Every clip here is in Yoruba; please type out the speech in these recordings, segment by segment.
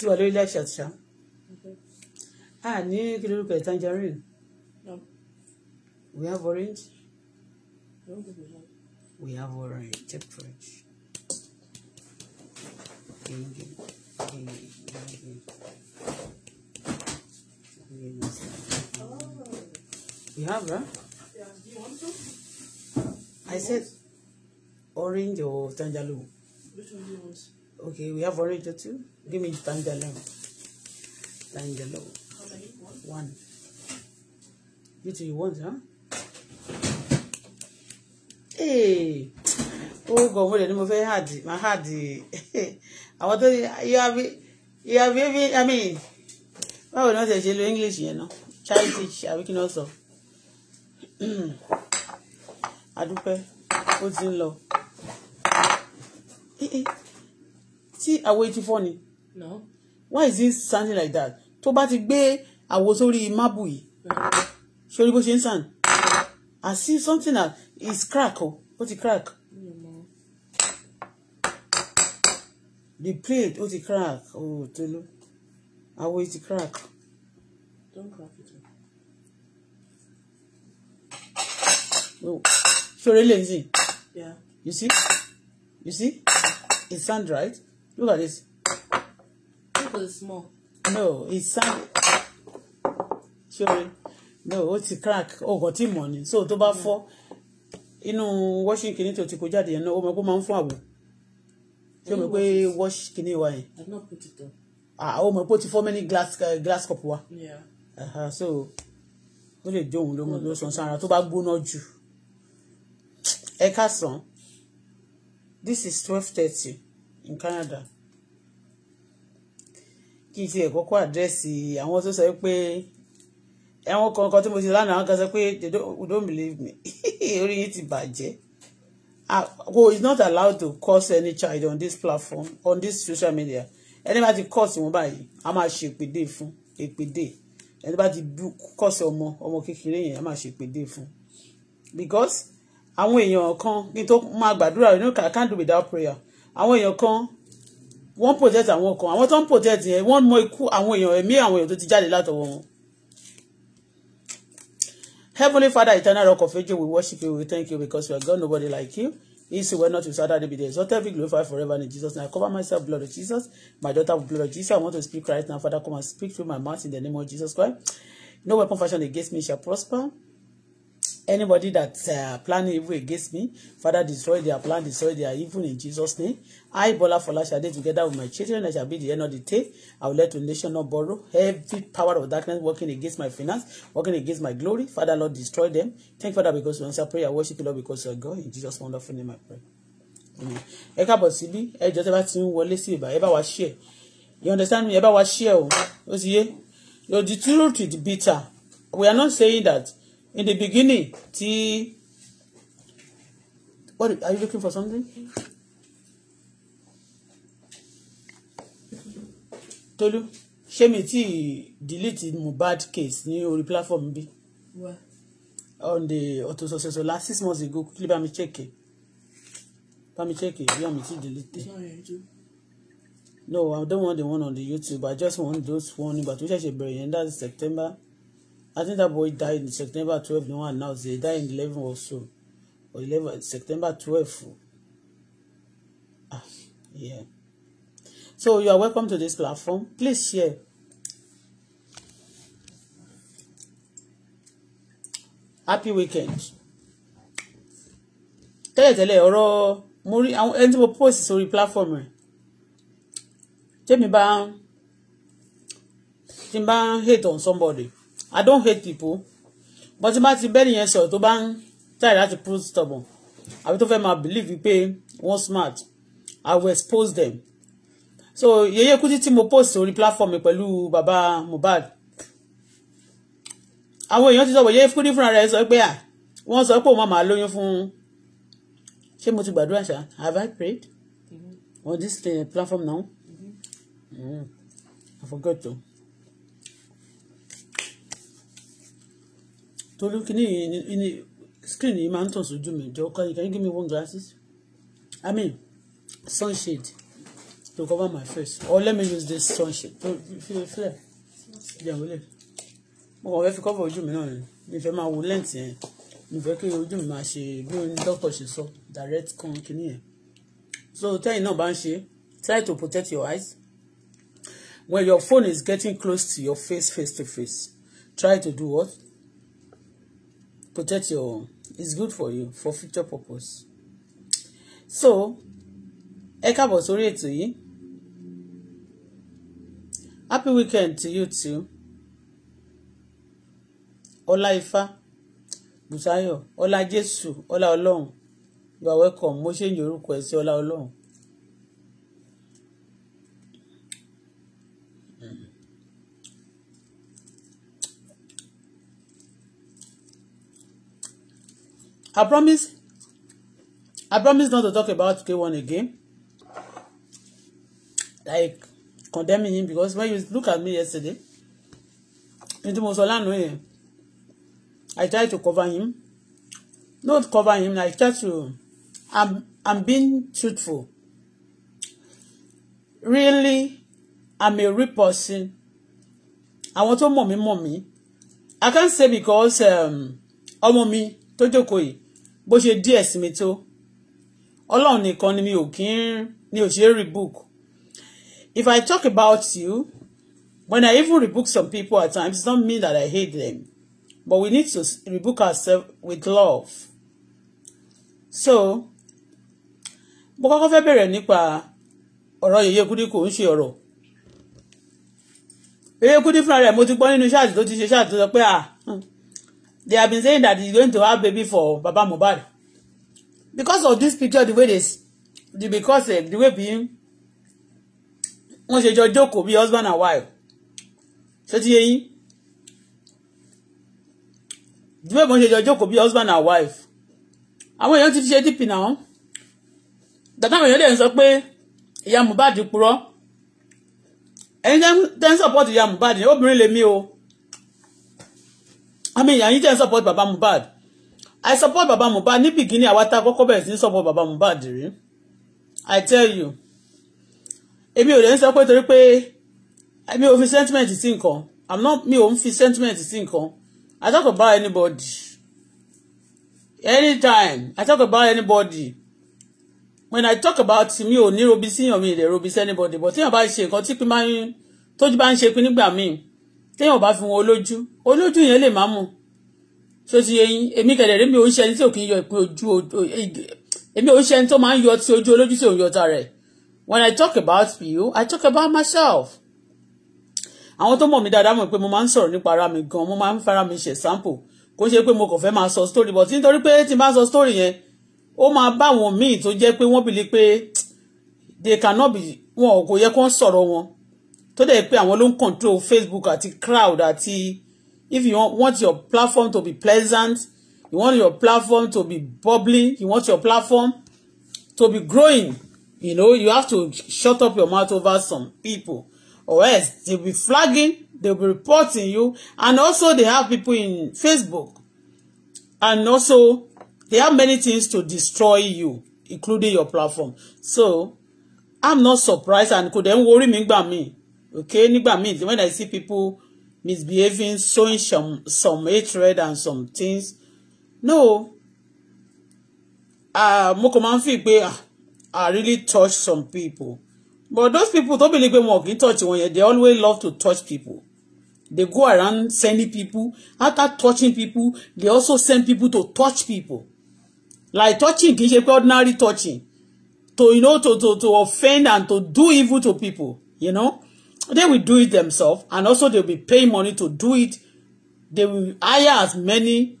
tí wà lórí láìsí àtúnṣá a ní kí lórúkọ ẹ̀ tangerine we have orange we have orange check orange gègé gègé we have huh? Yeah, do you want to? I said orange or tangerine. Which one do you want? Okay, we have orange too. Give me tangerine. Tangerine. One. You two, you want, huh? Hey. Oh God, what did I move? my hard. I want to. You have, you have, baby. I mean, why we not say hello English? You know, child teach. I we can also. Adúpẹ́, ó ti ń lọ. Tí àwo etí for ni. No. Why is it sounding like that? Tó bá ti gbé àwo sórí mábù yìí. Sórí bó ṣe ń sàn. I see something that is crack o. Ó ti crack. The plate ó ti crack. Oh, Tolu. Àwo ti crack. Don't crack it. Oh. Sorry, lazy. Yeah. You see? You see? It sounds right. Look at this simple small. no it's sound sorry no ó ti crack Oh, tí mọ̀ ni so tó bá fọ́ inú washing kìíní tó ti kó jáde yẹn náà ó mọ̀ pé ó máa ń fún àbò ṣé o mọ̀ pé wash kìíní wa yẹn ah ó mọ̀ pé ó ti fọ́ many glass uh, glass cup wa yeah. uh -huh, so ó lè jóun ló ló sàn sára tó bá gbóná jù ẹ ká sàn this is twelve thirty in Canada kí n tiẹ̀ kọ́kọ́ àdírẹ́sì àwọn tó sọ pé àwọn kankan tí mo ti lánàá àwọn kan sọ pé they don't, don't believe me orí yìí ti bàjẹ́ go It's not allowed to curse any child on this platform on this social media ẹni bá ti curse wọn báyìí a máa ṣe èpèdè fún èpèdè ẹni bá ti curse ọmọ ọmọ kékeré yẹn a máa ṣe èpèdè fún because àwọn èèyàn kan kí n tó máa gbàdúrà you know I can't do without prayer àwọn èèyàn kan wọ́n protect àwọn kan àwọn tó ń protect yẹn wọ́n mọ ikú àwọn èèyàn ẹ̀mí àwọn èèyàn tó ti jáde látọwọ́ wọn. Heavenly Father, eternal rock of ages, we worship you, we thank you because you are God, nobody like you. Is well not without that be there. So tell be glorify forever in Jesus. Now I cover myself, blood of Jesus, my daughter with blood of Jesus. I want to speak right now. Father, come and speak through my mouth in the name of Jesus Christ. No weapon fashioned against me shall prosper. Anybody that uh, planning evil against me, Father, destroy their plan, destroy their evil in Jesus' name. I, Bola Folashade, together with my children, I shall be the end of the day. I will let the nation not borrow. Every power of darkness working against my finance, working against my glory. Father, Lord, destroy them. Thank Father, because you answer prayer. worship you, Lord, because you are God. In Jesus' wonderful name, I pray. Amen. Ẹ káàbọ̀ síbí, ẹ jọ̀ọ́ tẹ́ bá ti ń wọlé sí ìbà, ẹ bá wa share. You understand me? Ẹ bá wa share o. Ó ti yé? You're the truth to bitter. We are not saying that in the beginning tí what are you looking for something Tolu ṣé mi ti delete Mohbad case ní orí platform bí on the Auto Success last six months ago quickly bá mi check it bá mi check it bí àmì ti delete. No, I don't want the one on the YouTube. I just want those one But tó ṣẹ̀ṣẹ̀ bẹ̀rẹ̀ yẹn that's September. I think that boy died in September 12, no one announced. He died in 11 or so. Or 11, September 12. Ah, yeah. So you are welcome to this platform. Please share. Happy weekend. Tẹ́lẹ̀tẹ́lẹ̀ ọ̀rọ̀ mo rí àwọn ẹni tí mo post sórí platform rẹ̀. Tẹ́mi bá ń tí n hate on somebody. I don't hate people but tí bá ti bẹ́ẹ̀ nìyẹn sọ̀rọ̀ tó bá ń try láti prove stubborn àbí tó fẹ́ máa believe pé wọ́n smart I will expose them so Yeye Kuti tí mo post orí platform mi pẹ̀lú baba Mohbad àwọn èèyàn ti sọ pé Yeye Kuti fúnra rẹ̀ sọ pé à ah, wọ́n sọ pé òun máa lóyún fún ṣé mo ti gbàdúrà ṣá have I prayed mm-hmm. on this eh, platform now mm-hmm. mm, I forgot to. torí kíní ní screen yìí máa ń tàn sójú mi jọ can you can you give me one glasses i mean sunshade to cover my face or let me use this sunshade to feel flare ìyàwó lè mo kàn fẹ́ fi cover ojú mi náà ni mi fẹ́ máa wo lẹ́ǹtì yẹn mi fẹ́ kí ojú mi máa ṣe bí oní dókítà ṣe sọ direct kan kíní yẹn so tẹ́yìn náà bá ń ṣe try to protect your eyes when your phone is getting close to your face face to face try to do what protect your it's good for you for future purpose so ẹ káàbọ̀ sórí ètò yìí happy weekend to you too ọlá ifá bùsáyọ̀ ọlá jésù ọlá ọlọ́run you are welcome mo ṣe ń yorùkọ ẹ sí ọlá ọlọ́run I promise. I promise not to talk about K1 again. Like condemning him because when you look at me yesterday, into Mosolano, eh, I tried to cover him. Not cover him, I try to. I'm I'm being truthful. Really, I'm a real person. I want mọ̀ mommy, mommy. I can't say because um, oh mommy, tó jókòó bó ṣe díẹ̀ sí mi tó ọlọ́run nìkan ni mi ò kí ń ní òṣèré rebook if I talk about you when I even rebuke some people at times it don't mean that I hate them but we need to rebuke ourselves with love so mo kọ́kọ́ fẹ́ bẹ̀rẹ̀ nípa ọ̀rọ̀ yẹ̀yẹ́ kúdí kò ń ṣe ọ̀rọ̀ yẹ̀yẹ́ kúdí fúnra rẹ̀ mo ti gbọ́ nínú ṣáàtì tó ti ṣe ṣáàtì tó sọ pé ah they have been saying that he's going to have baby for Baba Mohbad because of this picture the way this, the because eh, the way being wọ́n ṣe jọ jókòó husband and wife So ti the way wọ́n ṣe jọ jókòó husband and wife I àwọn èèyàn ti fi ṣe dp náà dàtà àwọn èèyàn lè sọ pé ìyá Mohbad purọ́ and then then support ìyá Mohbad obìnrin lèmi o. I mean àyín tẹ́ ń support baba Mohbad I support baba Mohbad ní bìkínní àwa tá a kọ́kọ́ bẹ̀rẹ̀ sí support baba Mohbad rí I tell you èmi ò lè ń sọ pé torí pé mi ò fi sentiment sí nǹkan I'm not mi ò ń fi sentiment sí nǹkan I talk about anybody anytime I talk about anybody when I talk about mi ò ní robi síyàn mi ìdẹ̀ robi sí anybody but tíyàn bá ṣe nǹkan tí pín máa ń tójú bá ń ṣe pín nígbà míì téèyàn bá fi wọn olójú olójú yẹn lè má mọ̀ tó ti yẹ yín èmi kẹlẹ̀ rí mi ò ń ṣe ẹni tí ò kì í yọ ìpín ojú èmi ò ń ṣe ẹni tó máa ń yọ ti ojú olójú tí ò ń yọ ta rẹ̀ when I talk about you I talk about myself àwọn tó mọ̀ mí dáadáa mọ̀ pé mo máa ń sọ̀rọ̀ nípa ara mi gan mo máa ń fara mi ṣe sample kò ṣe pé mo kàn fẹ́ máa sọ story but nítorí pé tí n bá sọ story yẹn ó máa bá àwọn míì tó jẹ́ pé wọ́n bìlí pé they cannot be wọn kò yẹ kó sọ̀rọ̀ wọn tó dẹ̀ pé àwọn ló ń control Facebook àti crowd àti if you want your platform to be pleasant you want your platform to be bubbling you want your platform to be growing you know you have to shut up your mouth over some people or else they be flagging They be reporting you and also they have people in Facebook and also they have many things to destroy you including your platform so i'm not surprised and kò dẹ̀ worry me gbà me okay nígbà míì when i see people misbehaving sowing some some hatred and some things no ah mo kàn máa ń fi pé ah i really touch some people but those people tó bìlí pé wọn kì í touch wọn yẹn they always love to touch people they go around sending people after touching people they also send people to touch people like touching kì í ṣe pé ordinary touching to you know to to to offend and to do evil to people you know they will do it themselves and also they will be paying money to do it they will hire as many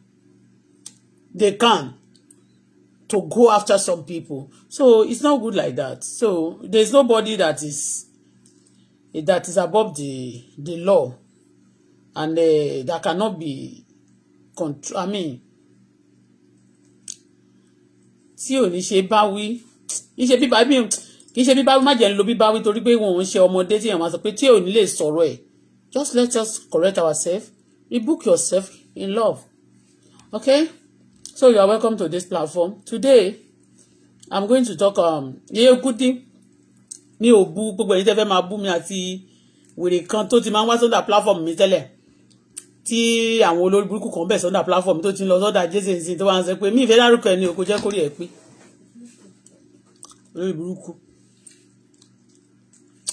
they can to go after some people so it's not good like that so there's nobody that is that is above the the law and uh, that cannot be control i mean tí O ní ṣe bá wí ní ṣe kì í ṣe bíbáwí má jẹ́ ń lo bíbáwí torí pé wọn ń ṣe ọmọdé tí èèyàn máa sọ pé tí ò ní lè sọ̀rọ̀ ẹ̀ just let us correct ourselves rebook yourself in love okay so you are welcome to this platform today i'm going to talk um, yeye kuti mi ò bu gbogbo ẹni tẹ́ fẹ́ máa bú mi àti wèrè kan tó ti máa ń wá sọ́dà platform mi tẹ́lẹ̀ tí àwọn olórí burúkú kan bẹ̀ sọ́dà platform tó ti lọ sọ́dà jésù ìsìn tó wá ń sọ pé mi ìfẹ́ dárúkọ ẹni o kò jẹ́ kórìí ẹ̀ pé olórí burúkú.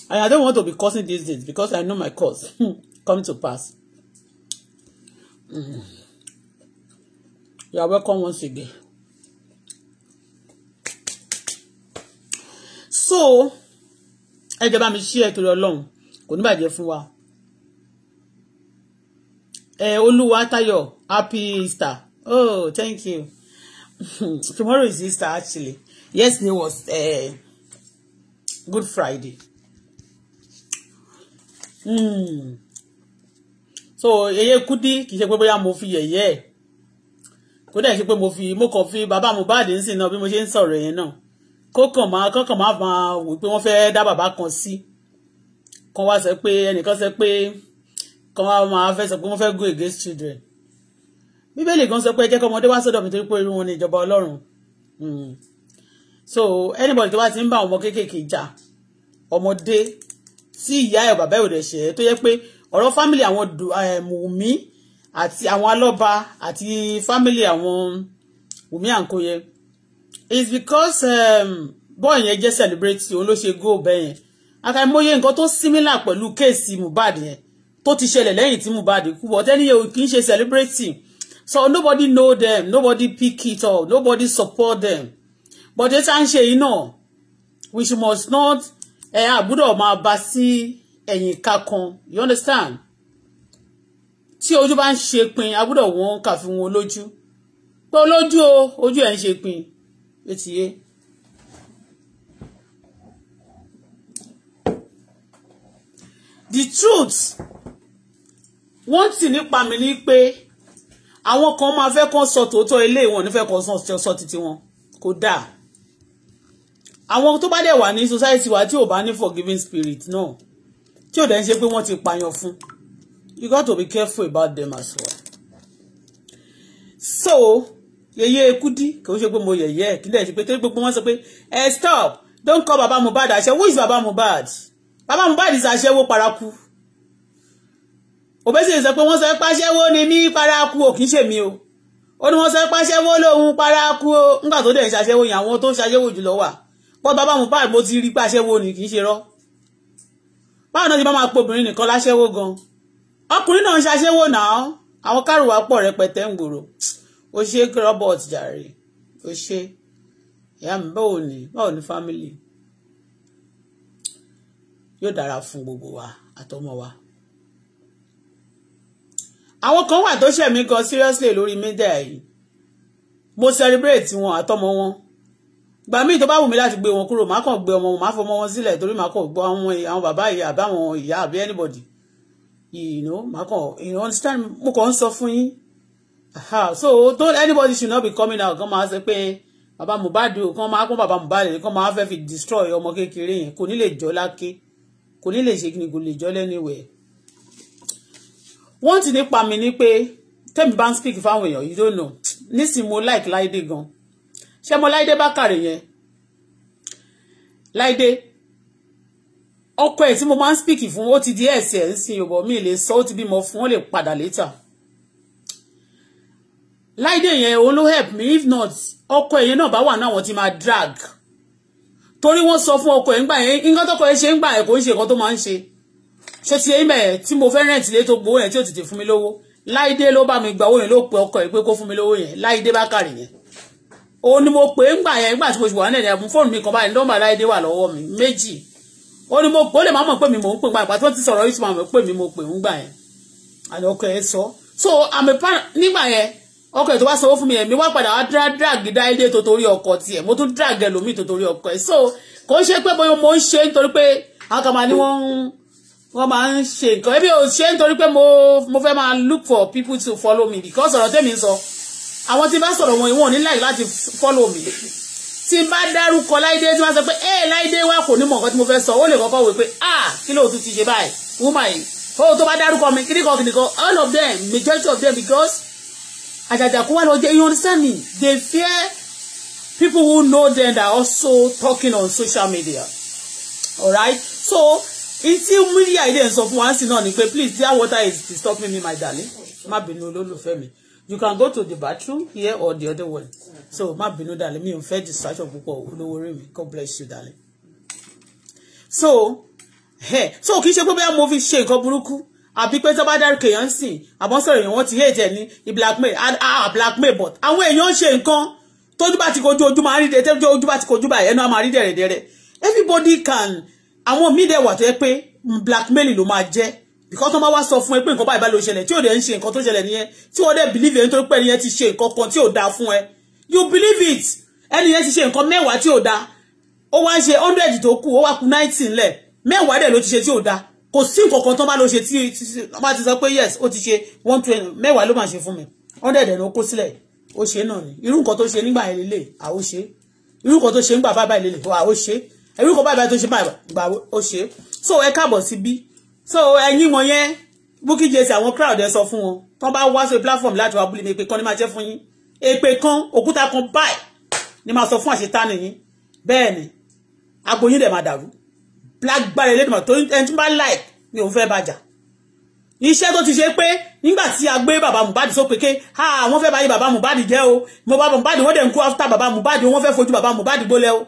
And I don't want to be causing these days because I know my cause hmm. come to pass. Mm. You are welcome once again. So, ẹ jẹ́ bá mi ṣí ẹ torí Ọlọ́run kò ní bàjẹ́ fún wa. Ẹ Olúwa Tayo happy Easter. Oh, thank you. Tomorrow is Easter actually. Yesterday was uh, Good Friday. Hmm. so Yéyékúdí kì í ṣe pé bóyá mo fi yẹ̀yẹ́ ẹ̀ kó dẹ̀ ṣe pé mo fi mo kàn fi bàbá Mohbad ń sìn náà bí mo ṣe ń sọ̀rọ̀ yẹn náà kókàn máa kókàn máa máa wò pé wọ́n fẹ́ẹ́ dá bàbá kan sí kan wá sọ pé ẹnìkan sọ pé kan wá máa fẹ́ sọ pé wọ́n fẹ́ go against children bíbélì kan sọ pé ẹ jẹ́ kọ́ ọmọdé wá sọ́dọ̀ mi torí pé irú wọn ni ìjọba ọlọ́run hmm. so anybody tó bá ti ń bá ọmọ kéékèèké jà ọmọdé tí ìyá ẹ̀ bàbá ò dẹ̀ ṣe tó yẹ pé ọ̀rọ̀ fámìlì àwọn eh, Wùmí àti àwọn alọ́ba àti fámìlì àwọn Wùmí àǹkóyẹ it's because um, boy yẹn jẹ́ celebrate òun ló ṣe go bẹ́ẹ̀ yẹn àkàìmọye nǹkan tó similar pẹ̀lú kéèsì Mohbad yẹn tó ti ṣẹlẹ̀ lẹ́yìn tí Mohbad kú but ẹni yẹn kì í ṣe celebrate so nobody know them nobody pick it up nobody support them but ẹ ta ń ṣe yìí náà we must not ẹ àgbúdọ̀ máa bá sí ẹ̀yìn ká kan you understand tí ojú bá ń ṣe pin àgbúdọ̀ wọ́n kàfi wọn lójú pé olójú o ojú ẹ̀ ń ṣe pin etí yé. the truth wọ́n tì nípa mi ní pé àwọn kan máa fẹ́ kàn sọ tòótọ́ ilé wọn nífẹ̀ẹ́ kan sọ títí wọn kò dáa àwọn tó bá dẹ̀ wà ní society wa tí ò bá ní forgiving spirit náà tí ò dẹ̀ ń ṣe pé wọ́n ti pààyàn fún you got to be careful about them as well. so yeye Kudi kò ń ṣe pé mo yẹ̀yẹ́ ẹ̀ kí lẹ́yìn ṣe pé torí gbogbo wọn sọ pé ẹ stop don't call baba Mohbad àṣẹ who is baba Mohbad baba Mohbad is aṣẹ́wó paraku òbẹ́sẹ̀ sọ pé wọ́n sọ pé aṣẹ́wó ni mí paraku ò kì í ṣèmi o ó ní wọ́n sọ pé lòun paraku o nígbà tó dẹ̀ ń ṣaṣẹ́wó yẹn àwọn tó ń ṣaṣẹ́wó jùlọ wà wọ́n bàbá Mohbad mo ti rí pé aṣẹ́wó ni kì í ṣe rọ́ báwọn náà ti bá máa pọ obìnrin nìkan láṣẹ́wó gan ọkùnrin náà ń ṣaṣẹ́wó náà àwọn kárùwá pọ̀ rẹpẹtẹ ń gbòòrò ó ṣe robert jàre ó ṣe ìyá mi báwo ni báwo ni family yóò dára fún gbogbo wa àtọmọ wa àwọn kan wà tó ṣẹ̀mí gan seriously lórí media yìí mo celebrate wọn àtọmọ wọn gbà to tó bá wù mí láti gbé wọn kúrò má kàn gbé ọmọ wọn má fọmọ wọn sílẹ̀ torí má kàn gbọ́ àwọn àwọn bàbá yìí àbáwọn ìyá àbí anybody you know má kàn you know understand mo kàn ń sọ fún yín so don't anybody should not be coming out kan máa ṣe pé bàbá Mohbad kan máa pọ́n bàbá Mohbad lè kan máa fẹ́ fi destroy ọmọ kékeré yẹn kò ní lè jọ láké kò ní lè ṣe kí ni kò lè jọ lẹ́niwẹ̀ẹ́ wọ́n ti nípa mi ní pé tẹ́mi bá speak fáwọn èèyàn you don't know nísìnyí mo like láìdé gan-an ṣé mo láìdé bákàrẹ̀ yẹn láìdé ọkọ ẹ̀ tí mo máa ń speak fún ó ti di ẹ̀sẹ̀ ń sin yorùbá mi lè sọ ó ti bímọ fún ó lè padà later láìdé yẹn òun ló help me if not ọkọ ẹ̀ yẹn náà bá wà náà wọ́n ti máa drag torí wọ́n sọ fún ọkọ ẹ̀ ńgbà yẹn nǹkan tọkọ ẹ̀ ṣe ńgbà ẹ̀ kò ń ṣe nǹkan tó máa ń ṣe ṣé ti eyín bẹ̀rẹ̀ tí mo fẹ́ rẹ̀ǹtì lé tó gbowó yẹn tí ò tètè fún mi lówó láìdé ló bá mi gba owó yẹn ló pe ọkọ ẹ̀ pé kó fún mi lówó yẹn láìdé bákàrẹ̀ yẹn òun ni mo pè é ńgbà yẹn ńgbà tí mo ṣùgbọ́n wọn nẹ̀dẹ̀ mú fóònù mi kan báyìí nọ́mbà láìdé wà lọ́wọ́ mi méjì ó ní mo pè ó lè má mọ̀ pé mi mò ń pè pàápàá tí wọ́n ti sọ̀rọ̀ yìí tí mo pè mí mo pè ń gbà yẹn àlọ́ ọkọ̀ ẹ sọ so àmì pa nígbà yẹn ọkọ̀ ẹ̀ tó wá sanwó fún mi yẹn mi wá padà wá dráàgì dá ilé tó torí ọkọ̀ mo tún dráàgì ẹlòmíì tó torí ọkọ̀ ẹ̀ so kò ń ṣe pé bóyá mo ń ṣe nítorí pé akama ni wọ́n wọ́n máa ń ṣe nǹkan ẹbí ò ṣe nítorí pé mo mo fẹ́ máa look for people to follow me because ọ̀rọ̀ tẹ́mi ń sọ àwọn tí bá sọ̀rọ̀ wọn ìwọ̀n ní láì láti follow mi tí bá dárúkọ láìdé tí wọ́n sọ pé ẹ eh, láìdé wà kò ní mọ̀ nǹkan tí mo fẹ́ sọ ó lè kọ́kọ́ wò pé ah kí ló tún ti ṣe báyìí wúmà yìí ó tó bá dárúkọ mi kíníkan kíníkan all of them majority of them because àjàjà kó wà lọ jẹ you understand me they fear people who know them that also talking on social media alright so ìtí media yìí dẹ̀ ń sọ fún wa sí náà ni pé please dear water is disturbing me my darling má bínú olólùfẹ́ mi you can go to the bathroom here or the other one so má bínú darling mi ò fẹ́ distraction púpọ̀ olówó worry me. god bless you darling so hey, so kì í ṣe pé bóyá mo fi ṣe nǹkan burúkú àbí pé tó bá dárúkọ èèyàn sìn àbọ̀sọ̀rọ̀ èèyàn wọ́n ti hate ẹ̀ ní blackmail ah blackmail but àwọn èèyàn ṣe nǹkan tójú bá ti kojú ojú máa rí dẹ́tẹ́ ojú bá ti kojú báyìí ẹnu á máa rí dẹ̀rẹ̀dẹ̀rẹ̀ everybody can àwọn míì dẹ̀ wà tó yẹ pé blackmail ló máa jẹ́ because wọ́n bá wá sọ fún ẹ pé nǹkan báyìí bá ló ṣẹlẹ̀ tí ò dẹ̀ ń ṣe nǹkan tó ṣẹlẹ̀ nìyẹn tí wọ́n dẹ̀ believe ẹ̀ nítorí pé ẹnìyẹn ti ṣe nǹkan kan tí ò dáa fún ẹ you believe it ẹnìyẹn ti ṣe nǹkan mẹ́wàá tí ò dáa O wá ń ṣe hundred tó O ó wá kù nineteen lẹ̀ mẹ́wàá dẹ̀ ló ti ṣe tí ò dáa kò sí nǹkan kan tó bá ló ṣe tí wọ́n bá ti sọ pé yes ó ti ṣe one twenty mẹ́wàá ló máa ṣe mi hundred ló kó sílẹ̀ ó ṣe náà ni irú nǹkan tó ṣe nígbà ìrẹ̀lẹ̀ àó ṣe irú nǹkan tó ṣe nígbà báyìí ìrẹ̀lẹ̀ àó ṣe irú nǹkan báyìí tó ṣe báyìí ó ṣe so ẹ káàbọ̀ sí bí so ẹ̀yin wọn yẹn Bukky Jesse àwọn crowd ẹ sọ fún wọn tán bá wá sí platform láti wá búlé mi èpè kan ní máa jẹ́ fún yín èpè kan òkúta kan báyìí ni máa sọ fún àṣetánì yín bẹ́ẹ̀ ni agboyin dẹ̀ máa dàrú lágbára ilé ìdìbò torí ẹni tí wọ́n bá like ni òun fẹ́ bàjá iṣẹ́ tó ti ṣe pé nígbà tí a gbé bàbá Mohbad sópe ké àwọn fẹ́ báyìí bàbá Mohbad jẹ́ o mo bá Mohbad wọ́n dẹ̀ ń kú after bàbá Mohbad wọ́n fẹ́ fojú bàbá Mohbad gbólẹ̀ o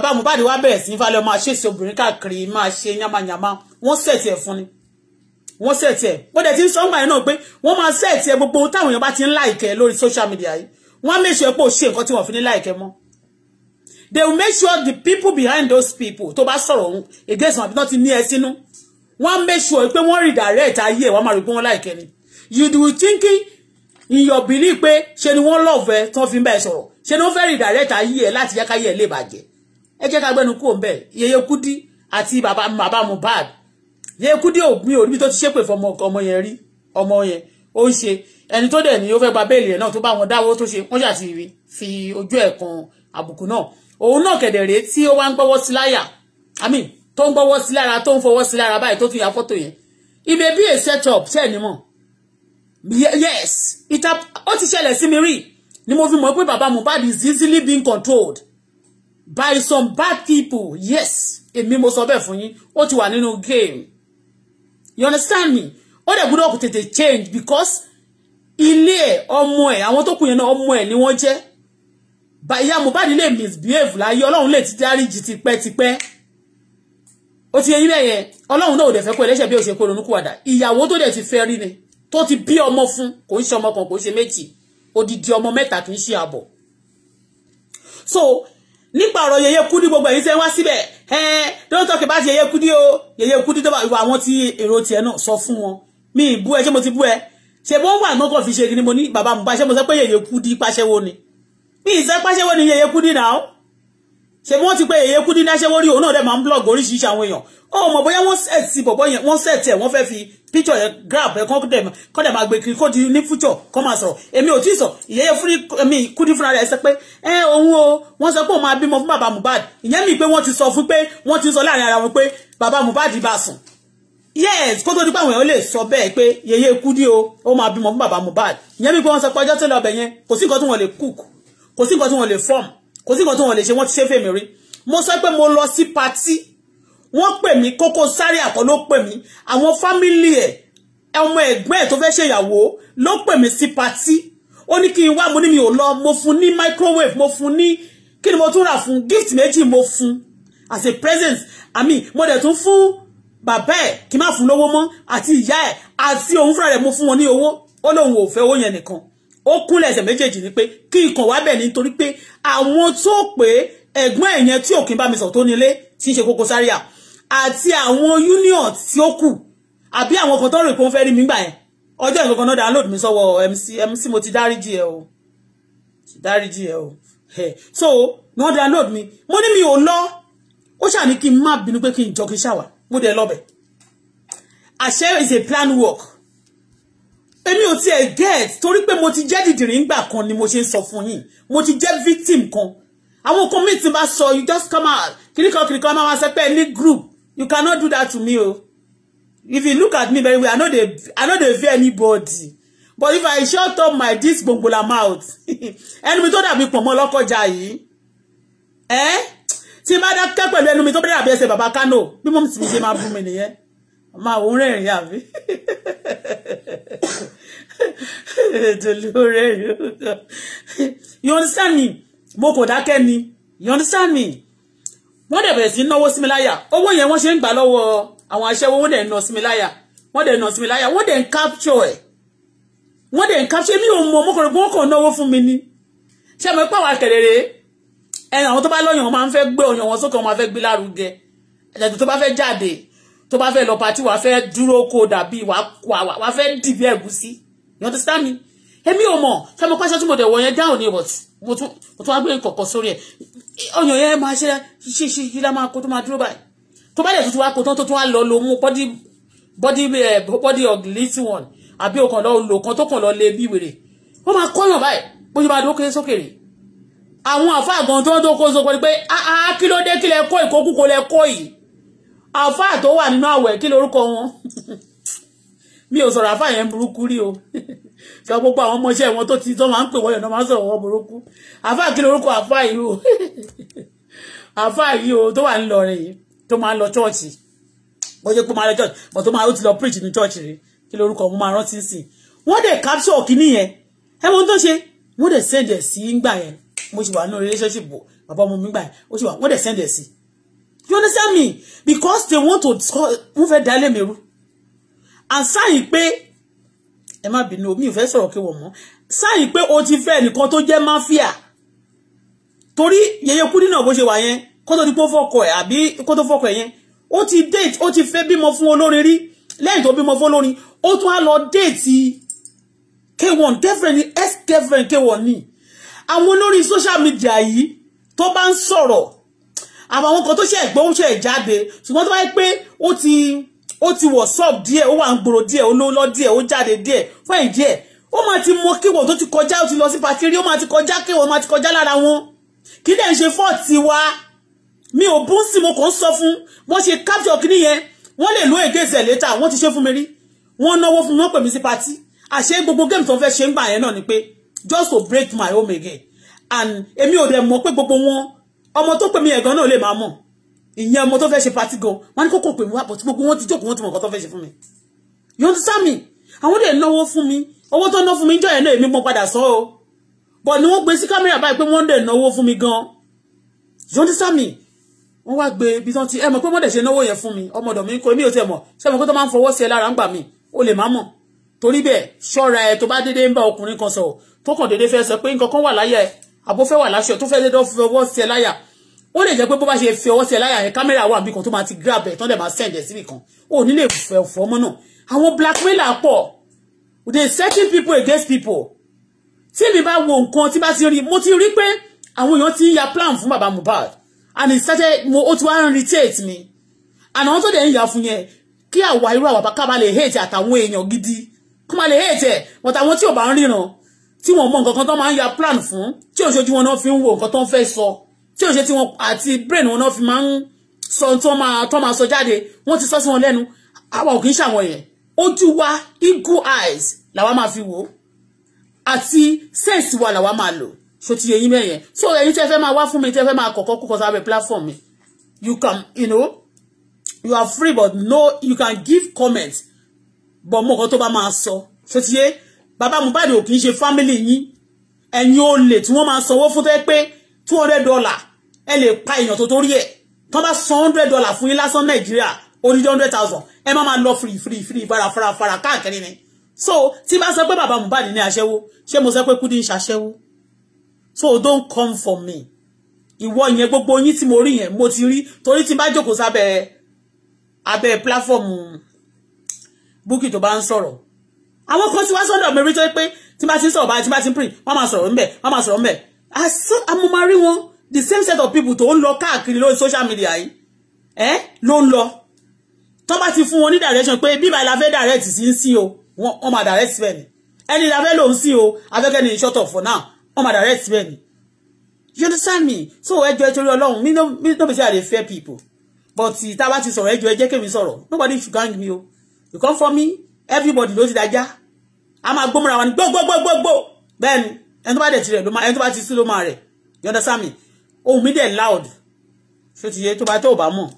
bàbá Mohbad wá bẹ̀rẹ̀ sí falẹ̀ ọmọ àṣẹṣe obìnrin káàkiri máa ṣe yamayama wọ́n sẹ̀tì ẹ̀ fún ni wọ́n sẹ̀tì ẹ̀ bó dẹ̀ ti ń sọ́ngbà yẹn náà pé wọ́n máa sẹ̀tì ẹ̀ gbogbo táwọn èèyàn bá ti ń láìkẹ́ lórí social media yìí wọ́n make sure pé ò ṣe nǹkan tí wọ́n fi ní láìkẹ́ mọ́ they will make sure the people behind those people tó bá sọ̀rọ̀ òun against wọn àbí náà ti ní ẹ sínú make sure pé wọ́n redirect ayé ẹ̀ wọ́n máa rí pé wọ́n láìkẹ́ ni you do thinking in your belief pé ṣe ni wọ́n love ẹ tó fi ń bẹ́ẹ̀ sọ̀rọ̀ ṣe ni wọ́n fẹ́ redirect ayé ẹ láti yẹ káyé ẹ lè bàjẹ́ ẹ jẹ́ ká gbẹ́nu kúrò ńbẹ̀ Yèyé Kúdí àti bàbá bàbá Mohbad Yèyé Kúdí ò mi ò níbi tó ti ṣépè fún ọmọ yẹn rí ọmọ yẹn ó ń ṣe ẹni tó dẹ̀ ní ó fẹ́ gba béèlì ẹ̀ náà tó bá wọn dáwọ́ tó ṣe wọ́n ṣàti fi ojú ẹ̀ kan àbùkù náà òun náà kẹ̀dẹ̀ rèé tí ó wá ń gbọ́wọ́ sí láyà àmì tó ń gbọ́wọ́ sí lára tó ń fọwọ́ sí lára báyìí tó fi ya fọ́tò yẹn it may be a set up ṣe ni mo yes ó ti ṣẹlẹ̀ sí mi rí ni mo fi mọ̀ pé bàbá Mohbad is easily being controlled by some bad people yes èmi mo sọ bẹ́ẹ̀ fún yín ó ti wà nínú game you understand me ó dẹ̀ gbọ́dọ̀ tètè change because ilé ẹ̀ ọmọ ẹ̀ àwọn tó kù yẹn náà ọmọ ẹ̀ ni wọ́n jẹ́ ìyá Mohbad lè misbehave láyé ọlọ́run lè ti dáríjì tipẹ́tipẹ́ ó ti yẹyin bẹ́yẹn ọlọ́run náà ò dẹ̀ fẹ́ kó ẹlẹ́ṣẹ̀ bí ó ṣe kó ronú kúwàdà ìyàwó tó dẹ̀ ti fẹ́ rí ni tó ti bí ọmọ fún kò ń ṣe ọmọ kan kò ń ṣe méjì odidi ọmọ mẹ́ta kì í ṣe àbọ̀ so nípa ọ̀rọ̀ yẹyẹ kúdí gbogbo ẹ̀yin tẹ́ wá síbẹ̀ ẹ́ẹ́ don't talk about yẹyẹ kúdí o yẹyẹ kúdí tó bá ìwà àwọn tí èrò tiẹ̀ náà sọ fún wọn mi bú ẹ ṣé mo ti bú ẹ ṣe bó wà náà kàn fi ṣe kí ni mo ní bàbá mo bá ṣe mo sọ pé yẹyẹ kúdí pàṣẹwó ni mi ì sẹ́ pàṣẹwó ni yẹyẹ kúdí náà ṣe bí wọ́n ti pé èyí kú dín náà ṣe wọ́n rí òun náà dẹ̀ máa ń blog oríṣiríṣi àwọn èèyàn ó mọ̀ bóyá wọ́n sẹ̀tì bọ̀bọ̀ yẹn wọ́n sẹ̀tì ẹ̀ wọ́n fẹ́ fi picture yẹn grab ẹ̀ kọ́ dẹ̀ kọ́ dẹ̀ máa gbé kiri kó di ní future kọ́ máa sọ̀rọ̀ èmi ò tí ì sọ ìyẹ́yẹ fún mi kú dín fúnra rẹ̀ sọ pé Eh, òun o wọ́n sọ pé òun máa bímọ fún bàbá Mohbad ìyẹn mi pé wọ́n ti sọ fún pé wọ́n ti sọ láàrin ara wọn pé bàbá Mohbad bá sùn yes kó tó di pé àwọn So lè sọ bẹ́ẹ̀ pé yèyé Kúdí o ó máa bímọ fún bàbá Mohbad ìyẹn mi pé wọ́n sọ pé ọjọ́ tó lọ bẹ̀ yẹn kò sí nǹkan tí wọ́n lè cook kò sí nǹkan tí wọ́n lè form kò sí nǹkan tó wọ́n lè ṣe wọ́n ti ṣe fèmí rí mo sọ pé mo lọ sí patí wọ́n pè mí Koko Zaria kọ́ ló pè mí àwọn fámìlì ẹ̀ ọmọ ẹ̀gbọ́n ẹ̀ tó fẹ́ ṣèyàwó ló pè mí sí patí ó ní kí n wá mo ní mi ò lọ mo fún ní microwave mo fún ní kí ni mo tún rà fún gift méjì mo fún as a present àmì mo dẹ̀ tún fún bàbá ẹ̀ kí n má fún lówó mọ́ àti ìyá ẹ̀ àti òun fúnra rẹ̀ mo fún wọn ní owó ó lóun ò fẹ́ owó yẹn nìkan ó kúnlẹ̀ ẹsẹ̀ méjèèjì ni pé kí ikàn wá bẹ̀ nítorí pé àwọn tó pé ẹ̀gbọ́n ẹ̀yẹn tí òkín bá mi sọ tó nílé tí ń ṣe Koko Zaria àti àwọn union tí ó kù àbí àwọn kan tó rò pé wọ́n mi gbà ẹ̀ ọjọ́ ìkọ̀kan náà download mi sọ́wọ́ MC MC mo ti dáríjì ẹ o ti dáríjì ẹ o so wọ́n download mi mo ní mi ò lọ ó ṣàní kí n má bínú pé kí n jọ kí n ṣàwà mo dẹ̀ lọ́bẹ̀ àṣẹ is a plan work èmi ò tiẹ̀ get torí pé mo ti jẹ́ dìdìrín gbà kan ni mo ṣe ń sọ fún mo ti jẹ́ victim kan àwọn nǹkan míì ti máa sọ you just come out kìríkan kìríkan máa wá sẹ́pẹ́ ní group you cannot do that to me o if you look at me very well i know dey i know dey fear anybody but if i shut up my this gbongbola mouth ẹnu mi tó dàbí pọ̀nmọ́ lọ́kọjà yìí ẹ́ tí n bá dákẹ́ pẹ̀lú ẹnu mi tó bẹ̀rẹ̀ àbí ẹsẹ̀ bàbá kánò bí mo ti ṣe máa bú mi nìyẹn máa wò ó rẹ̀rìn àbí. you understand me mo kò dákẹ́ ni you understand me wọ́n dẹ̀ bẹ̀rẹ̀ sí náwó sí mi láyà owó yẹn wọ́n ṣe ń gbà lọ́wọ́ àwọn aṣẹ́wó wọ́n dẹ̀ ń ná sí mi láyà wọ́n capture ẹ̀ wọ́n dẹ̀ capture mi ò mọ̀ mo kò rò pé wọ́n kàn náwó fún mi ni ṣé mo pàwọn akẹrẹrẹ ẹran àwọn tó bá lọ́yàn máa ń fẹ́ gbé ọyàn wọn sókè wọn máa fẹ́ gbé lárugẹ ẹ̀jẹ̀ tó bá fẹ́ jáde tó bá fẹ́ lọ wa wàá fẹ́ dúró kó dàbí wàá fẹ́ dìbí ẹ̀gúsí you understand me èmi ò mọ̀ ṣé mo pàṣẹ tí mo dẹ̀ wọ̀ yẹn dáhùn ni mo tún wá gbé kọ̀kọ̀ sórí ẹ̀ ọyàn yẹn máa ṣe ṣíṣe yìí lá máa kó tó máa dúró báyìí tó bá dẹ̀ tuntun wá kó tó tún wá lọ lo mú body body eh, body of little one àbí òkàn lọ lò kan tó kàn lọ lé bí wèrè wọ́n máa kọ́yàn báyìí bó ṣe máa dúró kéré sókè rè àwọn àfáà gan tó ń tó kó sókè pé áá ah, ah, kí ló dé kí lẹ kó ìkókúkó lẹ kó yìí àfáà tó wà nínú àwẹ̀ kí lorúkọ wọn mi ò sọ̀rọ̀ àfáà yẹn burúkú rí o sọ gbogbo àwọn ọmọọṣẹ́ wọn tó ti tọ́ máa ń pè wọ́n yẹn náà máa ń sọ̀rọ̀ wọn burúkú àfáà kí lorúkọ àfáà yìí o àfáà yìí o tó wà ń lọ rẹ̀ yìí tó máa ń lọ chọ́ọ̀chì bó ṣe pé máa lọ chọ́ọ̀chì bó tó máa ó ti lọ preach ní chọ́ọ̀chì rẹ̀ kí lorúkọ mo máa rántí sí wọ́n dẹ̀ capture kínní yẹn ẹ mọ ohun tó ṣe wọ́n dẹ̀ send ẹ̀ sí ngbà yẹn mo ṣì wà nínú relationship bàbá ọmọ mi gbà yẹn ó ṣì wà wọ́n dẹ̀ send ẹ̀ sí you understand me because they want to wọ́n fẹ́ dalé mi rú and sáyìn pé ẹ má bínú mi ò fẹ́ sọ̀rọ̀ kí wọ́n mọ́ sáyìn pé o ti fẹ́ ẹnìkan tó jẹ́ máfíà torí yẹyẹ kúdí náà bó ṣe wà yẹn kó tó ti pọ́ fọ́kọ ẹ̀ àbí kó tó fọ́kọ ẹ̀ yẹn ó ti date ó ti fẹ́ bímọ fún olórin rí lẹ́yìn tó bímọ fún olórin ó tún á lọ déètì k1 girlfriend ex girlfriend k1 ni àwọn olórin social media yìí tó bá ń sọ̀rọ̀ àwọn kan tó ṣe ẹ̀gbọ́n ó ṣe ẹ̀ jáde ṣùgbọ́n tó bá yẹ pé ó ti ó ti wọ̀ sọ́ọ̀bù díẹ̀ ó wà ń gbòòrò díẹ̀ ó ló lọ díẹ̀ ó jáde díẹ̀ fún ìdí ẹ̀ ó máa ti mọ kíwọ̀ tó ti kọjá ó ti lọ sí pàtírí ó máa ti kọjá kíwọ̀ ó máa ti kọjá lára wọn kí dẹ̀ ń ṣe fọ́ọ̀tì wa mi ò bú sí mo kàn ń sọ fún wọ́n ṣe capture kìíní yẹn wọ́n lè lo èké ìṣẹ̀ létà wọ́n ti ṣe fún mi rí wọ́n náwó fún mi pè mí sí pati àṣé gbogbo game tó ń fẹ́ ṣe ń gbà just to break my home again and èmi ò dẹ̀ mọ̀ pé gbogbo wọn ọmọ tó pè mí ẹ̀gán náà lè máa ìyẹn ọmọ tó fẹ́ ṣe party gan wọn ní kókò pè mí wá bọ̀ tí gbogbo wọn ti jókòó wọn ti mọ̀ nǹkan tó fẹ́ ṣe fún mi you understand me àwọn lè náwó fún mi owó tó ná fún mi ń jọ ẹ̀ náà èmi mo padà sọ o bọ̀ ni wọ́n gbé sí kámẹ́rà báyìí pé wọ́n lè náwó fún mi gan you understand me wọ́n wá gbé ibi tán ti ẹ mọ̀ pé wọ́n dẹ̀ ṣe náwó yẹn fún mi ọmọdọ̀ mi kò mí ò tiẹ̀ mọ̀ ṣé mo kó tó máa ń fọwọ́ sí ẹ lára ń gbà mí o lè má mọ̀ torí bẹ́ẹ̀ ṣọ́ra ẹ tó bá dédé ń bá ọkùnrin kan sọ̀rọ̀ tó kàn dédé fẹ́ sọ pé nǹkan kan wà láyà ẹ àbó fẹ́ wà láṣọ tó fẹ́ dédé fọwọ́ sí ẹ láyà ó lè jẹ́ pé bó bá ṣe fi ọwọ́ sí ẹ láyà yẹn kámẹ́rà wà bí kan tó máa ti grab ẹ̀ tán dẹ̀ máa send ẹ̀ síbì kan ó nílé ìfẹ́ ọ̀fọ́ ọmọ náà àwọn blackmailer pọ̀ they setting people against people tí mi bá wo nǹkan tí bá ti rí mo ti rí pé àwọn èèyàn ti ya plan fún bàbá Mohbad and he started mo ó ti wá ń irritate mi and àwọn tó dẹ̀ ń yà fún yẹn kí àwa irú àwa ká bá lè hate àtàwọn èèyàn gidi kó má lè hate ẹ̀ but àwọn tí ò bá ń ríran tí wọ́n mọ nǹkan kan tó máa ya plan fún tí òṣojú wọn náà fi ń wo nǹkan tó ń So tí ò ṣe tí wọn àti brain wọn náà fi máa ń sọ tó máa tó máa sọ jáde wọ́n ti sọ sí wọn lẹ́nu àwọn ò kì í ṣàwọn yẹn ojú wa eagle eyes làwa máa fi wò àti sense wa làwa máa lò so ti yẹ yín mẹ́yẹn so ẹ̀yin tẹ́ fẹ́ máa wá fún mi tẹ́ fẹ́ máa kọ̀kọ́ kúkọ sábẹ́ platform mi you can you know you are free but no you can give comments but mo kan tó bá máa sọ so ti yẹ bàbá Mohbad ò kì í ṣe family yín ẹ̀yin olè tí wọ́n máa sanwó fún tẹ́ pé two hundred dollars ẹ lè pa èèyàn tó torí ẹ̀ tán bá san hundred dollar fún yín lásán nàìjíríà oníjọ́ hundred thousand ẹ má máa lọ free free free fara fara fara káàkiri ni so tí bá sọ pé bàbá Mohbad ní aṣẹ́wó ṣé mo sọ pé Kudi ń ṣaṣẹ́wó so don't come for me ìwọ yẹn gbogbo yín tí mo rí yẹn mo ti rí torí tí bá jókòó sábẹ́ abẹ́ platform Bukky tó bá ń sọ̀rọ̀ àwọn kan tí wá sọ́dọ̀ mi rí tó pé tí bá ti ń sọ̀rọ̀ báyìí tí bá ti ń print wọ́n máa sọ̀rọ̀ ńbẹ̀ wọ́n máa sọ̀rọ̀ ńbẹ̀ àmọ́ máa rí wọn the same set of people to ń lọ káàkiri lórí social media yìí eh ló ń lọ tọ́n bá ti fún wọn ní direction pé bí báyìí la fẹ́ direct sí sí o wọ́n máa direct bẹ́ẹ̀ ni ẹni la fẹ́ ló ń sí o afẹ́kẹ́ ni short of for now wọ́n máa direct bẹ́ẹ̀ ni you understand me so ẹjọ́ ẹ torí ọlọ́run mi no mi no be say i dey fear people but tá bá ti sọ̀rọ̀ ẹjọ́ ẹ jẹ́ kémi sọ̀rọ̀ nobody should gang me o you come for me everybody ló ti dájá a máa gbómọra wa ní gbogbogbogbogbò bẹ́ẹ̀ ni ẹni tó bá dẹ̀ tirẹ̀ ló máa ẹni tó bá ti sí ló máa rẹ̀ you understand me ohun mi dẹ̀ loud ṣó ti yé tó bá tó bá mọ̀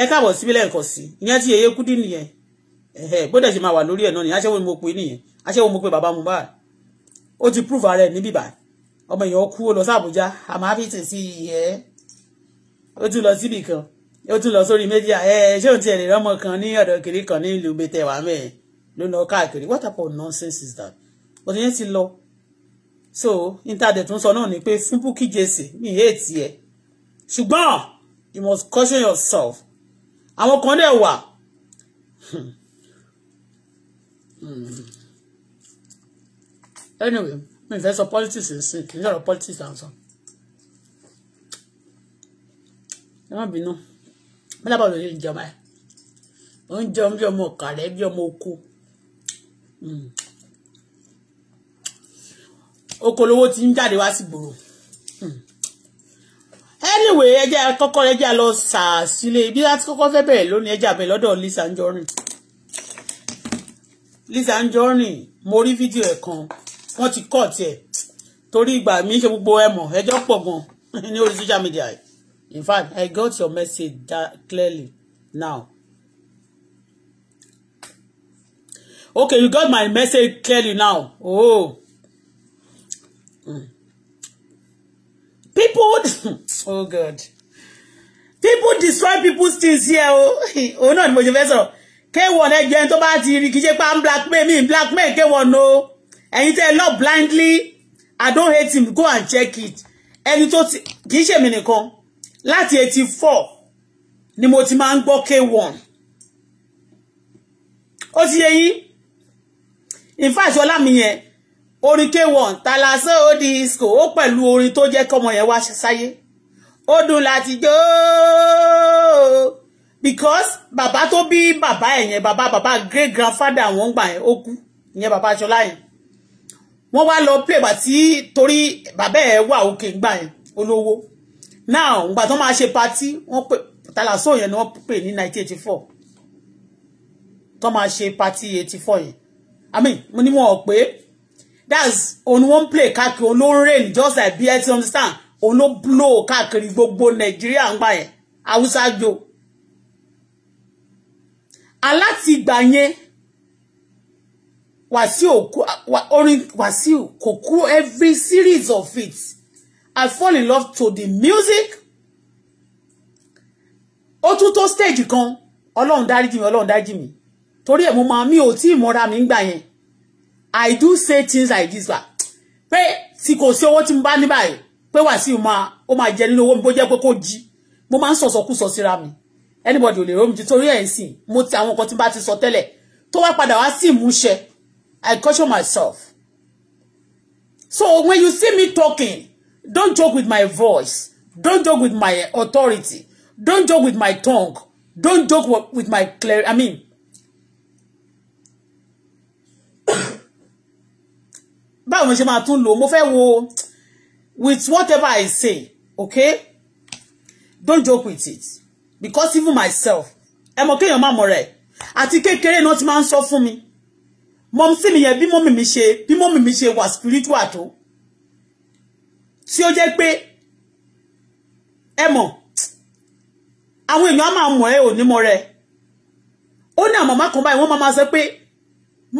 ẹ káàbọ̀ síbí lẹ́ẹ̀kan sí ìyẹn ti yeye kúdí nìyẹn ẹ̀hẹ́ bó dẹ̀ ṣe máa wà lórí ẹ̀ náà ni aṣẹ́wó ni mo pe nìyẹn aṣẹ́wó mo pe bàbá Mohbad ó ti prove ara ẹ̀ níbí báyìí ọmọ èèyàn kú ó lọ sí Àbújá àmọ́ àfi tì sí ẹ̀ ó tún lọ síbì kan ó tún lọ sórí media ẹ̀ ṣé òun ti ẹ̀rẹ̀ rọ́mọ kan ní ọ̀dọ̀ kiri kan ní ìlú gbẹtẹ̀ wàmẹ́ ló lọ káàkiri what type of nonsense is that òtún yẹn ti lọ so internet tún sọ náà ni pé fún Bukky Jesse mi hate yẹ ṣùgbọ́n you must caution yourself àwọn kan dẹ̀ wà hmm. anyway mi fẹ́ sọ politics nsìn kì í sọ̀rọ̀ politics à ń sọ ẹ má bínú bí lábàá lóye ìjọba ẹ ó ń jẹun bí ọmọ ọkà rẹ bí ọmọ oko. Hmm okolowó ti ń jáde wá sí gbòòrò hmm. anyway ẹjẹ kọ́kọ́ ẹjẹ lọ sà sílé ibi láti kọ́kọ́ fẹ́ bẹ̀rẹ̀ lónìí ẹjẹ àbẹ lọ́dọ̀ Lizzy Anjorin Lizzy Anjorin mo rí fídíò ẹ̀ kan wọ́n ti kọ tiẹ̀ torí ìgbà mi ṣe gbogbo ẹ mọ̀ ẹjọ́ pọ̀ gan ní orí social media in fact I got your message clearly now okay you got my message clearly now oh. people oh god people destroy people's things here oh, oh no! ni mo ṣe fẹ́ sọ̀rọ̀ k1 ẹgbẹ́ tó bá ti rí kí ṣe pa ń blackmail mi blackmail k1 no, ẹ̀yin tẹ́ ẹ lọ blindly i don't hate him go and check it ẹni tó ti kì í ṣèmi nìkan láti eighty four ni mo ti máa ń gbọ́ k1 ó ti yẹ in fact ọlá mi yẹn orin k1 talaso disco ó pẹ̀lú orin tó jẹ́ kọ́mọ yẹn wá sáyé ó dùn láti jó because bàbá tó bí bàbá ẹ̀ yẹn bàbá bàbá great grandfather wọn gbà yẹn ó kú ìyẹn bàbá aṣọlá yẹn wọ́n wá lọ play gbà tí torí bàbá ẹ̀ wà òkè gbà yẹn olówó now gbà tó máa ṣe party wọ́n pè talaso yẹn ni wọ́n pè ní 1984 tó máa ṣe party 84 yẹn i mean mo ní wọn ò pé that's on one play káàkiri on no rain just like bí ẹ ti understand òun ló blow káàkiri gbogbo nàìjíríà ń gbà yẹn haúsá jo aláti ìgbà yẹn wàsíù orin wàsíù kò kú every series of it i fall in love to the music O tún tó stage kan ọlọ́run dáríjì mi ọlọ́run dáríjì mi torí ẹ̀ mo máa mi ò tí ì mọ́ra mi ń gbà yẹn I do say things like this wa pé tí kò sí owó tí mo bá ní báyìí pé Wàsíù máa ó máa jẹ nínú owó bó jẹ́ pé kó jí mo máa ń sọ̀sọ̀kúsọ síra mi anybody ò lè rómi torí ẹ̀ ń sìn mo ti àwọn nǹkan tí n bá ti sọ tẹ́lẹ̀ tó wá padà wá sí ìmúṣẹ I caution myself so when you see me talking don't joke with my voice don't joke with my authority don't joke with my tongue don't joke with my clear I mean báwo mo ṣe máa tún lò mo fẹ́ wo with whatever I say okay don't joke with it because even myself ẹ mọ̀ kéèyàn má mọ̀ rẹ̀ àti kékeré náà ti máa ń sọ fún mi mọ̀mí sí mi yẹn bí mọ́mí mi ṣe bí mọ́mí mi ṣe wà spiritual tó tí ó jẹ́ pé ẹ mọ̀ àwọn èèyàn á máa mọ̀ ẹ́ ò ní mọ̀ rẹ̀ ó ní àwọn màmá kan báyìí wọ́n máa máa sọ pé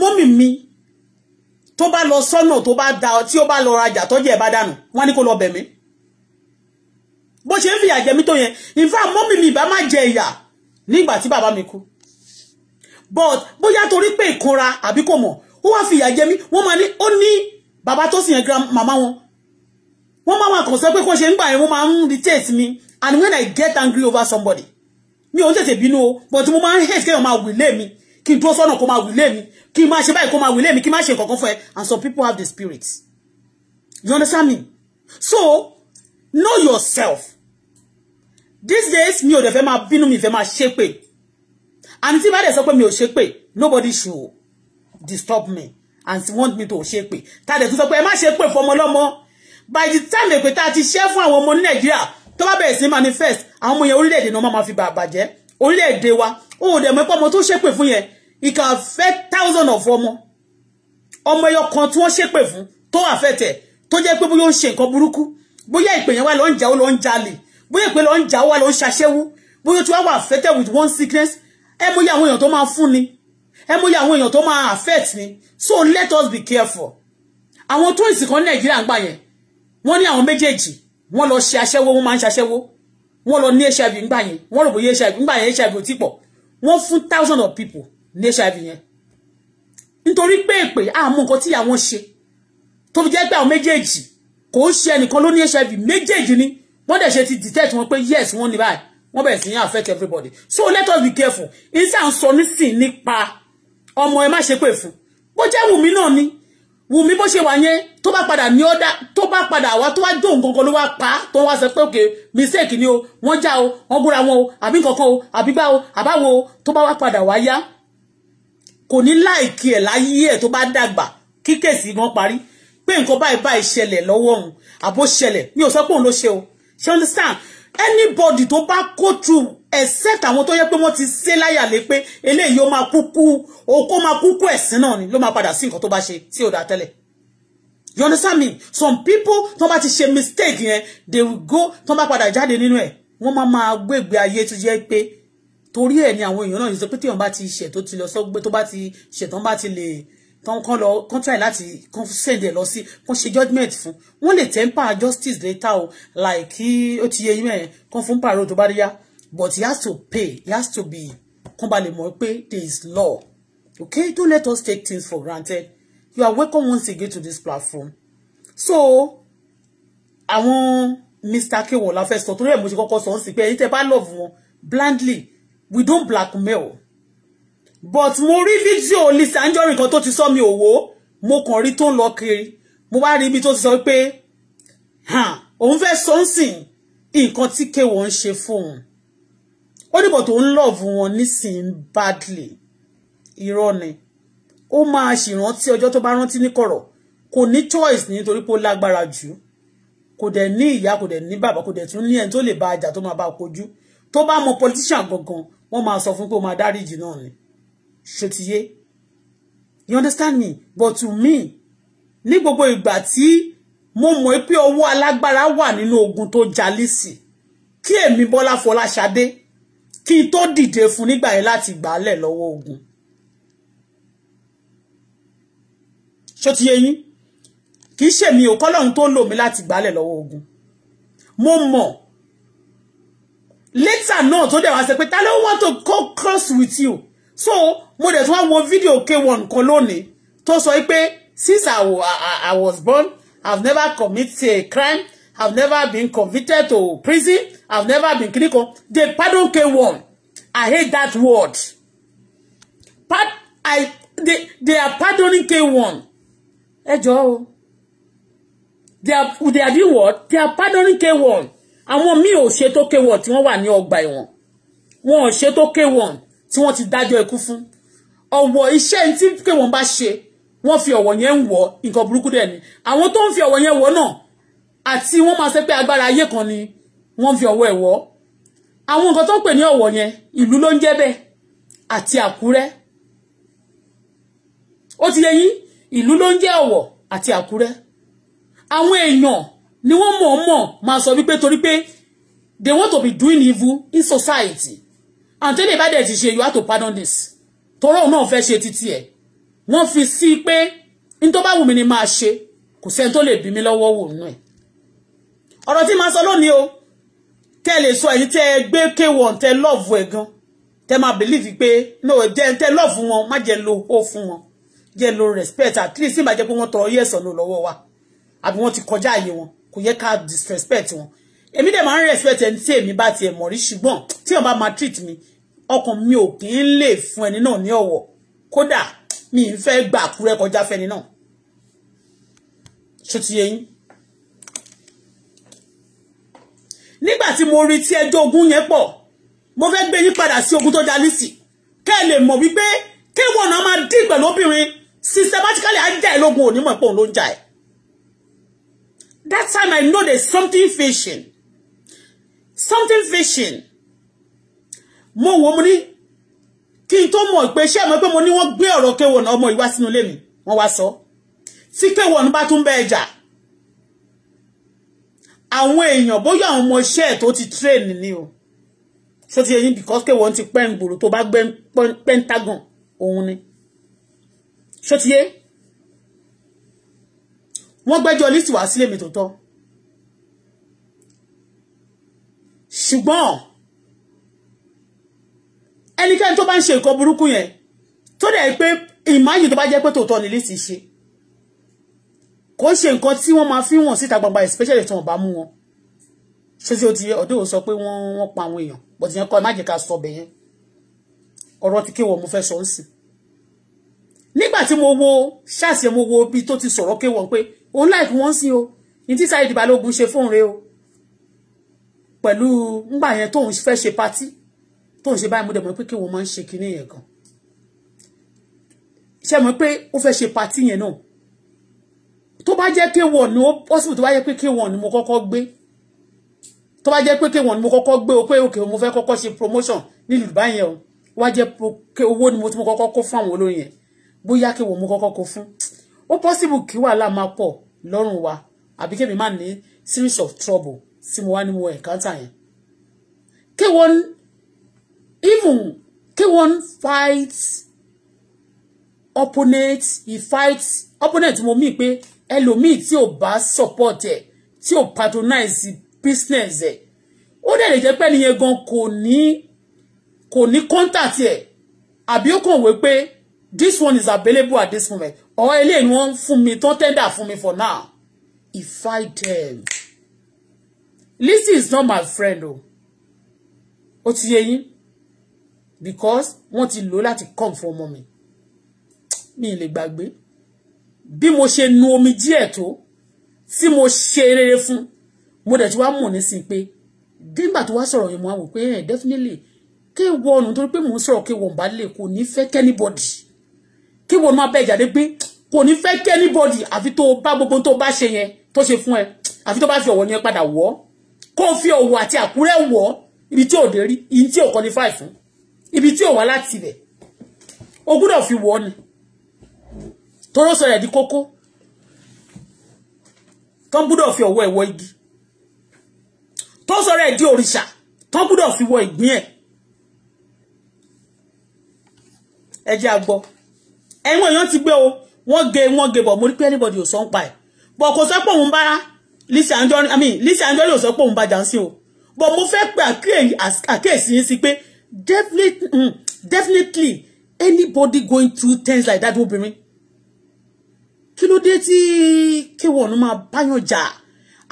mọ́mí mi tó bá lọ sọ́nà tó bá da tí ó bá lọ rajà tọ́jú ẹ̀ bá dànù wọ́n ní kó lọ bẹ̀ mí bó ṣe ń fìyà jẹ mí tó yẹn in fact mọ́mì mi ìbá má jẹ ìyà nígbà tí bàbá mi kú but bóyá torí pé ìkanra àbí kò mọ̀ ó wá fìyà jẹ mí wọ́n máa ní ó ní bàbá tó sì yẹn grandmama wọn wọ́n máa ma kàn sọ pé kó ṣe ń gbà yẹn wọ́n máa ń irritate mi and when I get angry over somebody mi ò ń tètè bínú o but mo máa ń hate kéèyàn máa wìlé mi kí n dúró sọ́nà kó máa wílé mi kí n máa ṣe báyìí kó máa wílé mi kí n máa ṣe nǹkan fún ẹ and some people have the spirit you understand me so know yourself these days mi ò dẹ̀ fẹ́ máa bínú mi fẹ́ máa ṣépè and tí bá dẹ̀ sọ pé mi ò ṣépè nobody should disturb me and want me to ṣépè tá dẹ̀ tún sọ pé ẹ má ṣépè fọmọlọ́mọ by the time èpè tá a ti ṣe fún àwọn ọmọ ní nàìjíríà tó bá bẹ̀rẹ̀ sí manifest àwọn ọmọ yẹn orílẹ̀-èdè náà máa fi bàbàjẹ́ orílẹ̀-èdè wa ó dẹ̀ mọ́ pé ọmọ tó ṣépè fún yẹn it can affect thousands of ọmọ ọmọ ẹyọ kan tí wọ́n ṣépè fún tó affect ẹ̀ tó jẹ́ pé bóyá ó ń ṣe nǹkan burúkú bóyá ìpè yẹn wà ló ń jà ó ló ń jalè bóyá ìpè ló ń jà ó wà ló ń ṣaṣẹ́wó bóyá tí wọ́n wà affected with one sickness ẹ mọ̀ yẹ àwọn èèyàn tó máa fún ni ẹ mọ̀ yẹ àwọn èèyàn tó máa affect ni so let us be careful àwọn tó ìsìnkú nàìjíríà ń gbà yẹn wọ́n ní àwọn méjèèjì wọ́n lọ ṣe aṣẹ́wó wọ́n máa ń ṣaṣẹ́wó wọ́n lọ ní hiv ń gbà yẹn wọ́n rò bóyá hiv ń gbà yẹn hiv ò tí pọ̀ wọ́n fún thousand of people ní hiv yẹn nítorí pé èpè àmú nǹkan tí àwọn ṣe tó fi jẹ́ pé àwọn méjèèjì kò ń ṣe ẹnìkan ló ní hiv méjèèjì ni wọ́n dẹ̀ ṣe ti detect wọn pé yes wọ́n ní báyìí wọ́n bẹ̀rẹ̀ sí ní affect everybody so let us be careful isa ń sọ nísìn nípa ọmọ ẹ má ṣe pè fún bó jẹ́ wùmí náà ni wùmí bó ṣe wà yẹn tó bá padà ní ọ́dá tó bá padà wá tó wá jó nǹkan kan ló wá pa á tó wá sọ pé òkè mistake ni o wọ́n já o wọ́n gbúra wọn o àbí nǹkan kan o àbí gbá o àbáwo o tó bá wá padà wá yá kò ní láìkí ẹ̀ láyé ẹ̀ tó bá dàgbà kí kèsì gan parí pé nǹkan báyìí báyìí ṣẹlẹ̀ lọ́wọ́ òun àbó ṣẹlẹ̀ mi ò sọ pé òun ló ṣe o ṣe understand anybody tó bá go through except àwọn tó yẹ pé wọ́n ti ṣe láyà lé pé eléyìí ó máa kúkú okó máa kúkú ẹ̀sìn náà ni ló máa padà sí nǹkan tó bá ṣe tí ò dá tẹ́lẹ̀ you understand me some people tó bá ti ṣe mistake yẹn they will go tó bá padà jáde nínú ẹ̀ wọ́n máa máa gbégbé ayé tó jẹ́ pé torí ẹ̀ ni àwọn èèyàn náà yìí sọ pé téèyàn bá ti ṣẹ̀ tó ti lọ sọ́gbẹ́ tó bá ti ṣẹ̀ tán bá ti lè tán kán lọ kán try láti kán send ẹ̀ lọ sí kán ṣe judgement fún wọ́n lè temper justice later o like kí ó ti yẹ yín mẹ́rin kán fún pàrọ̀ tó bá rí yá but he has to pay he has to be kán ba lè mọ̀ pé there is law okay don't let us take things for granted you are welcome once again to this platform so àwọn mr kewola fẹ́ torí ẹ̀ mo ṣe kọ́kọ́ sọ ọ́n sì pé ẹ̀yin tẹ́ bá love wọn blindly we don't blackmail but mo rí fídíò Lizzy Anjorin kan tó ti sọ mi òwò mo kàn rí tó ń lọ kiri mo wá rí ibi tó ti sọ pé òun fẹ́ sọ ń sìn nǹkan tí kéwọ́n ń ṣe fóun ó níbọ̀ tó ń lọ́ọ̀bù wọn nísìn badly irọ́ ni ó máa ṣèrántí ọjọ́ tó bá rántí ní kọ̀rọ̀ kò ní choice nítorí pé ó lágbára jù kò dẹ̀ ní ìyá kò dẹ̀ ní bàbá kò dẹ̀ tún ní ẹni tó lè bá ajá tó máa bá kojú tó bá mọ politician gangan wọ́n máa sọ fún pé ó máa dáríjì náà ni ṣòtìyé you understand me but to me ni gbogbo ìgbà tí mo mọ̀ pé owo alagbara wà nínú ogun tó jalisi kí bola Bọ́lá Fọláṣadé kí n tó dìde fún nígbà yẹn láti gbàálẹ̀ lọ́wọ́ ogun ṣòtìyé yín kì í ṣèmi ò kọ́lọ́run tó lò mí láti gbàálẹ̀ lọ́wọ́ ogun mo mọ̀ later náà tó dẹ̀ wá ṣe pé ta ló want to go cross with you so mo dẹ̀ tún wá wo fídíò k1 kan lónìí tó sọ pé since I, I, I was born I've never committed a crime I've never been convicted to prison I've never been clinical they pardon k1 I hate that word Pad I they they are pardoning K1. Ẹ jọ̀ọ́. They are they are doing what? They are pardoning K1 àwọn míì ò ṣe tó kéwọ̀n tí wọ́n wà ní ọgbà ẹ̀wọ̀n wọn ò ṣe tó kéwọ̀n tí wọ́n ti dájọ́ ikú fún ọ̀wọ̀ iṣẹ́ tí kéwọ̀n bá ṣe wọ́n fi ọ̀wọ̀ yẹn ń wọ̀ nǹkan burúkú dẹ̀ ni àwọn tó ń fi ọ̀wọ̀ yẹn wọ̀ náà àti wọ́n máa ṣe pé agbára ayé kan ni wọ́n fi ọ̀wọ̀ ẹ̀ wọ̀ àwọn nǹkan tó ń pè ní ọ̀wọ̀ yẹn ìlú ló ń jẹ́ bẹ́ẹ̀ àti Àkúrẹ́ ó ti yẹ yín ìlú ló ń jẹ́ ọ̀wọ̀ àti Àkúrẹ́ àwọn èèyàn ni wọ́n mọ̀ mọ̀ máa sọ wípé torí pé they want to be doing evil in society and tell bá dẹ̀ ti you have to pardon this Toro náà fẹ́ ṣe títí ẹ̀ wọ́n fi sí pé n tó bá wù mí ni máa ṣe kò sẹ́ni tó lè bí mi lọ́wọ́ wò nú ẹ̀ ọ̀rọ̀ tí máa sọ lónìí o tẹ́ lè sọ ẹ̀yin tẹ́ gbé kéwọ̀n tẹ́ lọ́ọ̀fù ẹ̀ gan tẹ́ máa believe pe. no jẹ́ tẹ́ love wọn má jẹ́ lo ó fún wọn jẹ́ lo respect at least ìbàjẹ́ pé wọ́n tọrọ yẹ̀sán lò lọ́wọ́ wa àbí wọ́n ti kọjá àyè wọn kò yẹ ká disrespect wọn èmi dẹ̀ máa ń respect ẹni tí èmi bá tiẹ̀ mọ̀ rí ṣùgbọ́n tí wọ́n bá máa treat mi ọkàn mi ò kì í lè fún ẹni náà ní ọ̀wọ̀ kódà mi ń fẹ́ gbà kúrẹ́ kọjá fẹ́ni náà ṣó ti yé yín. nígbà tí mo rí tí ẹjọ́ ogun yẹn pọ̀ mo fẹ́ gbé yín padà sí ogun tó jalisi kẹ́ ẹ lè mọ̀ wípé kéwọ̀n náà máa dín pẹ̀lú obìnrin systematically á jà ẹ́ lógun òní mọ̀ pé òun ló ń jà ẹ́ that time I know there's something fishing. Something fishing. Mo wo mo ní kí n tó mọ̀ pé mo pé mo ní wọ́n gbé ọ̀rọ̀ K1 omo ìwá sínú ilé mi. Wọ́n wá sọ. Tí K1 bá tún bẹ ẹja. Àwọn èèyàn bóyá àwọn ọmọ iṣẹ́ tó ti train ni o. So ti yin because K1 ti pen gboro tó bá gbé pentagon òun ni. So ti e wọ́n gbẹ́jọ́ Lizzy wá sílé mi tó tọ́ ṣùgbọ́n ẹnikẹ́ni tó bá ń ṣe nǹkan burúkú yẹn tó dẹ̀ pé ìmáyìn tó bá jẹ́ pé tòótọ́ ni Lizzy ṣe kò ṣe nǹkan tí wọ́n máa fi wọ́n síta gbangba especially tí wọ́n bá mú wọn ṣé tí o ti ọdún ò sọ pé wọ́n wọ́n pa àwọn èèyàn bọ̀tí yẹn kọ́ ẹ má jẹ́ ká sọ bẹ̀ yẹn ọ̀rọ̀ ti kéwọ̀ mo fẹ́ sọ ń sìn nígbà tí mo wo ṣáàṣì mo wo ibi tó ti sọ̀rọ̀ kéwọ̀ pé òun láìkí wọ́n sí o ní tí Saheed Balógun ṣe fóun rẹ o pẹ̀lú ngbà yẹn tóun fẹ́ ṣe patí tóun ṣe báyìí mo dẹ̀ mọ̀ pé kí wọ́n máa ń ṣe kinní yẹn gan ṣe mọ̀ pé ó fẹ́ ṣe patí yẹn náà tó bá jẹ́ kéwọ̀n ni ó pọ́sibù tó bá jẹ́ pé kéwọ̀n ni mo kọ́kọ́ gbé tó bá jẹ́ pé kéwọ̀n ni mo kọ́kọ́ gbé o pé òkè mo fẹ́ kọ́kọ́ ṣe promotion nílùú báyẹn o wá jẹ́ owó ni mo ti mo kọ́kọ́ kó fún àwọn olórin yẹn bóyá kéwọ̀n mo kọ́kọ́ kó fún ó possible kí la máa pọ̀ lọ́rùn wa àbí kémi má ní series of trouble tí mo wá ní mo encounter yẹn k1 even k1 fight opponent he fights opponent mo mí pé ẹlòmíì tí ò bá support e ti ò patronize business e. ó dẹ̀ lè jẹ́ pé ẹnìyẹn gan kò ní kò ní contact e àbí ó kàn wé pé this one is available at this moment or eléyìí ni wọ́n fún mi tó tender for me for now if i tell Lizzy is not my friend o ó ti yé yín because wọ́n ti lò láti come for mommy. Me le bagbe. gbàgbé bí mo ṣe nu omi díẹ̀ tó tí mo ṣe rere fún mo dẹ̀ ti wá mọ̀ nísìnyí pé dígbà tó wá sọ̀rọ̀ yẹn mo wá wò pé ẹ̀ eh, definitely kéwọ́n nítorí pé mò ń sọ̀rọ̀ kéwọ́n bá lè kò ní fẹ́ kẹ́nibọ́dì kí wọ́n máa bẹ ìjàdé pé kò ní fẹ́ kí anybody àfi tó bá gbogbo tó bá ṣe yẹn tó ṣe fún ẹ àfi tó bá fi ọ̀wọ̀ yẹn padà wọ̀ kó o fi ọ̀wọ̀ àti àkúrẹ́ wọ̀ ibi tí ò dé rí ibi tí ò qualify fún ibi tí ò wá láti ibẹ̀ o gbúdọ̀ fi wọ̀ ni toró sọ rẹ̀ di kókó tán gbúdọ̀ fi ọ̀wọ̀ ẹ̀wọ̀ igi tó sọ rẹ̀ di òrìṣà tán gbúdọ̀ fi wọ ìgbín ẹ̀ ẹ jẹ́ àgbọ̀ ẹ̀wọ̀n èèyàn ti gbé o wọ́n gé wọ́n gé bọ̀ mo rí pé anybody ò sọ ń pa ẹ̀ bọ̀ kò sọ pé òun bá Lizzy Anjorin i mean Lizzy Anjorin ò sọ pé òun bá Jansi o but mo fẹ́ pé àkíyèsí yín sí pé mm, definitely anybody going through things like that obìnrin kí ló dé tí kéwọ̀n máa báyàn jà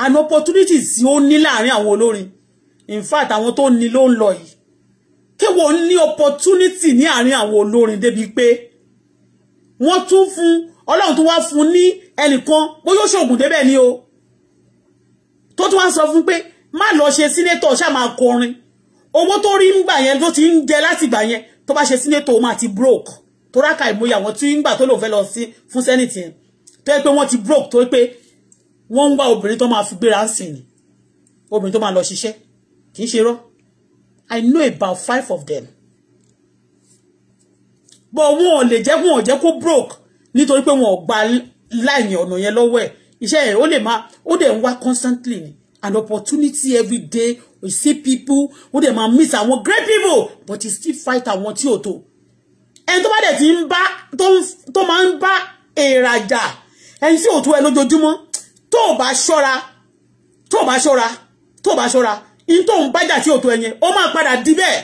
An opportunity tí ó ní láàrin àwọn olórin in fact àwọn tó ní ló ń lọ yìí kéwọ̀n ní opportunity ní àárín àwọn olórin débi pé wọ́n tún fún ọlọ́run tún wá fún ní ẹnìkan bóyá ó ṣògùn débẹ̀ ni o tó tún wá sọ fún pé má lọ ṣe sínétọ̀ ṣáà máa kọrin owó tó rí ń gbà yẹn tó ti ń jẹ láti gbà yẹn tó bá ṣe sínétọ̀ ó máa ti broke tó ráka ìmúyẹ àwọn tí ń gbà tó lòun fẹ́ lọ sí fún sẹ́nìtì yẹn tó yẹ pé wọ́n ti broke tó pé wọ́n ń wá obìnrin tó máa fi gbéra ń sìn ni obìnrin tó máa lọ ṣiṣẹ́ kì í ṣe rọ́ I know about five of them but wọn ò lè jẹ́ wọn ò jẹ́ kó broke nítorí pé wọn ò gba láìní ọ̀nà yẹn lọ́wọ́ ẹ̀ iṣẹ́ yẹn ó lè máa ó dẹ̀ ń wá constantly an opportunity every day we see people ó dẹ̀ máa miss àwọn great people but he still fight àwọn tí ò tó ẹni tó bá dẹ̀ ti ń bá tó máa ń bá èràjà ẹni tí ò tó ẹ lójoojúmọ́ tó o bá ṣọ́ra tó o bá ṣọ́ra tó o bá ṣọ́ra in tó ń bájà tí ò tó ẹyẹn ó máa padà di bẹ́ẹ̀.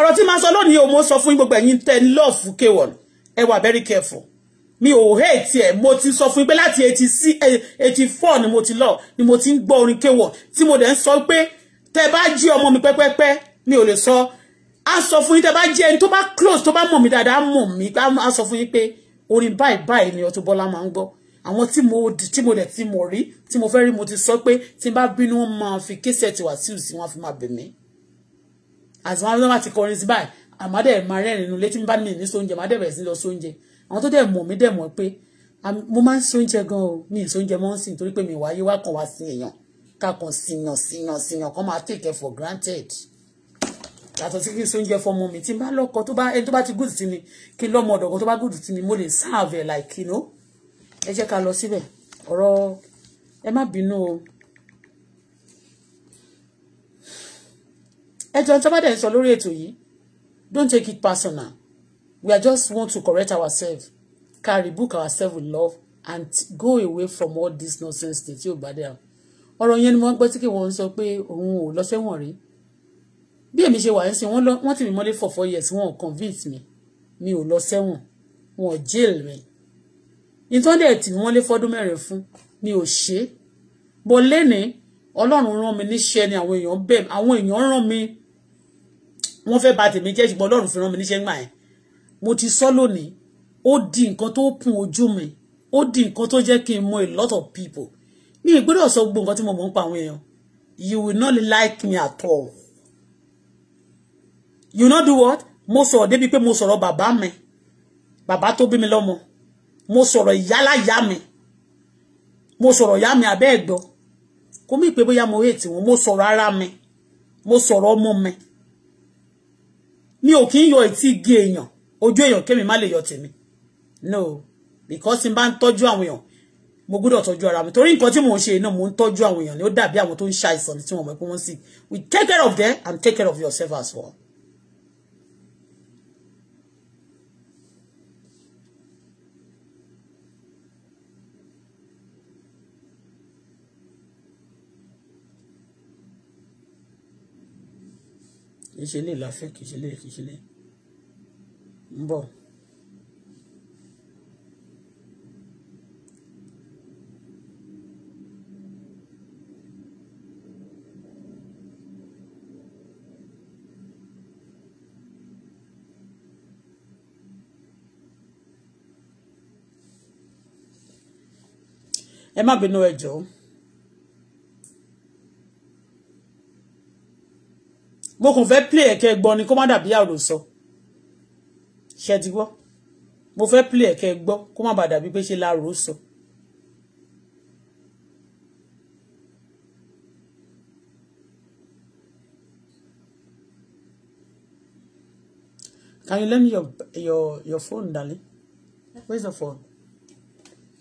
ọ̀rọ̀ tí máa sọ lónìí o mo sọ fún gbogbo ẹ̀yin tẹ́ ń lọ fún kéwọ̀n ẹ very careful mi ò hate ẹ̀ mo ti sọ fún pé láti eighty six eh, eighty four ni mo ti lọ ni mo ti ń gbọ́ orin kéwọ̀n tí mo dẹ̀ ń sọ pé tẹ́ bá jí ọmọ mi pẹ́pẹ́pẹ́ mi ò lè sọ a sọ fún yín tẹ́ bá jẹ́ ẹni tó bá close tó bá mọ̀ mí dáadáa mọ̀ mí a sọ fún yín pé orin báyìí báyìí ni Auto Bola máa ń gbọ́ àwọn tí mo tí mo dẹ̀ ti mọ̀ rí tí mo fẹ́ rí mo ti sọ pé tí n bá bínú wọn máa fi késẹ̀ tiwa sí òsì wọn fi máa bẹ̀ àti wọn bá ti kọrin sí báyìí àmọ́dẹ̀ máa rẹ́rìn inú létí bá mi ní sóúnjẹ màá dẹ̀bẹ̀rẹ̀ sí lọ sóúnjẹ àwọn tó dẹ̀ mọ̀ mí dẹ̀ mọ̀ pé mo máa ń sóúnjẹ gan o mi ì sóúnjẹ mọ́ ń sìn torí pé mi wáyé wá kàn wá sí èèyàn ká kàn sìyàn sìyàn sìyàn kan máa take it for granted yàtọ̀ sí kí n sóúnjẹ fọmọ mi tí n bá lọ́kọ tó bá ẹni tó bá ti gùdù sí mi kí n lọ́mọ ọ̀dọ̀ kan tó bá gùdù sí mi mo lè serve like you know ẹ jẹ́ ká lọ síbẹ̀ ọ̀rọ̀ ẹ má bínú o ẹjọ́ tó bá dẹ̀ ń sọ lórí ètò yìí don't take it personal we are just want to correct ourselves carry book ourselves with love and go away from all this nonsense tí ò bá dẹ̀ àwọn ọ̀rọ̀ yẹn ni wọ́n gbọ́ tí kì wọ́n sọ pé òun ò lọ sẹ́wọ̀n rí bí èmi ṣe wà ń sìn wọ́n tì mí mọ́lé for four years wọ́n convince mi mi ò lọ sẹ́wọ̀n wọ́n jail mi ìtọ́lẹ̀ tì mí mọ́lé fọ́dún mẹ́rin fún mi ò ṣe é bọ́ lẹ́nìí ọlọ́run rán mi níṣẹ́ ni àwọn èèyàn bẹ̀ àwọn èèyàn rán mi wọ́n fẹ́ bà tèmi jẹ́ ṣùgbọ́n ọlọ́run fi rán mi níṣẹ́ ńgbà yẹn mo ti sọ lónìí ó di nǹkan tó kún ojú mi ó di nǹkan tó jẹ́ kí n mọ a lot of people mi ìgbọ́dọ̀ sọ gbogbo nǹkan tí mo mọ̀ ń pa àwọn èèyàn you will not like me at all you know do what mo sọ̀rọ̀ débi pé mo sọ̀rọ̀ bàbá mi bàbá tó bí mi lọ́mọ mo sọ̀rọ̀ ìyáláyá mi mo sọ̀rọ̀ ìyá mi abẹ́ ẹ̀gbọ́ kó mi pé bóyá mo hate wọn mo sọ̀rọ̀ ara mi mo sọ̀rọ̀ ọmọ mi mi ò kí ń yọ etí igi èèyàn ojú èèyàn kémi má lè yọ no because in bá ń tọ́jú àwọn èèyàn mo gbọ́dọ̀ tọ́jú ara mi torí nǹkan tí mò ń ṣe náà mò ń tọ́jú àwọn èèyàn ni ó dàbí àwọn tó ń ṣàìsàn tí wọ́n mọ̀ pé wọ́n sì we take care of them and take care of yourself as well. kì í ṣe lè láfẹ́ kì í ṣe lè kì í ṣe lè ń bọ̀. ẹ má bínú ẹ jọ̀ọ́. mo fẹ́ play ẹ̀kẹ́ gbọ́ ni kó má dàbí àròsọ ṣe ti gbọ́ mo fẹ́ play ẹ̀kẹ́ gbọ́ kó má bàa dàbí pé ṣe láròsọ. Can you lend me your your your phone, darling? Where's your phone?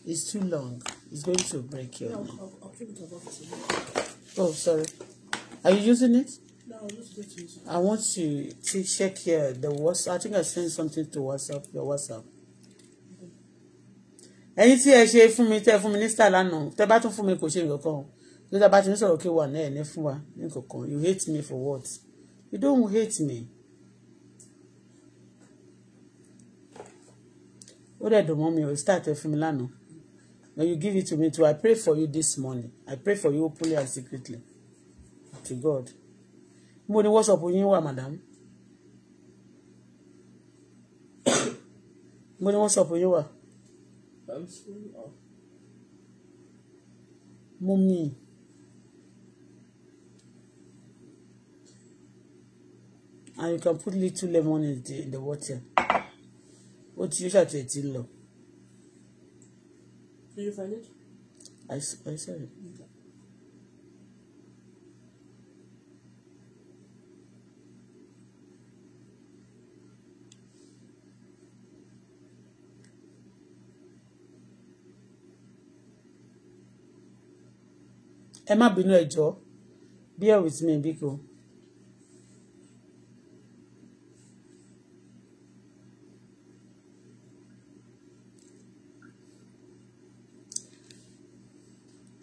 It's too long. It's going to break your. No, I'll, oh, sorry. Are you using it? I want to, to check here the WhatsApp. I think I sent something to WhatsApp, your WhatsApp. ẹ̀yin I ẹ ṣe fún mi tẹ́ fún mi ní star lánàá tẹ́ bá tún fún mi kò ṣe nǹkan kan ló dábàá ti ń sọ̀rọ̀ kí wà náà ní fún you hate me for what you don't hate me. ó dẹ̀ dùn mọ́ mi ò star tẹ́ fún mi lánàá now you give it to me too I pray for you this morning I pray for you openly and secretly to God mo ní wọ́sọ̀pù yín wà madam mo ní wọ́sọ̀pù yín wà mo mì and you can put little lemon in the, in the water ó ti yóò ṣàtẹ̀ tí ń lọ. Did you find it? I, I saw it. Okay. ẹ má bínú ẹ jọ̀ọ́ bear with me biko.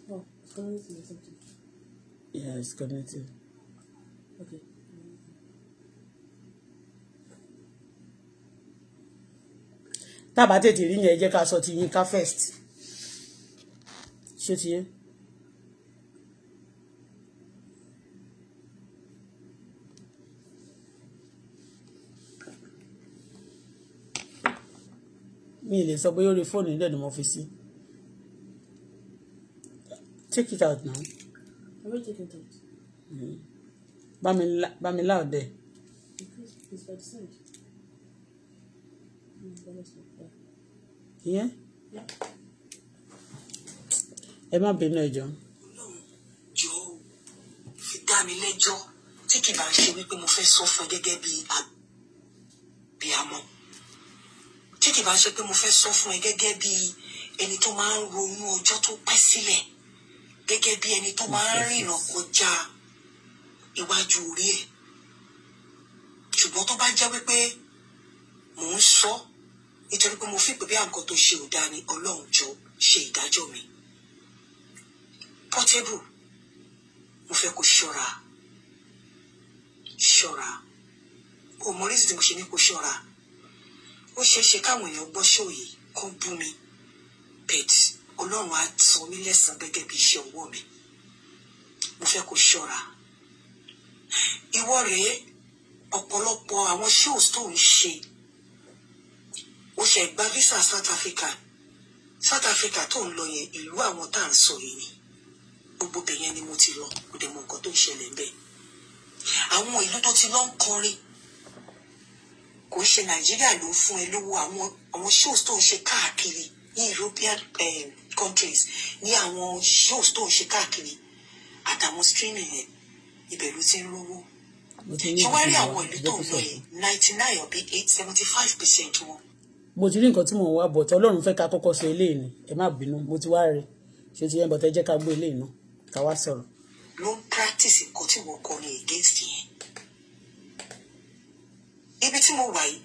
Oh, yeah, it's connected. Okay. tábà tètè rí yẹn jẹ́ ká sọ ti yín ká first ṣé ti yẹn. mi ì lè sọ bóyá orí fóònù nílẹ̀ ni mo fi sí take it out now. I will take it out. Mm. Bamila, Bamila out there. Because it's like sand. Here? Yeah. Ẹ má bínú ẹjọ́. Jọ fi dá mi lẹ́jọ́ tí kì bá ń ṣe wípé mo fẹ́ sọ fún gẹ́gẹ́ bí abiyamọ tí kì bá ṣe pé mo fẹ́ sọ fún ẹ gẹ́gẹ́ bí ẹni tó máa ń ronú ọjọ́ tó pẹ́ sílẹ̀ gẹ́gẹ́ bí ẹni tó máa ń rìnà kọjá iwájú orí ẹ̀ ṣùgbọ́n tó bá jẹ́ wípé mò ń sọ nítorí pé mo fi pé bí àǹkan tó ṣe ò ni ọlọ́run jọ ṣe ìdájọ́ mi Portable mo fẹ́ kó ṣọ́ra ṣọ́ra kò mọ orí sì mo ṣe ní kó ṣọ́ra ó ṣeé ṣe káwọn èèyàn gbọ́ ṣó yìí kán bú mi but ọlọ́run á san mí lẹ́sàn-án gẹ́gẹ́ bí iṣẹ́ ọwọ́ mi mo fẹ́ kó ṣọ́ra ìwọ rèé ọ̀pọ̀lọpọ̀ àwọn shows tó ń ṣe ó ṣe gba visa South Africa South Africa tó ń lọ yẹn ìlú àwọn tá à ń sọ yìí ni gbogbo bẹ̀yẹn ni mo ti lọ kò dẹ̀ mọ nǹkan tó ń ṣẹlẹ̀ ń bẹ̀ àwọn ìlú tó ti lọ ń kọrin kò ṣe nàìjíríà ló fún ẹ lówó àwọn àwọn shows tó ń ṣe káàkiri ní european um, countries ní àwọn shows tó ń ṣe káàkiri àtàwọn streaming yẹn ibẹ̀ ló ti ń rówó ṣé àwọn ìlú tó ń lọ yìí ninety nine ọ̀bí eight seventy five percent wọn. mo ti rí nǹkan tí mò ń wá bọ̀ tí ọlọ́run fẹ́ ká kọ́kọ́ sọ eléyìí ni ẹ má bínú mo ti wá rí ṣé ti yẹn bọ̀ tẹ́ jẹ́ ká gbé eléyìí náà ká wá sọ̀rọ̀. ló ń practice nǹkan tí wọ́n kọ ní against yẹn ibi tí mo wà yìí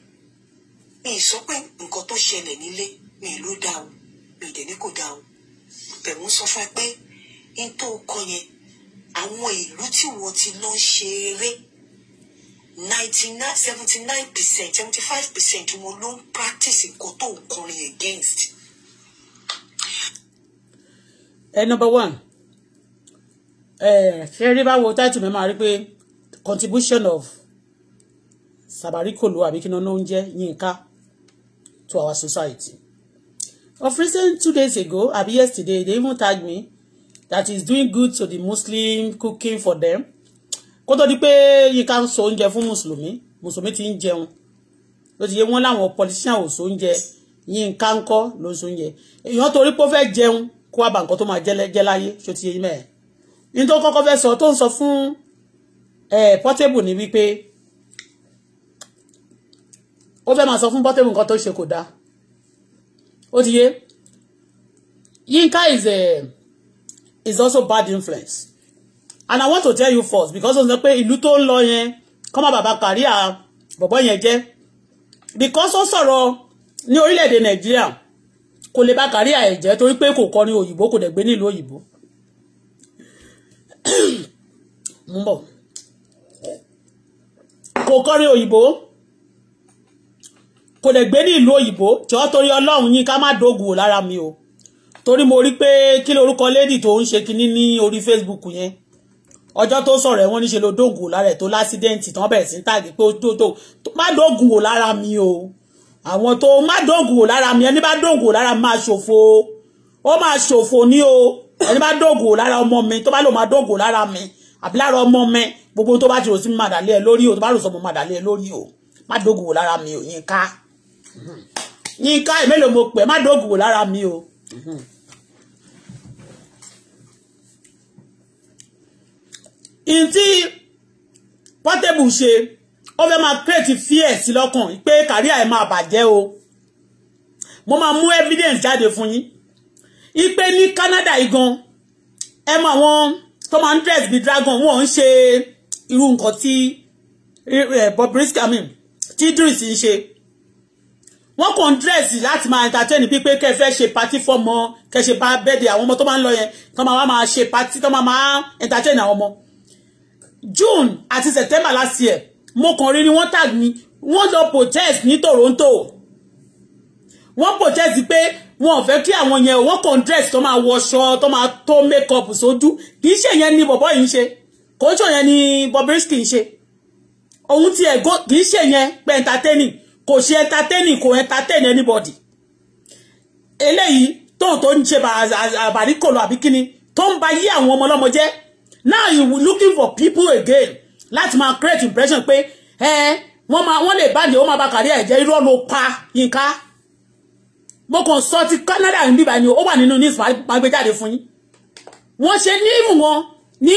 mi ì sọ pé nǹkan tó ṣẹlẹ̀ nílé mi ì ló dá o mi ì dẹ̀ ní kò dá o bẹ̀rù ń sọ fún ẹ pé n tó kọ yẹn àwọn ìlú tí wọ́n ti lọ ṣe eré ninety nine seventy nine percent seventy five percent wọn ló ń practice nǹkan tó ń kọrin against. ẹ number one ẹ ṣe rí báwo táìtù mi máa rí pé contribution of sabarikolo àbí kí náà ń jẹ́ yínká to our society. Of recent two days ago àbí yesterday they even tag me that is doing good to the Muslim cooking for them kó tó di pé yínká ń so oúnjẹ fún mùsùlùmí mùsùlùmí ti ń jẹun ló ti yé wọn láwọn politician ò so oúnjẹ yínká ń kọ́ ló ń so oúnjẹ èèyàn torí pé ó fẹ́ jẹun kó wá bá tó máa jẹ́ láyé ṣó ti yé yín mẹ́ẹ̀ ní tó kọ́kọ́ fẹ́ sọ tó ń sọ fún eh, Portable ni wípé ó fẹ́ máa sọ fún Portable nǹkan tó ṣe kò dáa ó ti yé Yinka is a eh, is also bad influence and I want to tell you first because ó sọ pé ìlú tó ń lọ yẹn kọ́ má bàbá kàríà bọ̀bọ́ yẹn jẹ́ because ó sọ̀rọ̀ ní orílẹ̀-èdè Nàìjíríà kò lè bá kàríà ẹ̀ jẹ́ torí pé kò kọrin òyìnbó kò dẹ̀ gbé nílùú òyìnbó ń bọ̀ kò kọrin òyìnbó kò dẹ̀ gbé ní ìlú òyìnbó tí wọ́n torí ọlọ́run yín ká má dógùn wò lára mi o torí mo rí pé kí ló orúkọ lady tó ń ṣe kinní ní orí Facebook yẹn ọjọ́ tó sọ̀rọ̀ ẹ̀ wọ́n níṣe ló dógùn wò lára ẹ̀ tó lásídẹ́ǹtì tí wọ́n bẹ̀rẹ̀ sí ń tàgé pé ó tó má dógùn wò lára mi o àwọn tó má dógùn wò lára mi ẹni bá dógùn wò lára mi máa ṣòfò ó máa ṣòfò ní o ẹni bá dógùn wò lára ọmọ mi tó bá lò máa dógùn lára mi àbí lára ọmọ mi gbogbo tó bá ti rò sí mi má dàlẹ́ lórí o tó bá rò sọ mo má dàlẹ́ lórí o má dógùn lára mi ò yín ká yínká ìmélòó mo pè má dóògùn wò lára mi o. ntí Portable ṣe ó fẹ́ máa create fear sí lọ́kàn pé kàríà ẹ̀ máa bàjẹ́ o mo máa mú evidence jáde fún yín ipe ní Canada igan ẹ mọ àwọn tó máa ń dress bíi dragon wọn ń ṣe irú nǹkan tí eh, Bobrisky I mean tí Idris ń ṣe wọ́n kàn ń dírẹ́sì láti máa entertain pípé kẹ́ fẹ́ ṣe patí fọ́mọ kẹ́ ṣe bá bẹ́ẹ̀dẹ̀ àwọn ọmọ tó máa ń lọ yẹn tó máa wá máa ṣe patí tó máa máa entertain àwọn ọmọ June àti September last year mo kàn rí ni wọ́n tag mi wọ́n lọ protest ní Toronto wọ́n protest pé wọn ò fẹ́ kí àwọn yẹn wọ́n kàn ń dírẹ́sì tó máa wọṣọ tó máa tó make up sójú kì í ṣe yẹn ni bọ̀bọ́ yìí ń ṣe kò ń ṣe yẹn ni Bobrisky ń ṣe òun ti ẹ̀ kì í entertaining kò ṣe entertaining kò entertain anybody eléyìí tóun tó ń ṣe àbáríkòlò àbí kíni tó ń ba yí àwọn ọmọ ọlọ́mọ jẹ́ now you looking for people again láti máa create impression pé ẹ wọ́n máa wọ́n lè báyìí ó máa ba kàrí ẹ̀jẹ̀ irọ́ ló pa Yínká mo kàn sọ ti Canada ń bíbá ni ó wà nínú news máa gbé jáde fún yín wọ́n ṣe ní wọn ní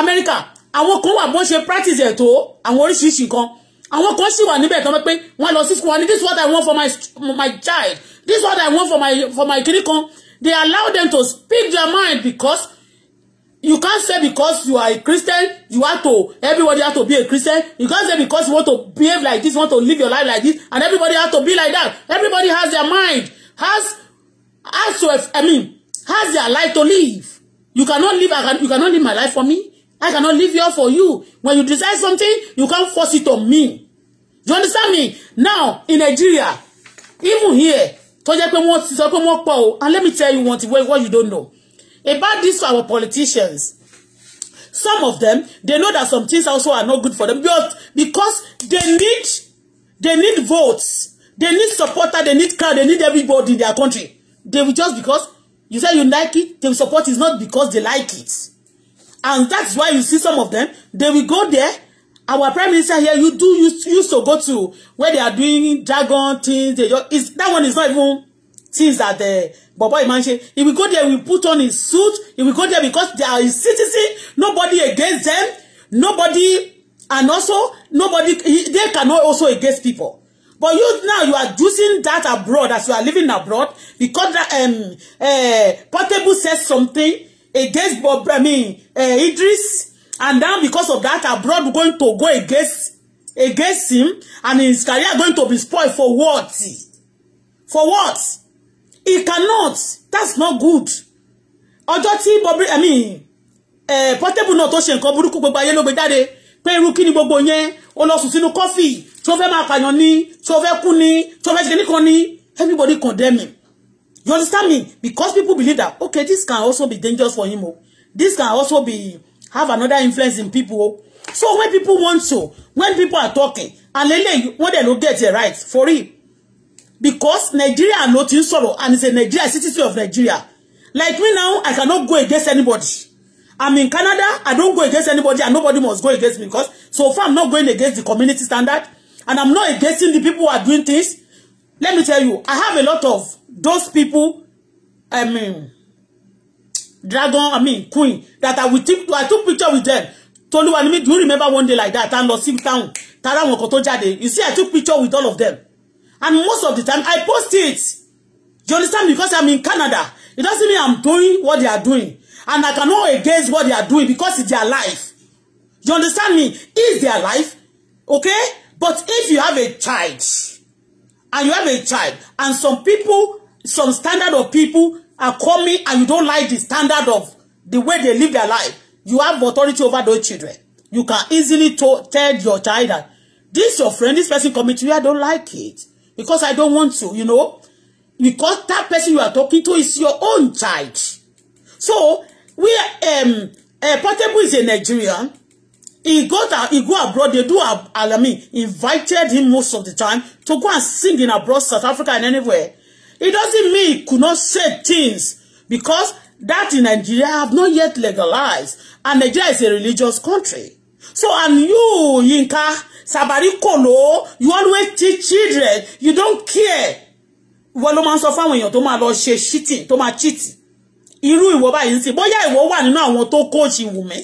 America àwọn kan wà bọ́n ṣe practice ẹ̀ tó àwọn oríṣiríṣi nǹkan àwọn kan sì wà níbẹ̀ tán pé wọ́n lọ sí school wọn ni this is what I want for my my child this is what I want for my for my kiri kan they allow them to speak their mind because you can't say because you are a Christian you have to everybody have to be a Christian you can't say because you want to behave like this you want to live your life like this and everybody has to be like that everybody has their mind has has to I mean has their life to live you cannot live I can, you cannot live my life for me I cannot leave here for you. When you desire something, you can't force it on me. You understand me? Now, in Nigeria, even here, tó jẹ́ pé wọ́n ti sọ pé and let me tell you one thing what you don't know. About this our politicians, some of them, they know that some things also are not good for them because they need, they need votes. They need supporter, they need crowd, they need everybody in their country. They will just because you say you like it, they will support it, not because they like it. And that's why you see some of them, they will go there. Our prime minister here, you do used, used to go to where they are doing dragon things. They just, it's, that one is not even things that the eh, boy, Imanche, he will go there, We put on his suit. He will go there because they are his citizen. Nobody against them. Nobody, and also nobody, they cannot also against people. But you now you are using that abroad as you are living abroad because that um uh Portable says something against Bob, I mean, uh, Idris. And now because of that, abroad going to go against against him and his career going to be spoiled for what? For what? He cannot. That's not good. Ọjọ́ tí Bob, I mean, eh, Portable náà tó ṣe nǹkan burúkú gbogbo ayé ló gbé jáde pé irú kí ni chove yẹn ó lọ sùn sínú kọ́fì everybody condemn him You understand me? Because people believe that, okay, this can also be dangerous for him. Oh. This can also be, have another influence in people. Oh. So when people want to, when people are talking, and lele, when they don't get it right, for real. Because Nigeria are not in sorrow, and it's a Nigeria, citizen of Nigeria. Like me now, I cannot go against anybody. I'm in Canada, I don't go against anybody, and nobody must go against me, because so far I'm not going against the community standard, and I'm not against the people who are doing things, let me tell you i have a lot of those people i mean dragon i mean queen that i will take i took picture with them toluwa ni do you remember one day like that and lọ sí town tara wọn kan tó you see i took picture with all of them and most of the time i post it you understand because i'm in canada it doesn't mean i'm doing what they are doing and i cannot against what they are doing because it's their life you understand me it's their life okay but if you have a child and you have a child and some people some standard of people are coming and you don't like the standard of the way they live their life you have authority over those children you can easily tell your child that this your friend this person coming to you I don't like it because I don't want to you know because that person you are talking to is your own child so we um uh, Portable is a Nigerian He go out, he go abroad. They do, I mean, invited him most of the time to go and sing in abroad, South Africa and anywhere. It doesn't mean he could not say things because that in Nigeria have not yet legalized. And Nigeria is a religious country. So, and you, Yinka, Sabari Kolo, you always teach children. You don't care. Ìwọ ló máa ń sọ fáwọn èèyàn tó máa cheating, tó máa cheat. Irú ìwọ báyìí ń sìn. Bóyá ìwọ wà nínú àwọn tó coach Wùmí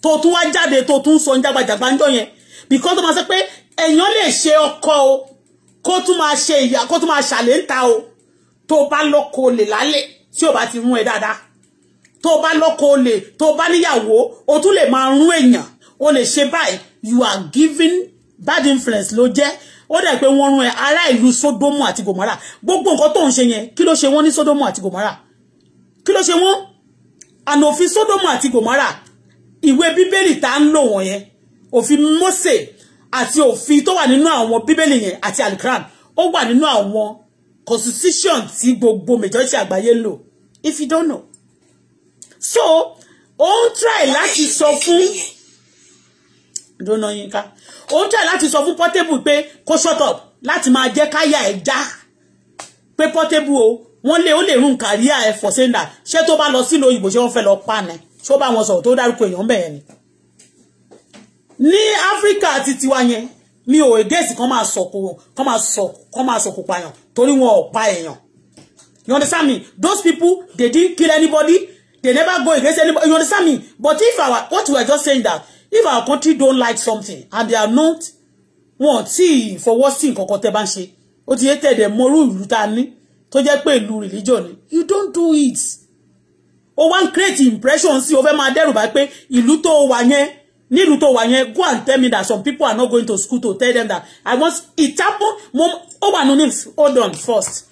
tó tún wá jáde tó tún sọ jágbajàgba ńjọ́ yẹn because tó máa sọ pé èèyàn lè ṣe ọkọ o kó tún máa ṣe ìyá kó tún máa ṣàlè ń ta o tó bá lọ́kọ olè lálẹ́ tí ò bá ti rún ẹ dáadáa tó bá lọ́kọ olè tó bá níyàwó o tún lè máa rún èèyàn o lè ṣe báyìí you are giving bad influence ló jẹ́ ó dẹ̀ pé wọ́n rún ẹ ará ìlú Sódómù àti Gòmárà gbogbo nǹkan tó ń ṣe yẹn kí ló ṣe wọ́n ní Sódómù àti Gòmárà kí ló ṣe wọ́n ànàfin Sódómù àti Gòmárà ìwé bíbélì tá ń lò wọ̀nyẹn òfin Mósè àti òfin tó wà nínú àwọn bíbélì yẹn àti alikram ó wà nínú àwọn constitution tí gbogbo majority àgbáyé lò if you don't know so ó ń try láti sọ fún dóná yín ká ó ń try láti sọ fún Portable pé kó shut up láti máa jẹ́ káyà ẹ̀ já pé Portable o wọ́n lè ó lè rún kàríà ẹ̀ for saying that ṣé tó bá lọ sílùú òyìnbó ṣé wọ́n fẹ́ lọ pa ni tó bá wọn sọ̀rọ̀ tó dárúkọ èèyàn bẹ́ẹ̀ ni ní áfíríkà àti tiwa yẹn mi ò ègéèsì kan máa sọ̀kò kan máa sọ̀kò kan máa sọ̀kò pààyàn torí wọn ò pa èèyàn you understand me those people they didn't kill anybody they never go against anybody you understand me but if our what we are just saying that if our country don't like something and they are not wọn tí for what nǹkan kan tẹ́ bá ń ṣe ó ti yé tẹ̀dẹ̀ mọ́rú ìlú ta ní tó jẹ́ pé ìlú religion ni you don't do it ó wá create impression sí o fẹ́ máa dẹ́rù bá pé ìlú tó wà yẹn nílùú tó wà yẹn go and tell me that some people are not going to school to tell them that i want it happen mo ó wà nínú hold on first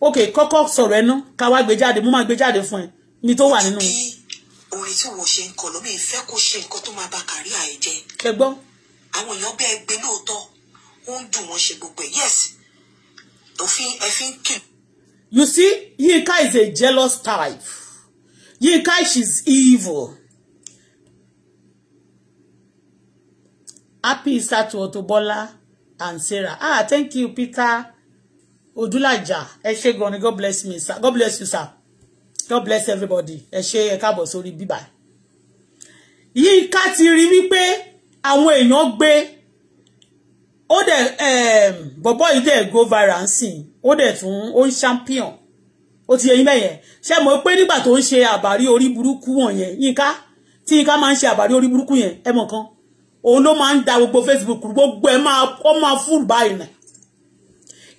okay koko sọ̀rọ̀ ẹnu ká wá gbé jáde mo máa gbé jáde fún ni ní tó wà nínú. orin tí wọ́n ṣe ń kọ lómi ìfẹ́ kó ṣe nǹkan tó máa ba kárí àìjẹ. ẹ gbọ́. àwọn èèyàn bẹ́ẹ̀ gbé lóòótọ́ ó ń dùn wọ́n ṣe gbogbo ẹ̀ yes òfin ẹ fi ń you see Yinka is a jealous type. Yinka, she's evil. Happy Easter to Otobola and Sarah. Ah, thank you, Peter Odulaja. Ẹ goni. God bless me, sir. God bless you, sir. God bless everybody. Ẹ ṣé, ẹ káàbọ̀ sórí bíbá. Yinka ti rí wípé àwọn èèyàn gbé ó dẹ̀ eh, bọ̀bọ̀ yìí dẹ̀ go viral sí i ó dẹ̀ tún champion ó ti yẹyin bẹ́yẹn ṣé mo pé nígbà tó ń ṣe àbárí orí burúkú wọ̀nyẹn yínká tí yínká máa ń ṣe àbárí orí burúkú yẹn ẹ mọ̀ kan òun ló máa ń da gbogbo Facebook gbogbo ẹ máa ó máa fún báyìí nà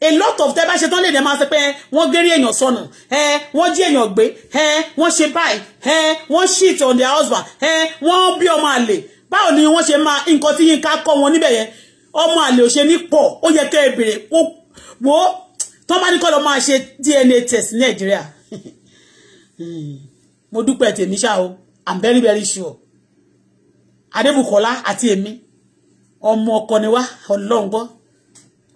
a lot of tẹ́ bá ṣe tán lè dẹ́ máa ṣe pé wọ́n gérí èèyàn sọnù ẹ wọ́n jí èèyàn gbé ẹ wọ́n ṣe báyìí ẹ wọ́n shit on their husband ẹ wọ́n bí ọmọ àlè báwo ni wọ́n ṣe máa nǹkan tí yínká kọ́ wọn níbẹ̀ yẹn ọmọ àlè ò ṣe ní pọ̀ ó yẹ kẹ́ ẹ bèrè wo tó bá ní kọ́ máa ṣe DNA test ní nàìjíríà mo dúpẹ́ tèmi ṣá o i'm very very sure adébùkọ́lá àti èmi ọmọ ọkọ ni wá ọlọ́run gbọ́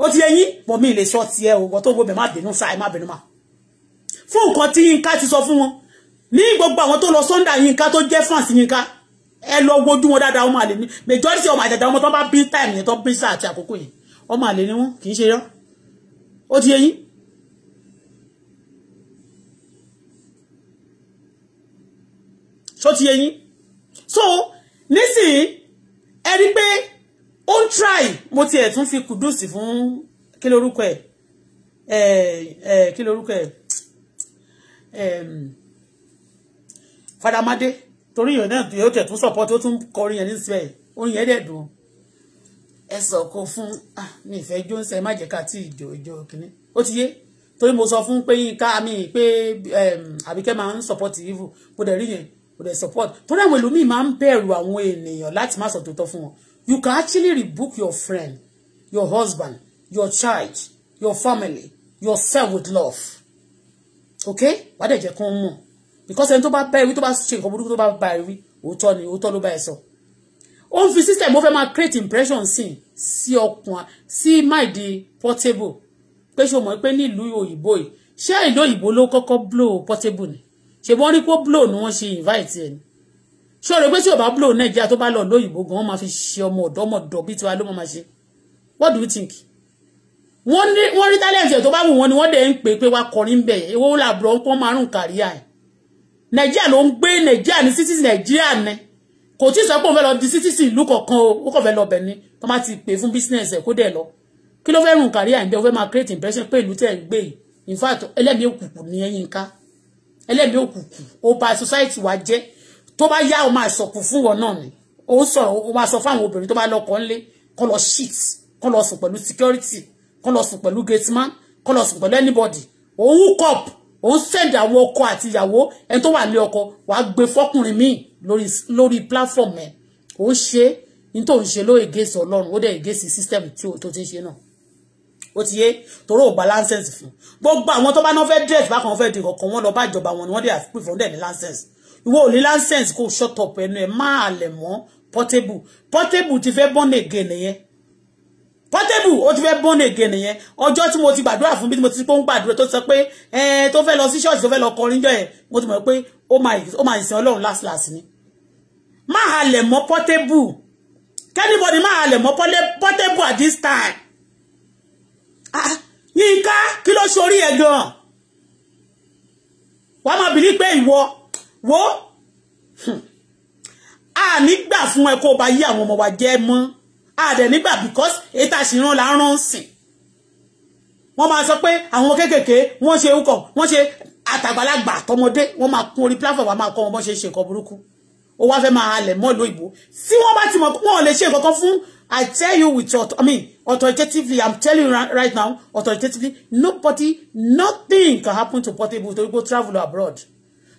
ó ti ẹyin pọ̀ mí lè sọ tiẹ̀ o wọ́n tó gbọ́ bẹ̀ má bínú sáà má bínú mà fún nǹkan tí yínká ti sọ fún wọn ní gbogbo àwọn tó lọ sunday yínká tó jẹ́ france yínká ẹ lọ wojú wọn dáadáa wọn máa lè ní majority ọmọ àjàjà wọn tó bá bí time yẹn tó bí sáà àti àkókò yẹn wọn máa lè ní wọn kì í ṣe yọ ó ti yé yín ṣó ti yé so nísìnyí ẹ rí pé ó ń try mo tiẹ̀ tún fi kùdùsì fún kí lorúkọ ẹ̀ ẹ̀ ẹ̀ kí lorúkọ ẹ̀ fadamade torí ìyẹn náà yóò tẹ̀ tún support ó tún kọrin yẹn nísìnyí orin yẹn dẹ̀ dùn ẹ sọ̀kò fún ah, mi ìfẹ́ jónsẹ̀ má jẹ́ ká tí ìjọ ìjọ kìíní ó ti yé torí mo sọ fún pé yínká mi pé àbíkẹ́ máa ń support evil mo dẹ̀ rí yẹn mo dẹ̀ support torí àwọn ẹlòmíì máa ń bẹ̀rù àwọn ènìyàn láti má sọ tòótọ́ fún wọn you can actually rebook your friend your husband your child your family yourself with love okay wàá dẹ̀ jẹ́ kó mọ̀ because ẹni tó bá bá ẹ wí tó bá ṣe nǹkan burúkú tó bá bá ẹ òótọ́ ni òótọ́ ló bá ẹ sọ. So ó ń fi system ó fẹ́ máa create impression sí sí ọkùn sí máìdí portable pé ṣe o mọ̀ pé nílùú òyìnbó yìí ṣé ìlú òyìnbó ló kọ́kọ́ blow portable ni ṣe wọ́n rí kó blow ni wọ́n ṣe invite ẹ̀ ni ṣé o rò pé tí o bá blow nàìjíríà tó bá lọ lóyìnbó gan wọ́n máa fi ṣe ọmọ ọ̀dọ́mọdọ̀ bí tiwa ló máa ṣe what do you think wọ́n ní wọ́n rí talent tó bá wù wọ́n ni wọ́n dẹ̀ ń pè pé wá kọrin bẹ̀ owó làbúrò ń pọ́n márùn-ún kàríà ẹ̀ nàìjíríà ló ń gbé nàìjíríà ní citizen ni. Nigeria, kò tí sọ pé òun fẹ́ lọ di citizen ìlú kọ̀ọ̀kan o ó kàn fẹ́ lọ bẹ̀ ni tó má ti pè fún business ẹ̀ kó dẹ̀ lọ kí ló fẹ́ rùn kárí àìbẹ́ ó fẹ́ máa create impression pé ìlú tẹ̀ ń gbé yìí in fact ẹlẹ́mìí òkùnkùn ni ẹ̀yin ká ẹlẹ́mìí òkùnkùn ó bà society wa jẹ́ tó bá yá o máa sọ̀kù fún wọn náà ni ó sọ̀rọ̀ ó máa sọ fáwọn obìnrin tó bá lọ́kọ ńlé kọ́ security kọ́ lọ sùn pẹ̀lú gateman kọ́ lọ sùn pẹ̀lú anybody òun hook up òun send àwọn ọkọ àti ìyàwó ẹni tó wà lé ọkọ wàá gbé fọkùnrin míì lórí lórí platform ẹ̀ ó ṣe ní tó ń ṣe ló against ọlọ́run ó dẹ̀ against system tí o tó ti ń ṣe náà ó ti yé torí ò gba license fún gbogbo àwọn tó bá náà fẹ́ dress bákan fẹ́ di kọ̀ọ̀kan wọn lọ bá ìjọba wọn ni wọ́n dẹ̀ àfikún ìfọ̀n dẹ̀ ní license ìwọ ò ní license kò shut up ẹnu ẹ̀ má àlẹ̀ mọ́ portable portable ti fẹ́ born again nìyẹn portable ó ti fẹ́ born again nìyẹn ọjọ́ tí mo ti gbàdúrà fún bí mo ti pé ń gbàdúrà tó sọ pé ẹ tó fẹ́ lọ sí ṣọ́ọ̀ṣì tó fẹ́ lọ kọrin jọ ẹ̀ mo ti mọ̀ pé ó máa ìsìn ọlọ́run last last ni má halẹ̀ mọ́ portable kẹ́nìbọ̀dì má halẹ̀ mọ́ portable at this time Ah, ah yínká kí ló ṣorí ẹ̀ gan wàá máa bìlí pé ìwọ wo hmm, a nígbà fún ẹ kó o bá yí àwọn ọmọ wa jẹ mọ́ a dẹ̀ nígbà because ètò àṣìrán là ń rán sìn wọ́n máa sọ pé àwọn kéékèèké wọ́n ṣe ń kọ̀ wọ́n ṣe àtàgbàlagbà àtọmọdé wọ́n máa kún orí platform wa máa kọ́ wọn bọ́n ṣe ṣe nǹkan burúkú ó wá fẹ́ máa halẹ̀ mọ́ lóyìnbó tí wọ́n bá ti mọ̀ wọ́n lè ṣe nǹkan fún I tell you with I mean authoritatively I'm telling you right now authoritatively nobody nothing can happen to Portable to go travel abroad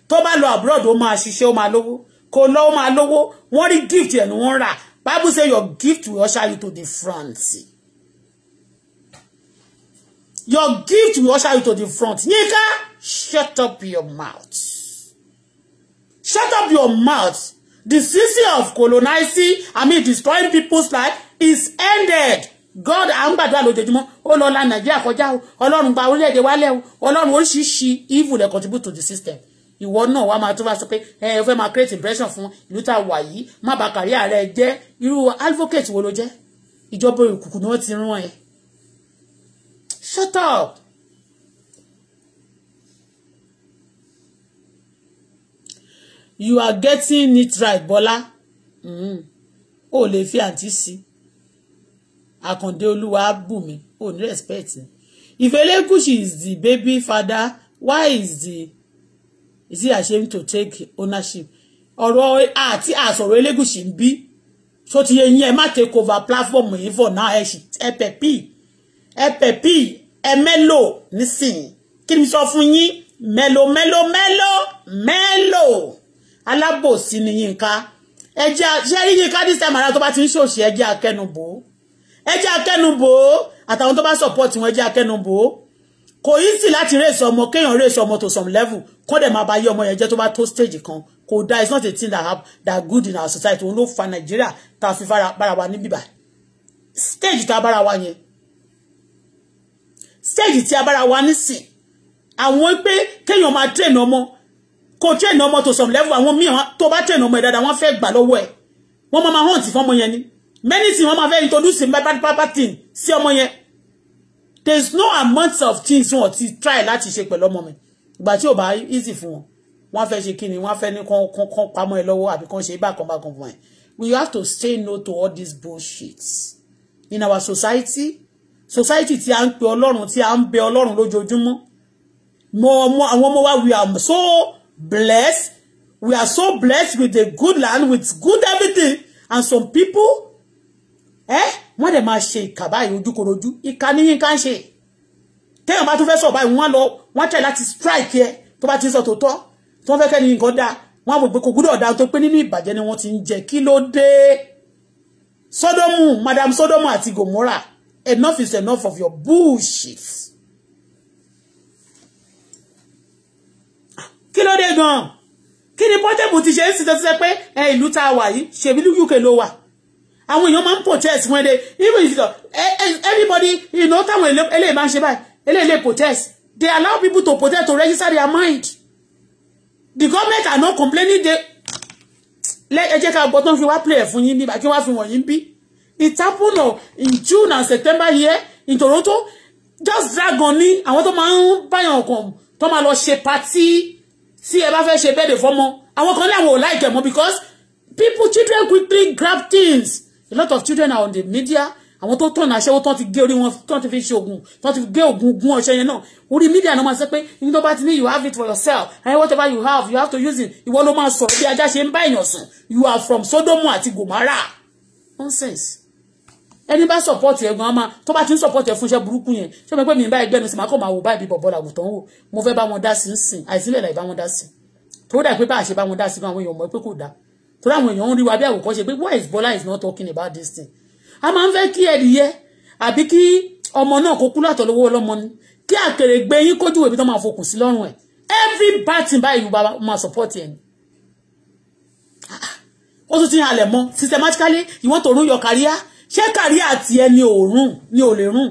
To bá lọ abroad ó máa ṣiṣẹ́ ó máa lówó kò lọ ó máa lówó wọ́n rí gift ẹ̀ ni wọ́n rà Bible say your gift will usher you to the front. Your gift will usher you to the front. Nika, shut up your mouth. Shut up your mouth. The season of colonizing, I mean destroying people's life is ended. God à ń gbàdúrà lójoojúmọ́ ó lọ la Nàìjíríà kọjá o Ọlọ́run gba orílẹ̀-èdè wa lẹ́ o Ọlọ́run oríṣiríṣi evil dey contribute to the system you náà wàá máa tó bá are pé ẹ ẹ fẹ́ máa create impression fún ìlú tá a wà yìí má ba kàrí ààrẹ jẹ́ irú advocate wo ló jẹ́ ìjọba òkùnkùn ni wọ́n ti rán ẹ. Shut up you are getting it right Bola. Mm-hmm. o lè fi àǹtí sí Àkàndé Olúwa bùnmi o ní respect if she is the baby father why is the is he ashamed to take ownership ọ̀rọ̀ àti àsọ̀rọ̀ Elekushi ń bí so ti yẹ yín ẹ take over platform yìí for now E ṣì ẹ pẹ̀pì E pẹ̀pì ẹ mẹ́lò nísìnyí kí ni melo, melo, melo. mẹ́lò alábòsí ni yínká ẹjẹ́ ṣẹ́rí yínká this time around tó bá ti ń ṣòṣì ẹjẹ́ akẹ́nubò ẹjẹ́ akẹ́nubò àtàwọn tó bá support wọn ẹjẹ́ akẹ́nubò kò yí sí láti rèsọ ọmọ kéèyàn rèsọ ọmọ to some level kó dẹ̀ máa bá yí ọmọ yẹn jẹ́ tó bá tó stage kan kò dá it's not a thing that, that good in our society òun ló fa nàìjíríà tá a fi bára wa ní stage tá a bára wa yẹn stage tí a bára wa nísìn àwọn pé kéèyàn máa train ọmọ kò train ọmọ to some level àwọn míì tó bá train ọmọ ẹ̀ dáadáa wọ́n fẹ́ gbà lọ́wọ́ ẹ̀ wọ́n máa hunt fún ọmọ yẹn ni many things wọ́n máa fẹ́ introduce bad bad thing sí ọmọ yẹn there is no amount of things wọ́n ti try láti ṣe pẹ̀lú ọmọ mi ìgbà tí ò bá easy fún wọn wọ́n fẹ́ ṣe kí ni wọ́n fẹ́ ní kán kán pamọ́ ẹ lọ́wọ́ àbí kán ṣe bákan bákan fún ẹ we have to say no to all these bullshit in our society society tí a ń pe ọlọ́run tí a ń bẹ ọlọ́run lójoojúmọ́ mo ọmọ àwọn ọmọ wa we are so blessed. We are so blessed with a good land, with good everything. And some people, eh, wọ́n dẹ̀ máa ṣe ìkà báyìí ojúkorojú. Ìkà ni yín kan ṣe. Téèyàn bá tún fẹ́ sọ báyìí, wọ́n lọ, One tẹ̀ láti strike ẹ tó bá ti sọ tòótọ́. Tí wọ́n fẹ́ kẹ́ni nǹkan dáa, wọ́n á wò pé kò gbúdọ̀ dáa tó pé nínú ìbàjẹ́ ni wọ́n ti ń jẹ. Kí ló dé? Sódómù, Madam Sódómù àti Gòmórà, enough is enough of your bullshit. kí ló dé gan kí ni pọ́tẹ́bù ti ṣe ń sì tọ́sí pé ẹ ìlú tá wà yìí ṣèbí UK ló wà àwọn èèyàn máa ń protest wọn dé even if e, e, everybody you know táwọn eléyìí máa ń ṣe báyìí eléyìí protest they allow people to protest to register their mind the government are not complaining they ẹ jẹ́ ká gbọ́ tó ń fi wá play ẹ̀ fún yín níbà kí wọ́n fi wọ̀nyí bí it happened in June and September here in Toronto just drag on ní àwọn tó máa ń báyàn ọkàn tó máa lọ ṣe party tí ẹ bá fẹ́ ṣe bẹ́ẹ̀dẹ̀ fọ́mọ àwọn kan láwọn ò like mọ́ because people children quickly grab things a lot of children are on the media àwọn tó tọ̀nà aṣẹ́wó tán ti gé orí wọn tán ti fi ṣe oògùn tán ti gé oògùn gún ọṣẹ yẹn náà orí mídíà náà máa sọ pé ní tó bá ti ní you have it for yourself and whatever you have you have to use it ìwọ ló máa sọ̀rọ̀ bí ajá ṣe ń bá èèyàn sùn you are from Sódómù àti Gòmárà nonsense ẹni bá support ẹ gan máa tó bá ti ń support ẹ fún iṣẹ́ burúkú yẹn ṣé mo pé mi bá ẹgbẹ́ mi sì máa kọ́ máa wò báyìí bí bọ̀bọ̀ làwù tán wò mo fẹ́ bá wọn dá sí sìn àìsílẹ̀ láì bá wọn dá sí tó dà pé bá àṣẹ bá wọn dá sí fún àwọn èèyàn mọ̀ pé kò dáa tó dáwọn èèyàn ń rí wa bí àwòkọ́ ṣe pé why is Bola is not talking about this thing a máa ń fẹ́ kí ẹ̀dìyẹ àbí kí ọmọ náà kó kú látọ̀ lówó ọlọ́mọ ni kí àkèrè gbé yín kójú ìbí tó máa fokùn sí lọ́rùn ẹ̀ every party báyìí yorùbá máa support ẹ̀ ni ah, ah. ó tún ti halẹ̀ mọ́ systematically you want to ruin your career ṣé kàrí àti ẹni òórùn ni ò lè rùn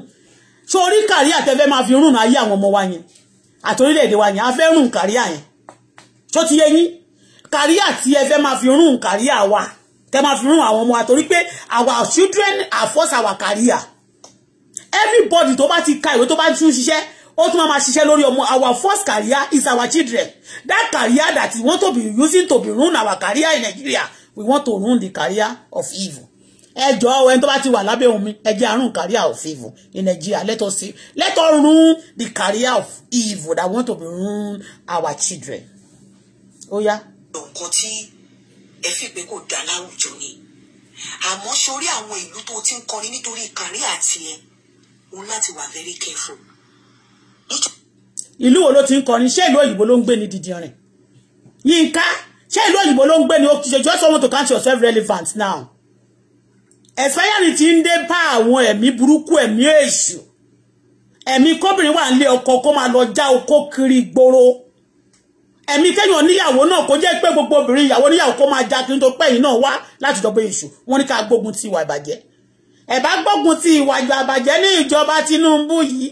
ṣé orí kàrí àtẹfẹ́ máa fi rùn ayé àwọn ọmọ wa yẹn àti orílẹ̀-èdè wa yẹn a fẹ́ rùn kàrí àyẹn tó ti yé yín kàrí àti ẹfẹ́ máa fi rùn kàrí àwa tẹ máa fi rùn àwọn ọmọ wa torí pé our children are force our career everybody tó bá ti ka ìwé tó bá tún ṣiṣẹ́ ó tún máa ṣiṣẹ́ lórí ọmọ our first career is our children that career that we want to be using to be run our career in Nigeria we want to run the career of evil ẹjọ́ ẹni tó bá ti wà lábẹ́ omi ẹjẹ́ àrùn career of evil in Nigeria let us see let us ruin the career of evil that want to be ruin our children. ó yá. nǹkan tí ẹ fi pé kò dá láwùjọ ni àmọ́ sórí àwọn ìlú tó ti ń kọrin nítorí career àti ẹ̀ òun láti wà very careful. ìlú wo ló ti ń kọrin ṣé ìlú òyìnbó ló ń gbé ní dídìrín Yínká ṣé ìlú òyìnbó ló ń gbé ní ó ti ṣe just want to count yourself relevant now especially tí ń dé bá àwọn ẹ̀mí burúkú ẹ̀mí èṣù ẹ̀mí kóbìnrin wà nílé ọkọ kó máa lọ já okó kiri gbòòrò ẹ̀mí kéèyàn níyàwó náà kó jẹ́ pé gbogbo obìnrin ìyàwó níyàwó kó máa já kí n tó pẹ́ yìí náà wá láti jọ pé èṣù wọ́n ní ká gbógun ti ìwà ìbàjẹ́ ẹ bá gbógun ti ìwà ìbàjẹ́ ní ìjọba Tinubu yìí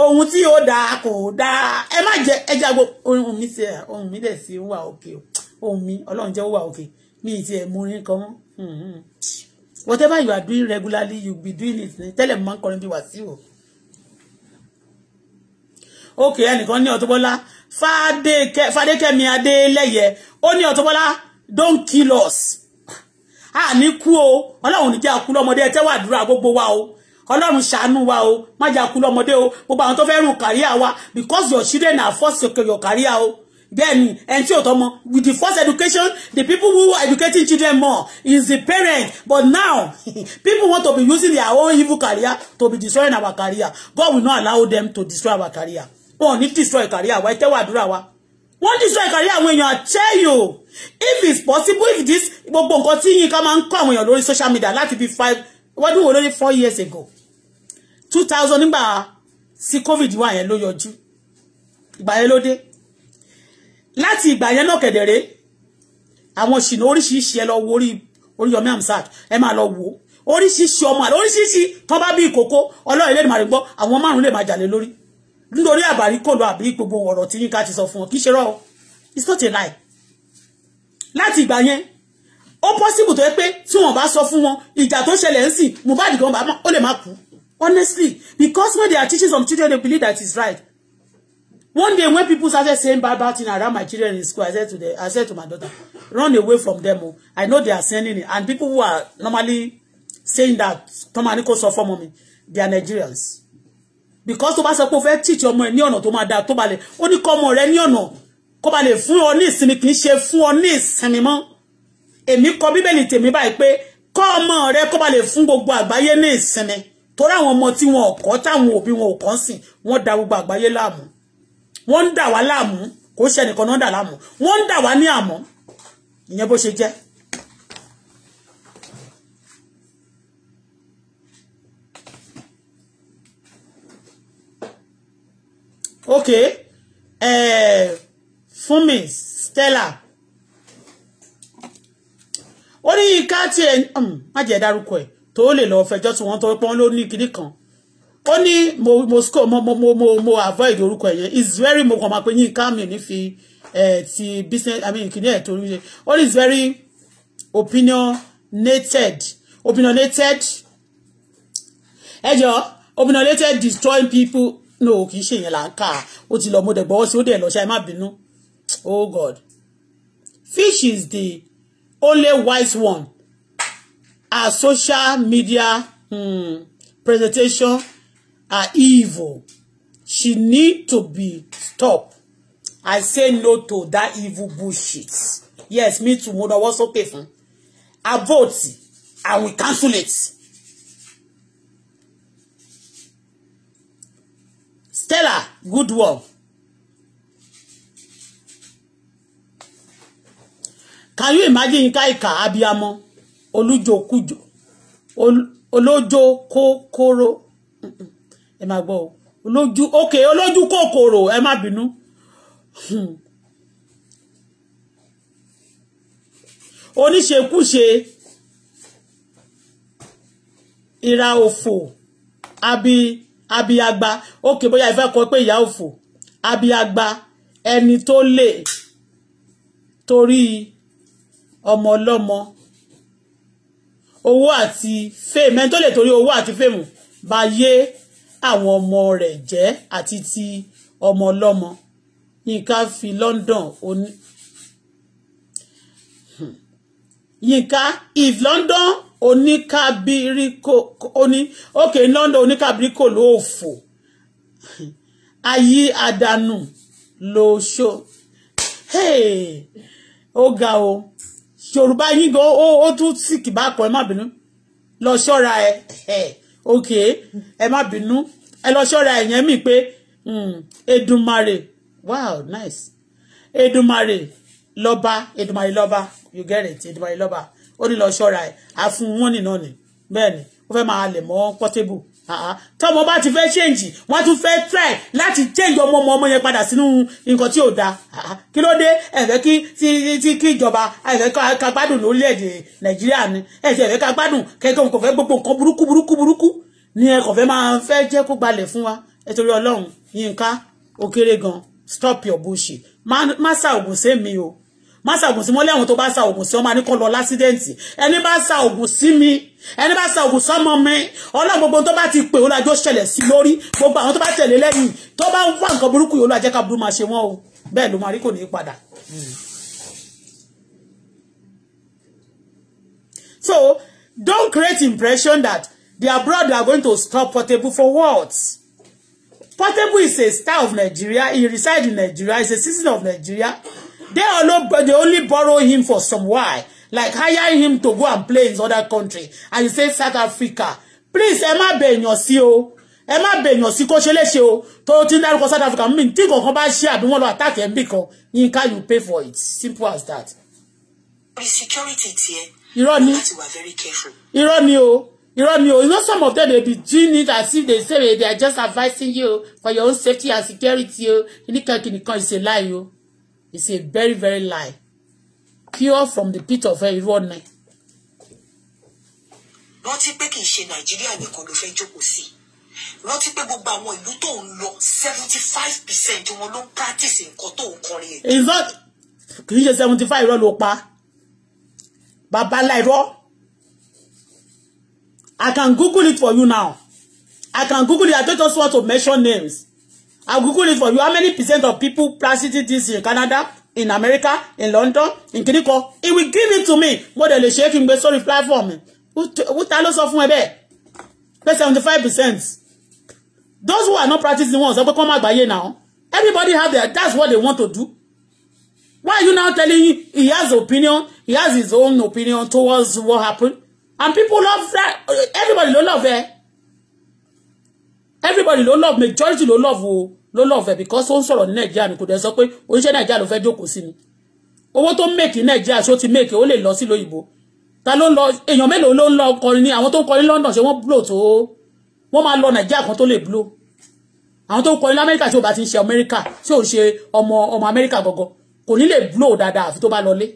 ohun tí ó dáa kò dáa ẹ má jẹ ẹ jágbo ohun mi ti ohun mi dẹ̀ sí wà òkè ohun mi ọlọ́run jẹ́ wà òkè mi ti ẹ̀ mú orin kan whatever you are doing regularly you be doing it tell a máa ń kọrin bí Wàsíù okay ẹnìkan ní Auto-Bola Fadékẹ́mi Adélẹ́yẹ ó ní don't kill us a ní kú o ọlọ́run níjà kú lọ́mọdé ẹ tẹ́wọ́ gbogbo wa o ọlọ́run ṣàánú wa o má jà kú o gbogbo àwọn to fe rùn wa because your children are forced to your career o. bẹ́ẹ̀ ni ẹni tí ò tọ́ with the first education the people who are educating children more is the parents but now people want to be using their own evil career to be destroying our career God will not allow them to destroy our career wọn ò ní destroy career wa ẹ tẹ́wọ́ àdúrà wa wọ́n destroy career àwọn èèyàn I you if it's possible if this gbogbo nǹkan tí Yinka máa ń kọ́ àwọn èèyàn lórí social media láti bí five wọ́dún wo lórí four years ago two thousand nígbà sí covid wà yẹn ló yọjú ìgbà yẹn ló dé láti ìgbà yẹn náà kẹ̀dẹ̀rẹ́ àwọn ṣìnà oríṣiríṣi ẹ lọ wo orí Oríyọmí Hamzat ẹ máa lọ wo oríṣiríṣi ọmọ àlọ oríṣiríṣi tó bá bí ìkókó ọlọ́run lè máa gbọ́ àwọn márùn lè máa jà lé lórí nítorí àbárí kò lọ àbí gbogbo ọ̀rọ̀ tí yín ká ti sọ fún ọ kì í ṣe rọ it's not a lie láti ìgbà yẹn ó possible tó yẹ pé tí wọ́n bá sọ fún wọn ìjà tó ṣẹlẹ̀ ń sìn Mohbad gan ó lè má kú honestly because when they are teaching some children they believe that is right One day when people started saying bad bad thing around my children in school, I said to them, I said to my daughter, run away from them. I know they are sending it. And people who are normally saying that Tomaniko suffer mommy, they are Nigerians. Because tó bá sọ teach your money ní to my dad dáa tó bá lè ó ní kọ́ ọmọ rẹ ní ọ̀nà kó bá lè fún ọ ní ìsinmi kì í ṣe fún ọ ní ìsinmi mọ́. Èmi kọ Bíbélì tèmi báyìí pé kọ́ ọmọ rẹ kó bá lè fún gbogbo àgbáyé ní ìsinmi torí àwọn ọmọ tí wọn ò kọ́ táwọn òbí wọn ò kọ́ sìn wọ́n ń dà wá láàmú kò ṣe nìkan náà dà láàmú wọ́n ń dà wá ní àmọ́ ìyẹn bó ṣe jẹ́. ok eh, fún mi Stella ó ní ká tiẹ̀ um, má jẹ́ dárúkọ ẹ̀ tó lè lọ́ọ́ fẹjọ́ tí wọ́n tọ́ pé ló ní kinní kan ó ní mo mo score mo mo mo mo avoid orúkọ ẹ̀yẹ it's very mo kàn máa pe Yínká mi ní fi ti business i mean kìnìún ẹ̀ torí ṣe ó ní it's very opinionated opinionated ẹ jọ opinionated destroying people no kì í ṣe yẹn là ń kà ó ti lọ mo dẹ̀ gbọ́wọ́ sí ó dẹ̀ lọ ṣe ẹ má bínú oh god fish is the only wise one our social media hmm, presentation are evil. She need to be stopped. I say no to that evil bullshit. Yes, me too. Mo what's okay for? I vote and we cancel it. Stella, good work. Can you imagine Yinka Ika Abiyamo? Olújo kújo. Ol, olójo kókóró. Mm -mm ẹ máa gbọ́ o olójú ok olójú kòkòrò ẹ má bínú hmm. oníṣekúṣe ìra òfò abi abiagba ok bóyá ìfẹ́ kọ pé ìyá òfò abiagba ẹni tó lè torí ọmọ ọlọ́mọ owó àti fèmù ẹni tó lè torí owó àti fèmù bá yé àwọn ọmọ rẹ̀ jẹ́ àti ti ọmọ ọlọ́mọ yínká fi London oní. yínká if London oníkàbíríkò oní ok London oníkàbíríkò ló fò ayé àdánù ló ṣó ó ga o Yorùbá yín gan ó tún sìkì bá pọ̀ ẹ má bínú lọ ṣọ́ra ẹ okay ẹ má bínú ẹ lọ ṣọ́ra ẹ̀yẹn mi pé hmm, Èdùmàrè wow nice Èdùmàrè lọ́ba Èdùmàrè lọ́ba you get it Èdùmàrè lọ́ba ó ní lọ ṣọ́ra ẹ̀ àfún wọn nìna ni bẹ́ẹ̀ ni ó fẹ́ máa lẹ̀ mọ́ portable Ah, tọmọ bá ti fẹ́ change wọ́n tún fẹ́ try láti change ọmọ ọmọ ọmọ yẹn padà sínú nǹkan tí ò da ah, kí ló dé ẹ̀fẹ́ kí tí kí ìjọba ẹ̀fẹ́ ká gbádùn lórílẹ̀‐èdè nàìjíríà ni ẹ̀fẹ́ ẹ̀fẹ́ ká gbádùn kẹ́kọ̀ọ́ kò fẹ́ gbogbo nǹkan burúkú burúkú burúkú ni ẹ kò fẹ́ máa fẹ́ jẹ́ kó gbalẹ̀ fún wa ẹ ọlọ́run yínká ó gan stop your bullshit má sá ògùn sẹ́mi o má sa oògùn sí mọ́lẹ́ àwọn tó bá sa oògùn sí ọmọ àníkọ́ lọ lásídẹ́ǹtì ẹni bá sa oògùn sí mi ẹni bá sa oògùn sọ́mọ mi ọlọ́run gbogbo tó bá ti pè olùdájọ́ ṣẹlẹ̀ sí lórí gbogbo àwọn tó bá tẹ̀lé lẹ́yìn tó bá ń wá nǹkan burúkú yìí olùdájẹ́ká burú máa ṣe wọ́n o bẹ́ẹ̀ ló máa rí kò ní í So don't create impression that the abroad are going to stop Portable for what? Portable is a star of Nigeria. He resides in Nigeria. He is a citizen of Nigeria. They all they only borrow him for some while, like hire him to go and play in other country. And you say South Africa, please, Emma má bẹ̀yàn sí o, ẹ má bẹ̀yàn sí kó ṣe South Africa, mean, think of combat, share, àbí wọ́n lọ attack ẹ níbì kan, Yinka you pay for it, simple as that. The Security tiẹ̀. Irọ́ ni. You are o. Irọ́ ni o. You know some of them they be doing it as if they say they are just advising you for your own safety and security o. Kìnìkan kìnìkan you say lie o. It's a very, very lie. Pure from the pit of hell, irọ́ ni. Rántí pé kì í ṣe Nàìjíríà nìkan ló fẹ́ jókòó sí. Rántí pé gbogbo àwọn ìlú tó ń lọ seventy five percent wọn ló ń practice nǹkan tó ń kọrin ẹ̀. In fact, kì í ṣe seventy five irọ́ ló pa. Babalá irọ́. I can Google it for you now. I can Google it. I don't just want to mention names. I'll Google it for you. How many percent of people practicing this in Canada, in America, in London, in Kiniko? It will give it to me. What dẹ̀ lè ṣe é kí n gbé sórí platform. Who ta ló of fún ẹ bẹ́ẹ̀? Pé Those who are not practicing wọn sọ come out by here now. Everybody have their that's what they want to do. Why are you now telling him he has opinion? He has his own opinion towards what happened. And people love that. Everybody love that everybody ló love majority ló love o ló love ẹ because ó ń sọ̀rọ̀ ní nàìjíríà ni kò dẹ̀ sọ pé oníṣẹ́ nàìjíríà ló fẹ́ jókòó sí ni owó tó ń mèkì nàìjíríà ṣó ti mèkì ó lè lọ sí lóyìnbó ta ló ń lọ èèyàn mélòó ló ń lọ kọrin ní àwọn tó ń London ṣé wọ́n blow tó wọ́n máa lọ nàìjíríà kan tó lè blow àwọn tó ń kọrin lamẹ́ríkà tí ò bá ti ń ṣe amẹ́ríkà tí ò ń ṣe ọmọ ọmọ amẹ́ríkà gọ́gọ́ kò ní lè blow dáadáa àfi tó bá lọlé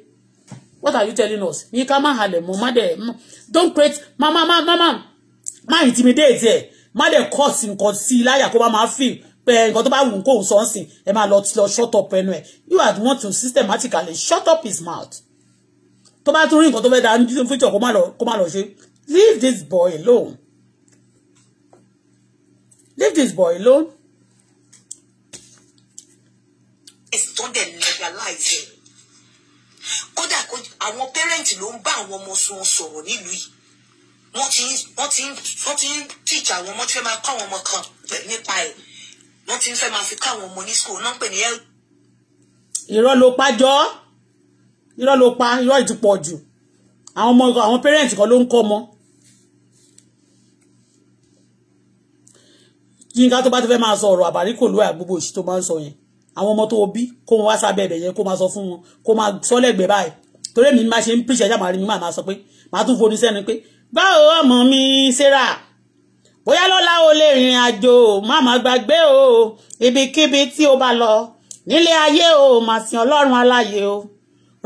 what are you telling us yín ká má halẹ̀ mọ́ má dẹ̀ don't create má má má má má intimidate ẹ̀ má lè kọ́ọ̀sì nǹkan sí i láyà kó bá máa feel pé nǹkan tó bá wù kó sọ ń sìn ẹ máa ti lọ shut up ẹnu ẹ you had want to systematically shut up his mouth tó bá tún rí nǹkan tó fẹ́ dáa ní future kó má lọ kó má lọ ṣe leave this boy alone leave this boy alone. tó dẹ̀ legalize ẹ̀ kódà àwọn parents ló ń bá àwọn ọmọ sùn sọ̀rọ̀ nílùú yìí wọ́n ti wọ́n ti wọ́n ti teach àwọn ọmọ tí fẹ́ máa kọ́ àwọn ọmọ kan nípa ẹ̀ wọ́n ti fẹ́ máa fi kọ́ àwọn ọmọ ní school náà ń pè ní ẹ̀. irọ́ ló pa jọ́ irọ́ ló pa irọ́ ìtú pọ̀ jù àwọn ọmọ àwọn parent kan ló ń kọ́ ọmọ. yínká tó bá ti fẹ́ máa sọ ọ̀rọ̀ àbárí kò lóyà gbogbo òṣì tó máa ń sọ yẹn àwọn ọmọ tó bí kó wọn wá sábẹ́ ẹ̀bẹ̀ yẹn kó máa sọ fún wọn kó máa sọ lẹ́gbẹ̀ẹ́ báyìí torí èmi máa ṣe ń pèsè ẹ̀já rí mi máa sọ pé màá tún forí sẹ́nu pé báwo ọmọ mi sarah bóyá lọ́la o lè rìnrìn àjò má má gbàgbé o ibikíbi tí o bá lọ nílé ayé o mà sìn ọlọ́run aláyé o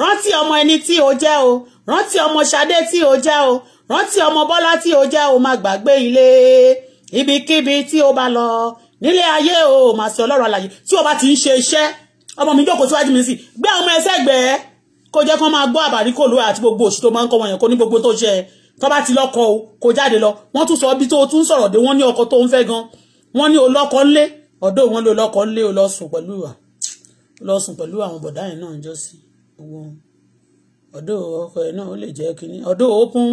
rántí ọmọ ẹni tí o jẹ́ o rántí ọmọ ṣadé tí o jẹ́ o rántí ọmọ bọ́lá tí o jẹ́ o má gbàgbé ilé ibikíbi tí o bá lọ nílé ayé o mà sìn ọlọ́run aláyé tí o bá ti ń ṣe iṣẹ́ ọmọ mi jókòó síwájú mi sí gbé ọmọ ẹsẹ̀ gbẹ́ẹ́ kó jẹ́ kó máa gbọ́ àbárí kò lóye àti gbogbo òṣì tó máa ń kọ́ wọn yẹn kó ní gbogbo tó ṣe tó bá ti lọ́kọ o kò jáde lọ wọ́n tún sọ bí tó tún sọ̀rọ̀ dé wọ́n ní ọkọ tó ń fẹ́ gan wọ́n ní olọ́kọ ńlé ọ̀dọ̀ wọ́n ló lọ́kọ ńlé o lọ sùn pẹ̀lú wa lọ sùn pẹ̀lú àwọn bọ̀dá yẹn náà jọ sí owó ọ̀dọ̀ ọkọ yẹn náà ó lè jẹ́ kínní ọ̀dọ̀ open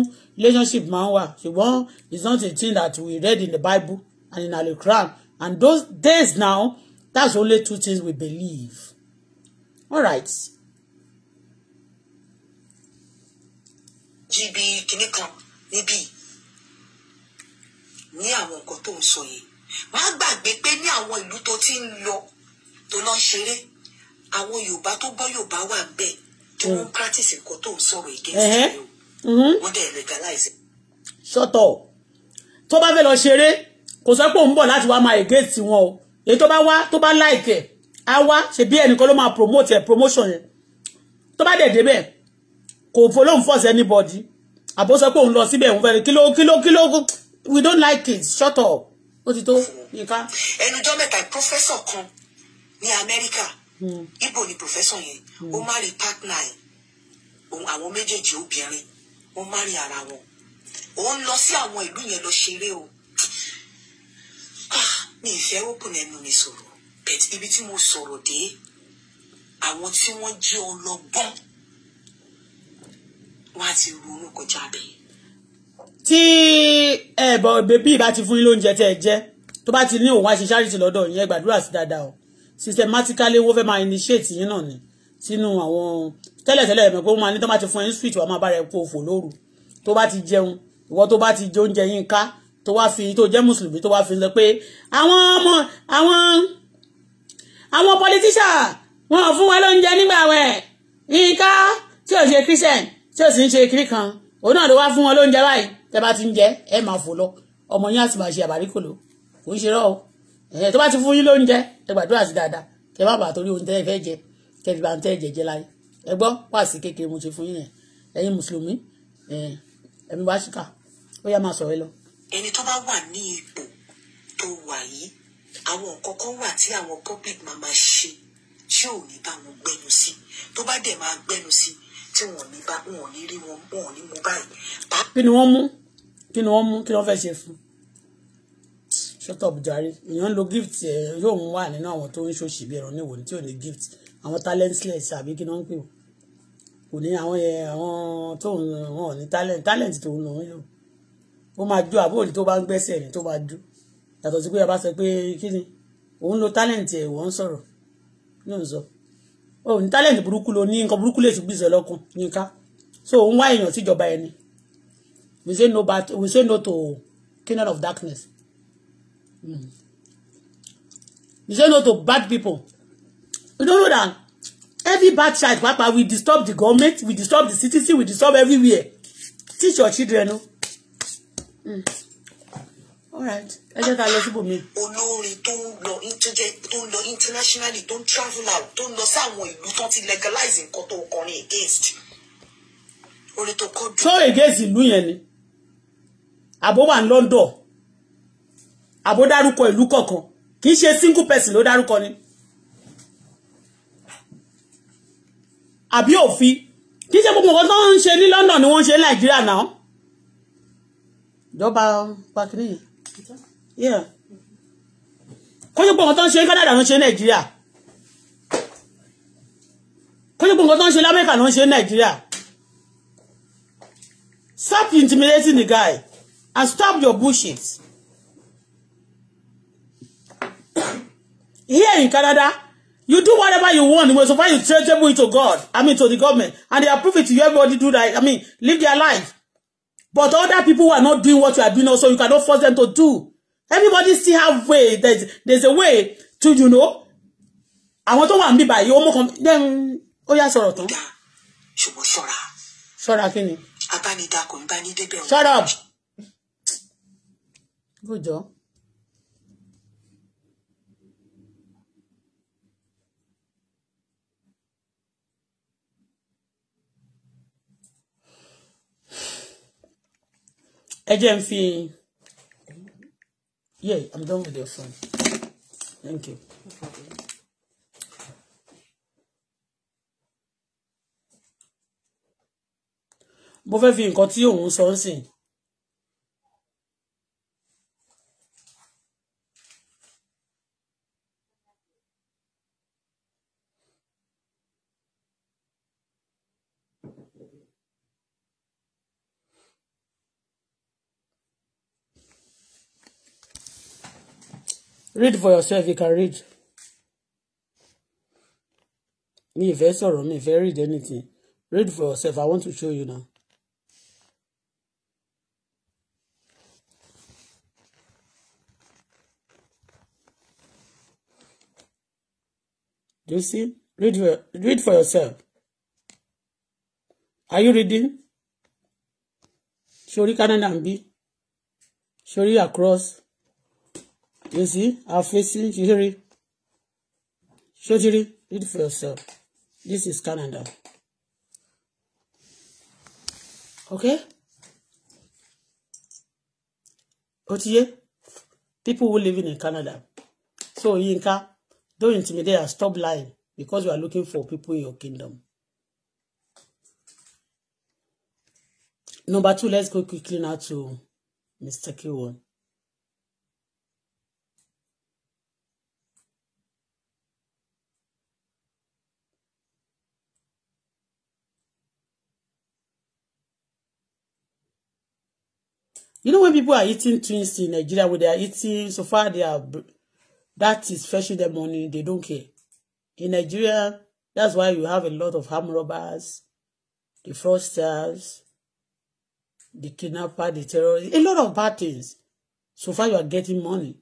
relationship máa ń wà ṣùgbọ́n it's not a thing that we read in the Bible and in the Quran and those days now that's only two things we believe all right gb kinní kan níbí ní àwọn nǹkan tó ń sọ yìí má gbàgbé pé ní àwọn ìlú tó ti ń lọ tó lọ ń ṣeré àwọn yorùbá tó gbọ́ yorùbá wà bẹ́ẹ̀ tí wọ́n ń mm. practice nǹkan tó ń sọ̀rọ̀ against you mm-hmm. wọ́n dẹ̀ legalize. sọ́tọ̀ tó bá fẹ́ lọ ṣeré kò sọ pé òun bọ̀ láti wá máa against wọn o èyí tó bá wá tó bá like á wá ṣe bí ẹnìkan ló máa promote ẹ̀ promotion yẹn tó bá dẹ̀ débẹ̀ kò folóhùn force anybody àbó sọ pé òun lọ síbẹ̀ òun fẹ́ẹ́ kí ló kí ló kí ló we don't like it shut up ó ti tó nǹkan. ẹnujọ́ mẹ́ta pọ́fẹ́sọ̀ kan ní amẹ́ríkà hmm. ibo ni pọ́fẹ́sọ̀ yẹn hmm. ó má rí partner ẹ̀ òun àwọn méjèèjì obìnrin wọ́n má rí ara wọn òun lọ sí àwọn ìlú yẹn lọ ṣeré o ah, mi ìfẹ́ open ẹnu mi sọ̀rọ̀ but ibi tí mo sọ̀rọ̀ dé àwọn tí wọ́n jẹ́ ọlọ́gbọ́n wọ́n á ti ronú kọjá bẹ́ẹ̀. tí ẹ̀bọ̀ bèbí bá ti fún yín lóúnjẹ tẹ́ ẹ jẹ́ tó bá ti ní òun wá ṣe ṣáàrìtì lọ́dọ̀ yín ẹ gbàdúrà sí dáadáa o systematically wọ́n fẹ́ máa initiate yín náà ni sínú àwọn tẹ́lẹ̀tẹ́lẹ̀ ẹ̀mọ́ pé wọ́n máa ní tó bá ti fún yín sweet wàá máa bá rẹ̀ kó òfò lóru tó bá ti jẹun ìwọ tó bá ti jẹ oúnjẹ yín ká tó wá fi tó jẹ́ mùsùlùmí tó wá fi sọ pé àwọn ọmọ àwọn àwọn politician wọn ò fún wọn lóúnjẹ nígbà wẹ̀ yín ká tí ò ṣe christian tí ò sì ń ṣe kiri kan òun náà ló wá fún wọn lóúnjẹ báyìí tẹ bá ti ń jẹ ẹ máa fò lọ ọmọ yín àti máa ṣe àbáríkòló kò ń ṣe rọ o ẹ tó bá ti fún yín lóúnjẹ ẹ gbàdúrà sí dáadáa kẹ má bàa torí oúnjẹ ìfẹ́ jẹ kẹ fi bá ń tẹ́ ẹ̀jẹ̀ jẹ láyé ẹ gbọ́ wà sí kékeré mo ṣe fún yín yẹn ẹ̀yin mùsùlùmí ẹ̀mí wá ṣìkà ó yá máa sọ̀rọ̀ lọ. ẹni tó bá wà ní ipò tó wà yìí àwọn nǹkan wà tí àwọn public máa ṣe tí ò bá wọn gbẹnu sí tó bá dẹ̀ máa gbẹnu sí tí wọn ní bá wọn ní rí wọn wọn ní mú báyìí. kí ni wọ́n mú kí ni wọ́n mú kí ni wọ́n fẹ́ ṣe fún shut up jàre èèyàn ń lo gift ẹ yóò mú wà nínú àwọn tó ń ṣòṣì bí ẹran níwò tí ò ní gift àwọn talentless àbí kí ni wọ́n ń pè kò ní àwọn yẹ àwọn tó ń wọn ní talent talent tó ń lò ń lò ó máa jó àbóòlì tó bá ń gbẹ́sẹ̀ ní tó máa jó yàtọ̀ sí pé a bá sọ pé kí ni òun lo talent ẹ̀ wọ́n ń sọ̀rọ̀ ní òun sọ. Oh, ní talent burúkú ló ní nǹkan burúkú lè ti gbìzẹ̀ lọ́kùn yínká so òun wá èèyàn síjọba ẹni we say no bad we say no to kingdom of darkness mm. we say no to bad people you don't know that every bad child papa we disturb the government we disturb the city, citizen we disturb everywhere teach your children o. No? Mm. all right ẹ jẹ́ ká lọ síbòmí. olórin tó ń lọ jẹ́ tó ń lọ internationally tó ń travel out tó ń lọ sáwọn ìlú tó ti legalize nǹkan tó kọrin against orin tó kọ́ dùn. tó against ìlú yẹn ni àbó wà ní London àbó dárúkọ ìlú kọ̀ọ̀kan kì í ṣe single person ló dárúkọ ni àbí òfin kì í ṣe gbogbo nǹkan tó ń ṣe ní London ni wọ́n ń ṣe ní Nàìjíríà náà ìjọba pàkínní yìí yeah kọ́jú pọ̀ nǹkan tó ń ṣe Canada ló ń ṣe Nàìjíríà kọ́jú pọ̀ nǹkan tó ń ṣe America ló ń ṣe Nàìjíríà stop intimidating the guy and stop your bullshit here in Canada you do whatever you want but so far you traceable it to God I mean to the government and they approve it to you everybody do that I mean live their life but other people who are not doing what you are doing also you cannot force them to do everybody still have way there's, there's a way to you know I want to ń bí báyìí ó mú kan then ó yá sọ̀rọ̀ tán. ṣùgbọ́n ṣọ́ra. ṣọ́ra kí ni. shut up. Good job. Ejemfi. ń Yeah, I'm done with your phone. Thank you. No mo fẹ́ fi nǹkan tí òun sọ ń read for yourself you can read Me ìfẹ́ sọ̀rọ̀ Me ìfẹ́ read anything read for yourself i want to show you now. Do you see? Read, for. read for yourself. Are you reading? Ṣorí Canada ń bí. Ṣorí across. You see, I'm facing Jiri. Show Jiri, read for yourself. This is Canada. Okay? Otiye, people who live in Canada. So, Yinka, don't intimidate and stop lying because you are looking for people in your kingdom. Number two, let's go quickly now to Mr. k You know when people are eating twins in Nigeria, when they are eating, so far they are, that is fetching their money, they don't care. In Nigeria, that's why you have a lot of armed robbers, the fraudsters, the kidnapper, the terrorist, a lot of bad things. So far you are getting money.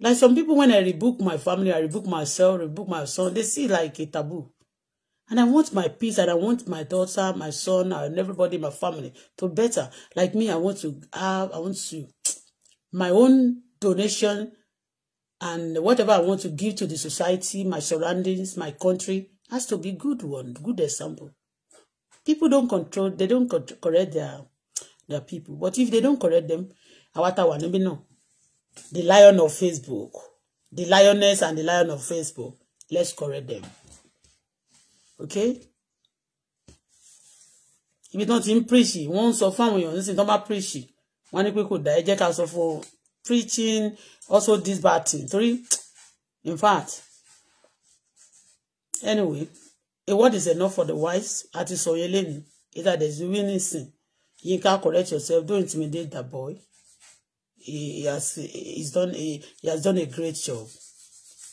Like some people, when I rebook my family, I rebook myself, rebook my son, they see like a taboo. And I want my peace and I want my daughter, my son, and everybody in my family to better. Like me, I want to have, I want to, my own donation and whatever I want to give to the society, my surroundings, my country, has to be good one, good example. People don't control, they don't correct their their people. But if they don't correct them, awata let me know. The lion of Facebook, the lioness and the lion of Facebook, let's correct them okay ibi tí wọ́n ti ń preach wọ́n ń sọ fáwọn èèyàn nísìnyí tí wọ́n bá preach wọ́n ní pé kò dá ẹ jẹ́ ká sọ fún preaching also this bad thing Three, in fact anyway a word is enough for the wise àti sọyẹ lẹ́nu either there is winning sin Yinka correct yourself don't intimidate that boy he, has he's done a, he has done a great job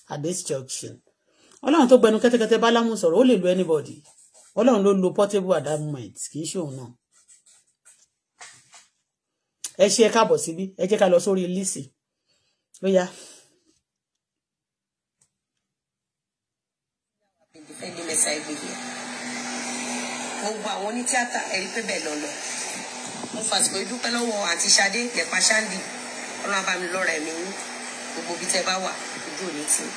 at this junction ọlọ́run tó gbẹnu kẹ́tẹ́kẹ́tẹ́ bálámù sọ̀rọ̀ ó lè lu anybody ọlọ́run ló lo portable at that moment kì í ṣòun náà ẹ ṣe ẹ káàbọ̀ síbí ẹ jẹ́ ká lọ sórí lísì ló yá. gbogbo àwọn onítìátà ẹ̀rí pé bẹ́ẹ̀ lọ́lọ́ mo fàṣìkò dúpẹ́ lọ́wọ́ àti Ṣadé Yẹ̀pá Ṣáńdì ọlọ́run abámi lọ́ra ẹ̀mí gbogbo bí tẹ́ bá wà ojú òní tì í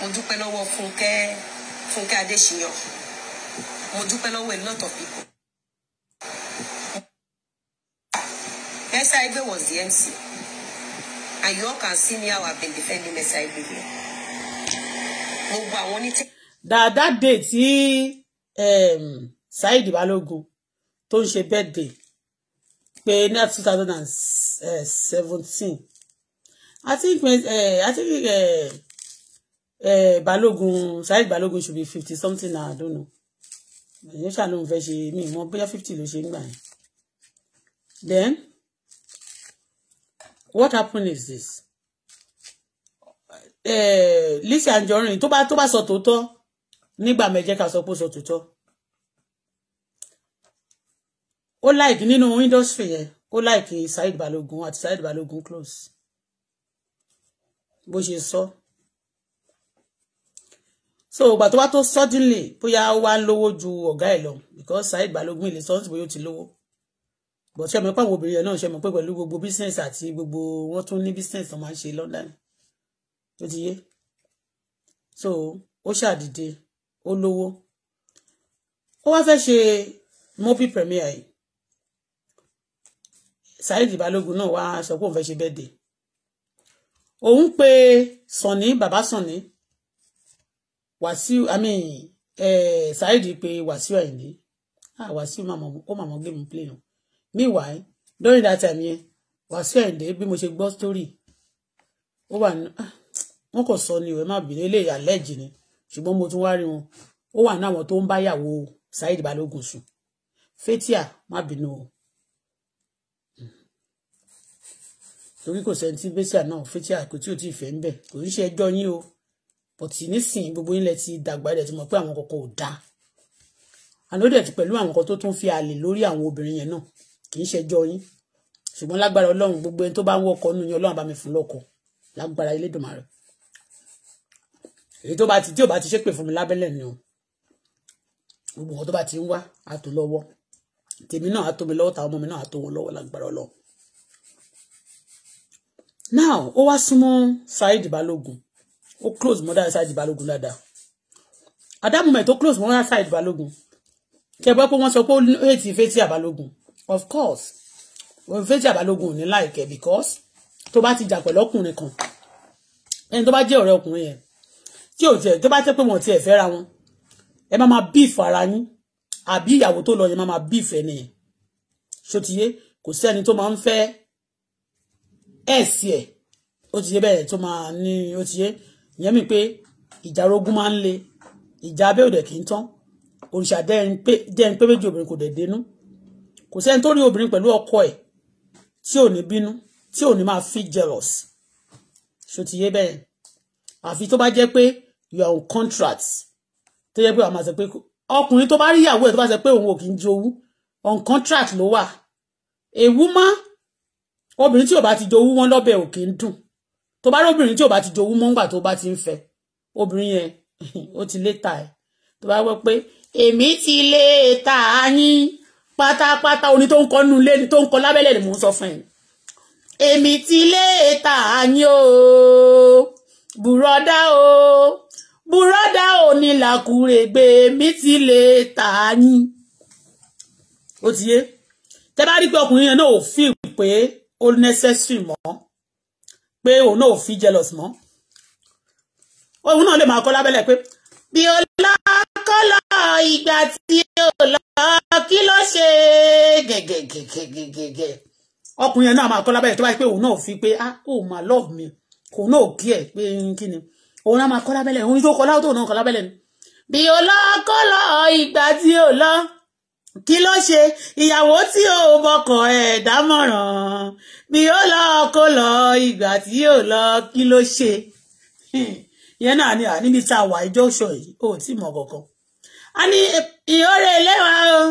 mo dúpẹ́ lọ́wọ́ Fúnkẹ́ Fúnkẹ́ Adéṣiyàn mo dúpẹ́ lọ́wọ́ a lot of people. Mercy Aigbe was the MC and you all can see me how I been defending Mercy Aigbe here. gbogbo àwọn onítẹ̀. dáadáa dé tí um, Saheed Balogun tó ń ṣe birthday pé ní two thousand and eh, seventeen I think uh, I think. Uh, eh, balogun saheed balogun should be fifty something na i don't know èyí ṣàlù ń fẹ́ ṣe mí mọ bóyá fifty ló ṣe ń gbà yẹn then what happen is this eh, Lizzy Anjorin tó bá tó bá sọ tòótọ́ nígbà mẹ́jẹ́ ká sọ pé ó sọ tòótọ́ ó láìkì nínú industry yẹn ó láìkì saheed balógun àti saheed balógun close bó ṣe sọ. So so ìgbà tó wá tó suddenly bóyá ó wá lówó ju ọ̀gá ẹ̀ lọ because Saheed Balogun ilé sọ́ọ́sì bóyá ó ti lówó bọ̀ ṣe mọ̀ pé àwọn obìnrin yẹn náà ṣe mọ̀ pé pẹ̀lú gbogbo business àti gbogbo wọ́n tún ní business tó máa ń ṣe London tó ti yé so ó ṣàdìde ó lówó ó wá fẹ́ ṣe movie premiere yìí Saheed Balogun náà wá sọ pé òun fẹ́ ṣe birthday òun pe Sunny bàbá Sunny Wàsíù I mean eh, Saheed pé Wàsíù Àyìndé ah Wàsíù màmá ó màmá game play o meanwhile during that time yẹn Wàsíù Àyìndé bí mo ṣe gbọ́ story ó wà ní ah, wọn kò sọ ni ìwé má bínú eléyà lẹ́jì ni ṣùgbọ́n mo tún wá rí wọn ó wà ní àwọn tó ń báyàwó Saheed Balógun sùn Fathia má bínú o torí kò sẹ́ni tí Fathia náà Fathia kò tí ò tí ì fẹ́ ń bẹ̀ kò ń ṣe ẹjọ́ yín o but nísìn gbogbo yín lẹ ti dàgbà ilẹ̀ ti mọ̀ pé àwọn kọ̀ọ̀kan ò dáa ànódẹ̀ ti pẹ̀lú àwọn kan tó tún fi àlè lórí àwọn obìnrin yẹn náà kì í ṣẹjọ́ yín ṣùgbọ́n lágbára ọlọ́run gbogbo ẹni tó bá ń wọ́kọ̀ nù yín ọlọ́run ba mi fún lọ́kọ lágbára Elédùmarè èyí tó bá ti tí ò bá ti ṣépè fún mi lábẹ́lẹ̀ ni o gbogbo nǹkan tó ti ń wá á tó lọ́wọ́ tèmi náà á mi lọ́wọ́ tàwọn ọmọ mi náà á tó wọn lọ́wọ́ lágbára ọlọ́run now ó wá súnmọ́ Saheed Balógun ó close mọ́ side ṣáàdì balógun at that moment ó close mọ́ side ṣáàdì balógun kẹ bọ́ pé wọ́n sọ pé ó hate fetí of course fetí àbálógun ò ní láìkẹ́ because to bá ti jà pẹ̀lú ọkùnrin kan ẹni tó bá jẹ́ ọ̀rẹ́ ọkùnrin yẹn tí to tiẹ̀ tó bá jẹ́ pé wọ́n tiẹ̀ fẹ́ra wọn ẹ má máa beef ara yín àbí ìyàwó tó lọ yẹn má máa beef ẹni yẹn ṣòtìyé kò sẹ́ni tó máa ń fẹ́ ẹ̀sì ẹ̀ ó ti yé bẹ́ẹ̀ tó máa ní ó ti yé ìyẹn mi pé ìjà orogún máa ń le ìjà abẹ́ òdẹ̀ kì í tán òrìṣà dẹ́rin pé méjì obìnrin kò dẹ̀ dénú kò sẹ́ni tó rí obìnrin pẹ̀lú ọkọ ẹ̀ tí ò ní bínú tí ò ní máa feel jealous ṣó ti yé bẹ́ẹ̀ àfi tó bá jẹ́ pé you are on contract tó jẹ́ pé wàá máa sọ pé ọkùnrin tó bá rí ìyàwó ẹ̀ tó bá sọ pé òun ò kì í jowú on contract ló wà a woman obìnrin tí ò bá ti jowú wọn lọ́bẹ̀ ò kì í dùn tó bá róbìnrin tí ò bá ti jowú mọ́ ńgbà tó bá ti ń fẹ́ obìnrin yẹn ó ti lé ta ẹ̀ tó bá wọ pé èmi ti lé ta yín pátápátá oní tó ń kọ́ nínú ilé tó ń kọ́ lábẹ́lẹ̀ ni mò ń sọ fún ẹ̀ èmi ti lé ta yín o bùrọ̀dá o bùrọ̀dá ò ní làkúrègbè èmi ti lé ta yín ó ti yé tẹ́ bá rí pé ọkùnrin yẹn náà ò fi pé ó necessary mọ́ pé òun náà ò fi jealous mọ́ òun náà lè máa kọ́ lábẹ́lẹ̀ pé bí ọlá kọ́lá ìgbà tí ò lọ kí ló ṣe gẹ̀gẹ̀gẹ̀gẹ̀gẹ̀ ọkùnrin yẹn náà máa kọ́ lábẹ́lẹ̀ tó bá yẹ pé òun náà fi pé ah oh my love me kò náà kí ẹ̀ pé kí ni òun náà máa kọ́ lábẹ́lẹ̀ òun tó kọ́ láwùjọ òun náà kọ́ lábẹ́lẹ̀ ni bí ọlá ìgbà tí ò kí ló ṣe ìyàwó tí ò bọkọ ẹ dámọ̀ràn mi ò lọ kó lọ ìgbà tí ò lọ kí ló ṣe yẹn náà ni níbi tá a wà ìjọ ṣọ yìí ò tí mọ kankan a ní ìhórè lẹ́wà o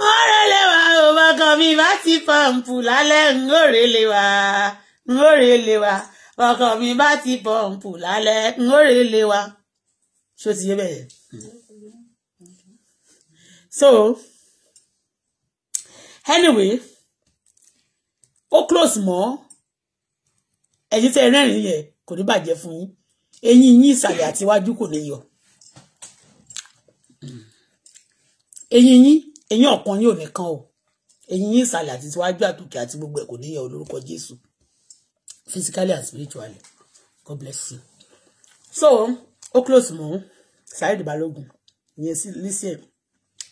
ìhórè lẹ́wà o bọkọ mi bá ti pọ̀ǹpù lálẹ́ ńhórè lẹ́wà ńhórè lẹ́wà bọkọ mi bá ti pọ̀ǹpù lálẹ́ ńhórè lẹ́wà ṣó ti yé bẹ́ẹ̀ so anyway ó close mọ́ ẹ̀yin tẹ́ rẹ́rìn yẹn kò ní bàjẹ́ fún yín eyín yín ìsàlẹ̀ àti iwájú kò ní yọ eyín yín eyín ọ̀kan yín ò ní kan o eyín yín ìsàlẹ̀ àti iwájú àtòkè àti gbogbo ẹ̀ kò ní yọ olórúkọ Jésù physically and spiritually God bless you so ó close mọ́ Saheed Balogun ìyẹn sí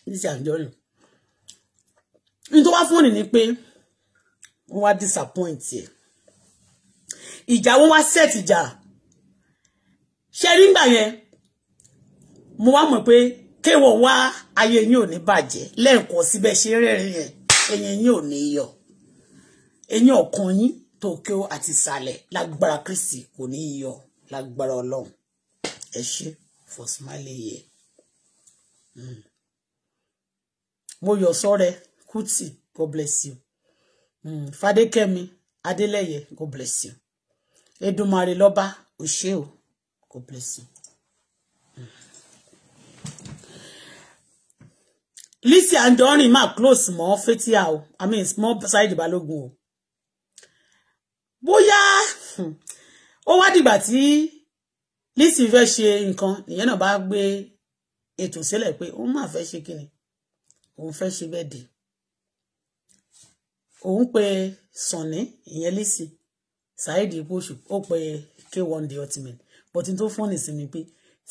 Lizzy Anjorin ní tó wá fún òní ni pé wọ́n wá disappoint ẹ̀ ìjà wọn wá set ìjà ṣe rí ngbà yẹn mo wá mọ̀ pé kéwọ̀n wá ayé yín ò ní bàjẹ́ lẹ́ẹ̀kan síbẹ̀ ṣe rẹ́rìn yẹn ẹ̀yìn yín ò ní yọ ẹ̀yìn ọ̀kan yín tòkè àti ìsàlẹ̀ lágbára Kristi kò ní yọ lágbára Ọlọ́run ẹ ṣe for smiling yẹ hmm. mo yọ sọ́rẹ́. So Kuti, God bless you. Mm. Fadékẹ́mi Adélẹ́yẹ, God bless you. Èdùmàrè lọ́ba Loba, o, God bless you. Mm. Lizzy Anjorin máa close mọ́ Fathia o, I mean small side Balógun o. Boya, hmm, ó wá dìgbà tí Lizzy fẹ́ ṣe nǹkan, ìyẹn náà bá gbé ètò sílẹ̀ pé òun máa fẹ́ ṣe kí ni, òun fẹ́ ṣe bẹ́ẹ̀ dì òun pe sànni ìyẹn lisi saheed ipoṣù ó pe k1 the ultimate but n tó fún ní sinmi pé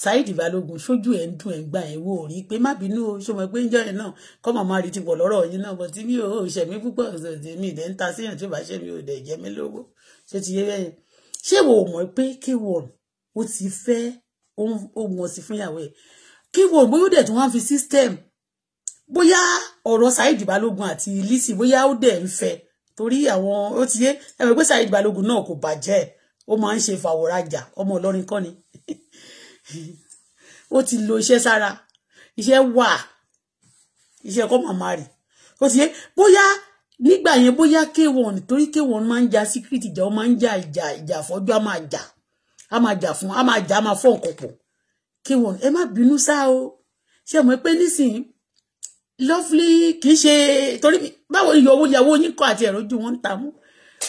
saheed balógun sójú ẹ̀ ń dùn ẹ̀ ń gbà ẹ̀ wò ó rí pé má bínú o ṣọmọ pé ń jọ yẹn náà kọ́ màmá rí ti pọ̀ lọ́rọ̀ yín náà but mi ò ṣẹ̀mí púpọ̀ ṣèṣe mi ìdẹ́ ń ta síyàn tí ó bá ṣẹ̀mí ò dẹ̀ jẹ́ mi lówó ṣé ti yé bẹ́yẹn ṣé ìwọ mọ̀ pé k1 ó ti fẹ́ ó mọ̀ sí fún ìyàwó ẹ̀ k1 bóyá ó dẹ̀ tún wá fi system bóyá ọ̀rọ̀ Saheed Balógun àti Lizzy bóyá ó dẹ̀ ń fẹ́ torí àwọn ó ti yé ẹ mọ̀ pé Saheed Balógun náà kò bàjẹ́ ó máa ń ṣe fàwọ̀rajà ọmọ ọlọ́rin kọ́ ni ó ti lo iṣẹ́ sára iṣẹ́ wà iṣẹ́ kọ́ màmá rẹ̀ ó ti yé bóyá nígbà yẹn bóyá K1 torí K1 máa ń ja secret ìjà ó máa ń ja ìjà ìjà àfọ́jú á máa jà á máa jà fún á máa jà á máa fọ́ nǹkan pọ̀ K1 ẹ má bínú sáà o ṣé mọ̀ pé nísìnyí lovely kì í ṣe torí báwo ìyọwó ìyàwó yín kọ àti ẹ̀rọ ojú wọn ń ta mú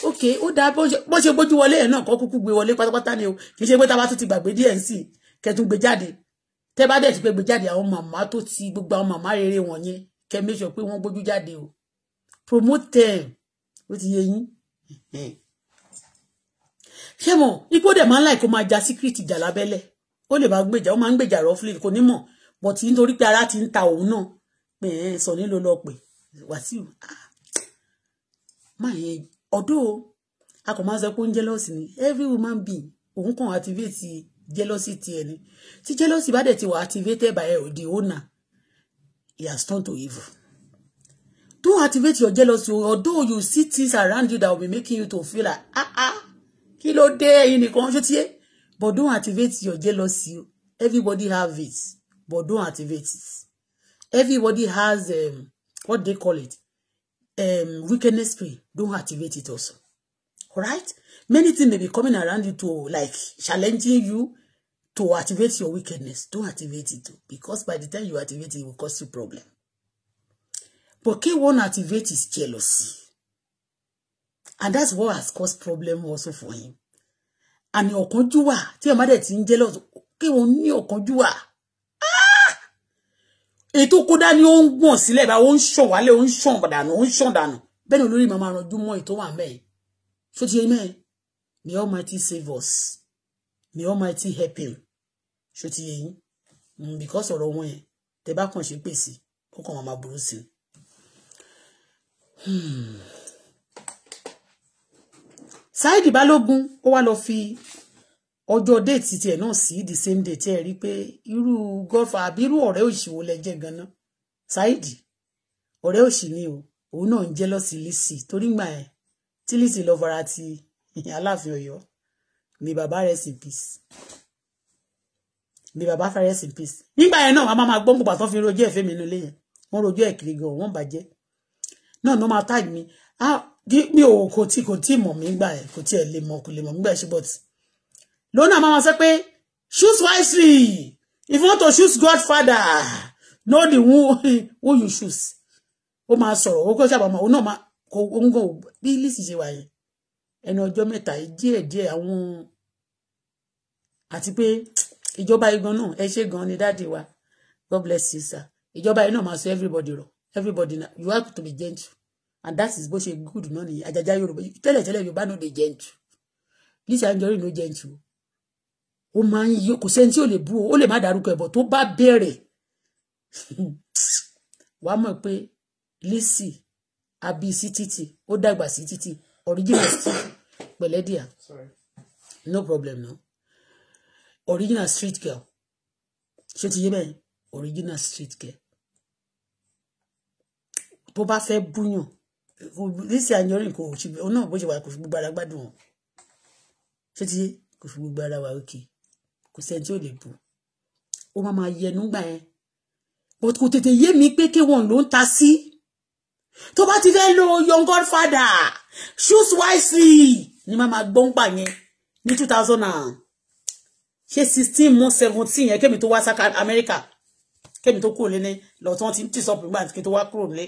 ok ó dáa bó ṣe gbójú wọlé ẹ̀ náà kọ́ kúkú gbé wọlé pátápátá ni o kì í ṣe pé tá a bá tún ti gbàgbé díẹ̀ sí i kẹtùn gbé jáde tẹ bá dẹ̀ ti gbé jáde àwọn màmá tó ti gbogbo àwọn màmá rere wọ̀nyẹn kẹ méjọ pé wọ́n gbójú jáde o promote them ó ti yẹ yín ṣé mọ̀ ipò dẹ̀ máa ń láì kó máa ja secret ìjà lábẹ́lẹ̀ ó lè máa gbèjà ó máa ń gbèjà rọ́flẹ̀ kò ní mọ̀ bọ̀tí nítorí pé pé ẹ sọ nílò lọ pé Wàsíù ah, máa yẹn ọ̀dọ̀ akọ̀ máa ń sọ pé ó ń jẹ́lọ́sì ni every woman be òun kàn activate jẹ́lọ́sì tiẹ̀ ni tí jẹ́lọ́sì bá dẹ̀ ti wà activated by the owner he has turned to evil don't activate your jealousy although you see things around you that will be making you to feel like ah ah kí ló dé ẹ̀yin nìkan ṣó tiẹ̀ but don't activate your jealousy everybody have it but don't activate it everybody has um, what they call it um, wickedness spirit. Don't activate it also. All right? Many things may be coming around you to like challenging you to activate your wickedness. Don't activate it too, because by the time you activate it, it will cause you problem. But K1 activate is jealousy. And that's what has caused problem also for him. And ọ̀kánjúwà, tí ọmọdé ti ń jealous, K1 your ọ̀kánjúwà èyí tó kó dání ó ń gbọ̀n sílẹ̀ bá ó ń ṣàn wálé ó ń ṣàn dànù ó ń ṣàn dànù bẹ́ẹ̀ ni olórí màmá ranjú mọ́ èyí tó wà mẹ́ẹ̀ ti yẹ may almighty save us may almighty help him ṣó ti yẹ hmm, because ọ̀rọ̀ wọn yẹn tẹ bá kàn ṣe pèsè ó kàn máa burú sí i. Hmm. Saheed Balógun ó wá lọ fi ọjọ́ déètì tiẹ̀ náà sí the same day tiẹ̀ rí pé irú gọ́fà àbí irú ọ̀rẹ́ òṣìwò lẹ jẹ́ ganan ṣáìdì ọ̀rẹ́ òṣì ni o òun náà ń jẹ́ lọ́sí lisi torí gbà ẹ̀ tí lisi lọ fara ti aláàfin Ọ̀yọ́ ni bàbá rest in peace ni bàbá fẹ́ rest in peace nígbà yẹn náà a máa máa gbọ́n pọ̀ pàtó fi rojọ́ ẹ̀fẹ́ mi nílé yẹn wọ́n rojọ́ ẹ̀ kiri gan wọ́n bàjẹ́ náà ló máa tag mi ah, mi ò kò tí kò tí mọ̀ mí gbà ẹ̀ kò tí ẹ̀ lè mọ̀ kò lè mọ̀ mí gbà ṣe bọ́tì lónà máa sọ pé choose wisely if you want to choose godfather know the one who you choose ó máa sọ̀rọ̀ ó kọ́ sábà máa ó náà máa kó ongo bí lísì ṣe wà yẹn ẹnu ọjọ́ mẹ́ta díẹ̀díẹ̀ àwọn àti pé ìjọba igan náà ẹ ṣe gan ni dáàdi wa god bless you sir ìjọba yìí náà máa So everybody rọ everybody na you have to be gentle and that is bó ṣe good náà nìyẹn tell yorùbá you yorùbá no dey gentle Lizzy Anjorin no gentle ó máa ń yí kò sẹ́ni tí ò lè bú o le lè má dárúkọ ẹ̀bọ̀ tó bá bẹ̀rẹ̀ wàá mọ̀ pé Lizzy àbí sí títì ó dàgbà sí títì original street pẹ̀lẹ́ díà no problem no original street girl ṣé ti yé bẹ́ẹ̀ original street girl tó bá fẹ́ búyàn Lizzy Anjorin kò ṣe òun náà bó ṣe wà kò fi gbogbo ara gbádùn ṣé ti yé kò fi gbogbo ara wà òkè. Okay kò sẹ́ni tí ò lè bù ó máa máa yẹnu gbà yẹn but kò tètè yé mi pé kéwọn ló ń ta sí tó bá ti fẹ́ lo young godfather choose wisely ni máa máa gbọ́n gbà yẹn ní two thousand and ṣe sixteen mú seventeen yẹn kémi tó wá sáka Amẹ́ríkà kémi tó kúrò lé ní lọ́tọ́ ti ń tì sọ́ọ̀pù nígbà tí tó wá kúrò lé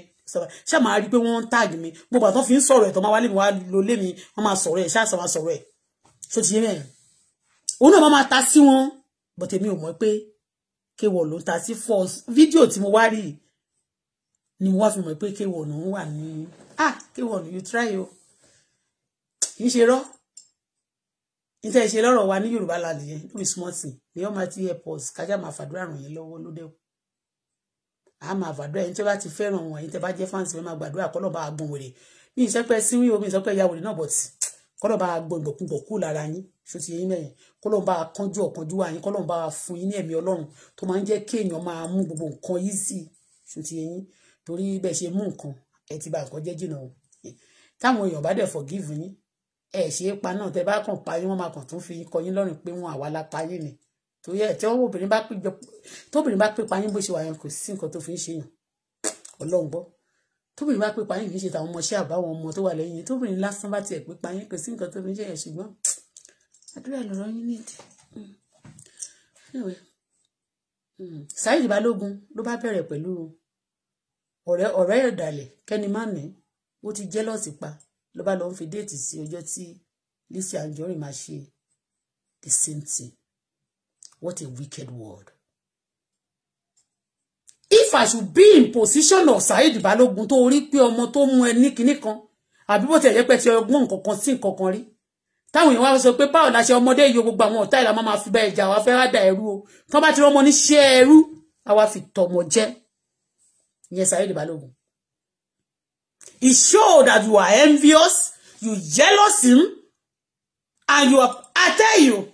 ṣá máa rí i pé wọ́n ń tag mi gbogbo àtọ́ fi ń sọ̀rọ̀ ẹ̀ tó máa wálé mi wá lólé mi wọ́n máa sọ̀rọ̀ ẹ̀ ṣáà sọ̀rọ̀ ẹ̀ ṣó ti yé mẹ́rin òun náà máa ta sí wọn but èmi ò mọ̀ pé kéwọ̀ ló ta sí false fídíò tí mo wá rí ni mo wá fi mọ̀ pé kéwọ̀ ló ń wà ní ah kéwọ̀ ló you try o kì í ṣe rọ́ níta ìṣe lọ́rọ̀ wa ní Yorùbá lálẹ́ yẹn lórí small thing ní ọmọ àti airport kájà máa fàdúrà ràn yín lọ́wọ́ ló dẹ́kun a máa fàdúrà yín tí ó bá ti fẹ́ràn wọn yín tẹ́ bá jẹ́ fáǹsì fẹ́ máa gbàdúrà kọ́lọ́ba àgbọ̀n wèrè ní ìṣẹ́pẹ́ síwí omi ìṣẹ́pẹ́ ìyá wèrè náà bọ̀tì kọ́lọ̀ bá gbọ̀ngbọ̀kúgbọ̀ kú lára yín ṣó ti yín mẹ́yìn kọ́lọ̀ bá kánjú ọ̀kánjú wá yín kọ́lọ̀ bá fún yín ní ẹ̀mí ọlọ́run tó máa ń jẹ́ kí èèyàn máa mú gbogbo nǹkan yìí sí ṣó yín torí bẹ́ẹ̀ ṣe mú nǹkan ẹ ti bà nǹkan jẹ́ jìnnà o táwọn èèyàn bá dẹ̀ forgive yín ẹ ṣe é pa náà tẹ bá kàn pa yín wọ́n máa kàn tún fi kọ yín lọ́rùn pé wọn àwa la pa yín ni torí ẹ tí obìnrin bá pé pa yín bó ṣe wà yẹn kò sí nǹkan tó fi ń ṣe yàn ọlọ́run gbọ́ tóbìnrin bá pè payín kì í ṣe tàwọn ọmọọṣẹ́ àbáwọn ọmọ tó wà lẹ́yìn tóbìnrin lásán bá tiẹ̀ pè payín kò sí nǹkan tó fi ń ṣe yẹn ṣùgbọ́n àdúrà lọ́rọ̀ yín nídìí. Hmm. Hmm. Saheed Balógun ló bá bẹ̀rẹ̀ pẹ̀lú ọ̀rẹ́ ọ̀rẹ́ ọ̀dàlẹ̀ kẹ́ni má mi ó ti jẹ́lọ́sì pa ló bá lọ ń fi déètì sí ọjọ́ tí Lizzy Anjorin máa ṣe the same thing what a wicked world if I should be in position of Saheed Balogun tó rí pé ọmọ tó mú ẹ ní kan àbí bó tiẹ̀ jẹ́ pé ti ọgbọ́n kankan sí nǹkan kan rí táwọn èèyàn wá sọ pé la ṣe ọmọdé yìí gbogbo àwọn ọ̀tá ìlà máa fi bá ẹja wa fẹ́ rádà ẹrú o tí wọ́n bá ti rán ọmọ níṣẹ́ ẹrú àwa fi tọmọ jẹ́ ìyẹn Saheed Balogun It show that you are envious you jealous him and you are I tell you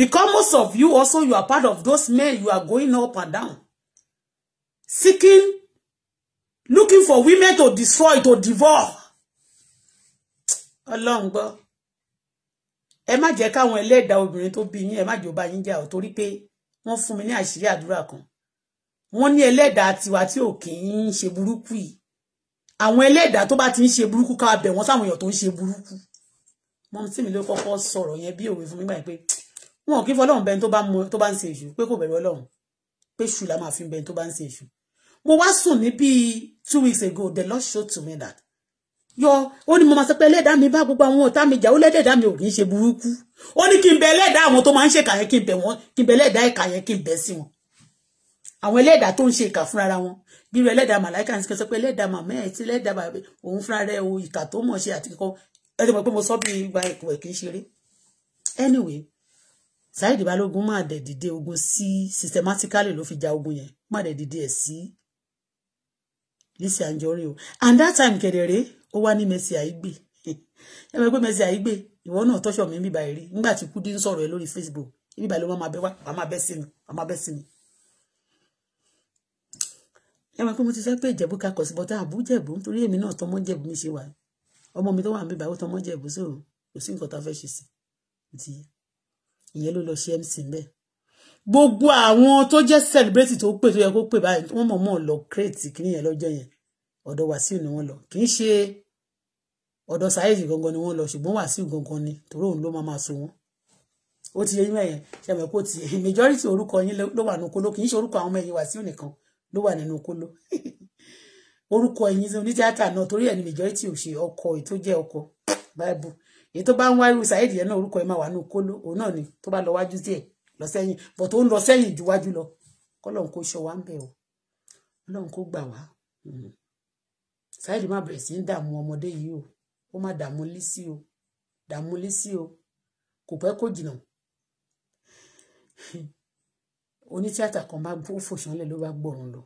Because most of you also, you are part of those men, you are going up and down. Seeking, looking for women to destroy, to devour. Ọlọ́run gbọ́. Ẹ má jẹ́ káwọn ẹlẹ́dàá obìnrin tó bí yín, ẹ má jẹ́ ó bá yín jà ò torí pé wọ́n fún mi ní àṣírí àdúrà kan. Wọ́n ní ẹlẹ́dàá tiwa tí ò kì í ṣe burúkú yìí. Àwọn ẹlẹ́dàá tó bá ti ń ṣe burúkú ká bẹ̀ wọ́n sáwọn èèyàn tó ń ṣe burúkú. Mọ́mísí mi ló kọ́kọ́ sọ̀rọ̀ yẹn bí òwe fún mi gbà wọn kì í fọlọ́run bẹni tó bá mu tó bá ń sin èṣù pé kò bẹ̀rù ọlọ́run pé ṣù la máa fi bẹni tó bá ń sin èṣù mo wá sùn ní bíi two weeks ago the Lord showed to me that yọ ó ní mo máa sọ pé ẹlẹ́dàá mi bá gbogbo àwọn ọ̀tá mi jà ó lẹ́dẹ̀ẹ́dá mi ò kì í ṣe burúkú ó ní kí n bẹ ẹlẹ́dàá àwọn tó máa ń ṣèkà yẹn kí n bẹ wọn kí n bẹ ẹlẹ́dàá ìkà yẹn kí n bẹ sí wọn àwọn ẹlẹ́dàá tó ń ṣe ìkà fúnra wọn bí ẹlẹ́dàá màláìka ń sọ pé ẹlẹ́dàá màmá ẹ̀ tí ẹlẹ́dàá bàbá òun fúnra rẹ̀ o ìkà tó mọ̀ ṣe àti kíkọ́ ẹ anyway Saheed Balógun má dẹ̀ dìde ogun sí systematically ló fi ja ogun yẹn má dẹ̀ dìde ẹ̀ sí Lizzy Anjorin o and that time kẹ̀dẹ̀rẹ́ ó wá ní Mercy Aigbe ẹ mọ̀ pé Mercy Aigbe ìwọ náà tọ́ṣọ̀ mi bíbá ẹ̀ rí nígbà tí Kudi ń sọ̀rọ̀ ẹ lórí Facebook bíbá ló máa bẹ wá wàá máa bẹ́ sí mi wàá máa bẹ́ sí mi. ẹ mọ̀ pé mo ti sọ pé ìjẹ̀bú kakọ̀ sí bọ́tà àbújẹ̀bú nítorí èmi náà tọmọ jẹ̀bú mi ṣe wà ọmọ mi tó wà ń bíbá ó tọmọ jẹ̀bú sóò kò sí nǹkan tá a fẹ́ ṣe sí i ìyẹn ló lọ ṣe mc mbẹ gbogbo àwọn tó jẹ́ celebrate tó pè tó yẹ kó pè báyìí wọ́n mọ̀ mọ̀ lọ crate kí nìyẹn lọ́jọ́ yẹn ọ̀dọ̀ wàsíù ni wọ́n lọ kì í ṣe ọ̀dọ̀ sáyẹ́jì gangan ni wọ́n lọ ṣùgbọ́n wàsíù gangan ni torí òun ló máa máa so wọn ó ti yẹ yín mẹ́yẹn ṣẹ̀mẹ̀ kó ti majority orúkọ yín ló wà nínú kóló kì í ṣe orúkọ àwọn ọmọ ẹ̀yìn wàsíù nìkan ló wà nínú kóló orúkọ ẹ̀yìn onítíátà náà torí ẹ̀ majority ò ṣe ọkọ ètò jẹ́ ọkọ bible èyí tó bá ń wáyé Saheed yẹn náà orúkọ ẹ máa wà nù kóló òun náà ni tó bá lọ wájú díẹ̀ lọ sẹ́yìn bọ̀ tó ń lọ sẹ́yìn ju wájú lọ kọ́lọ́n kó ṣọ́ wa ń bẹ̀ o Ọlọ́run kó gbà wá hmm. Saheed má bẹ̀rẹ̀ sí ń dààmú ọmọdé yìí o ó má dààmú lísì o dààmú lísì o kò pẹ́ kó jìnnà onítíátà kan bá ó fòṣánlẹ̀ ló bá gbọ̀run lọ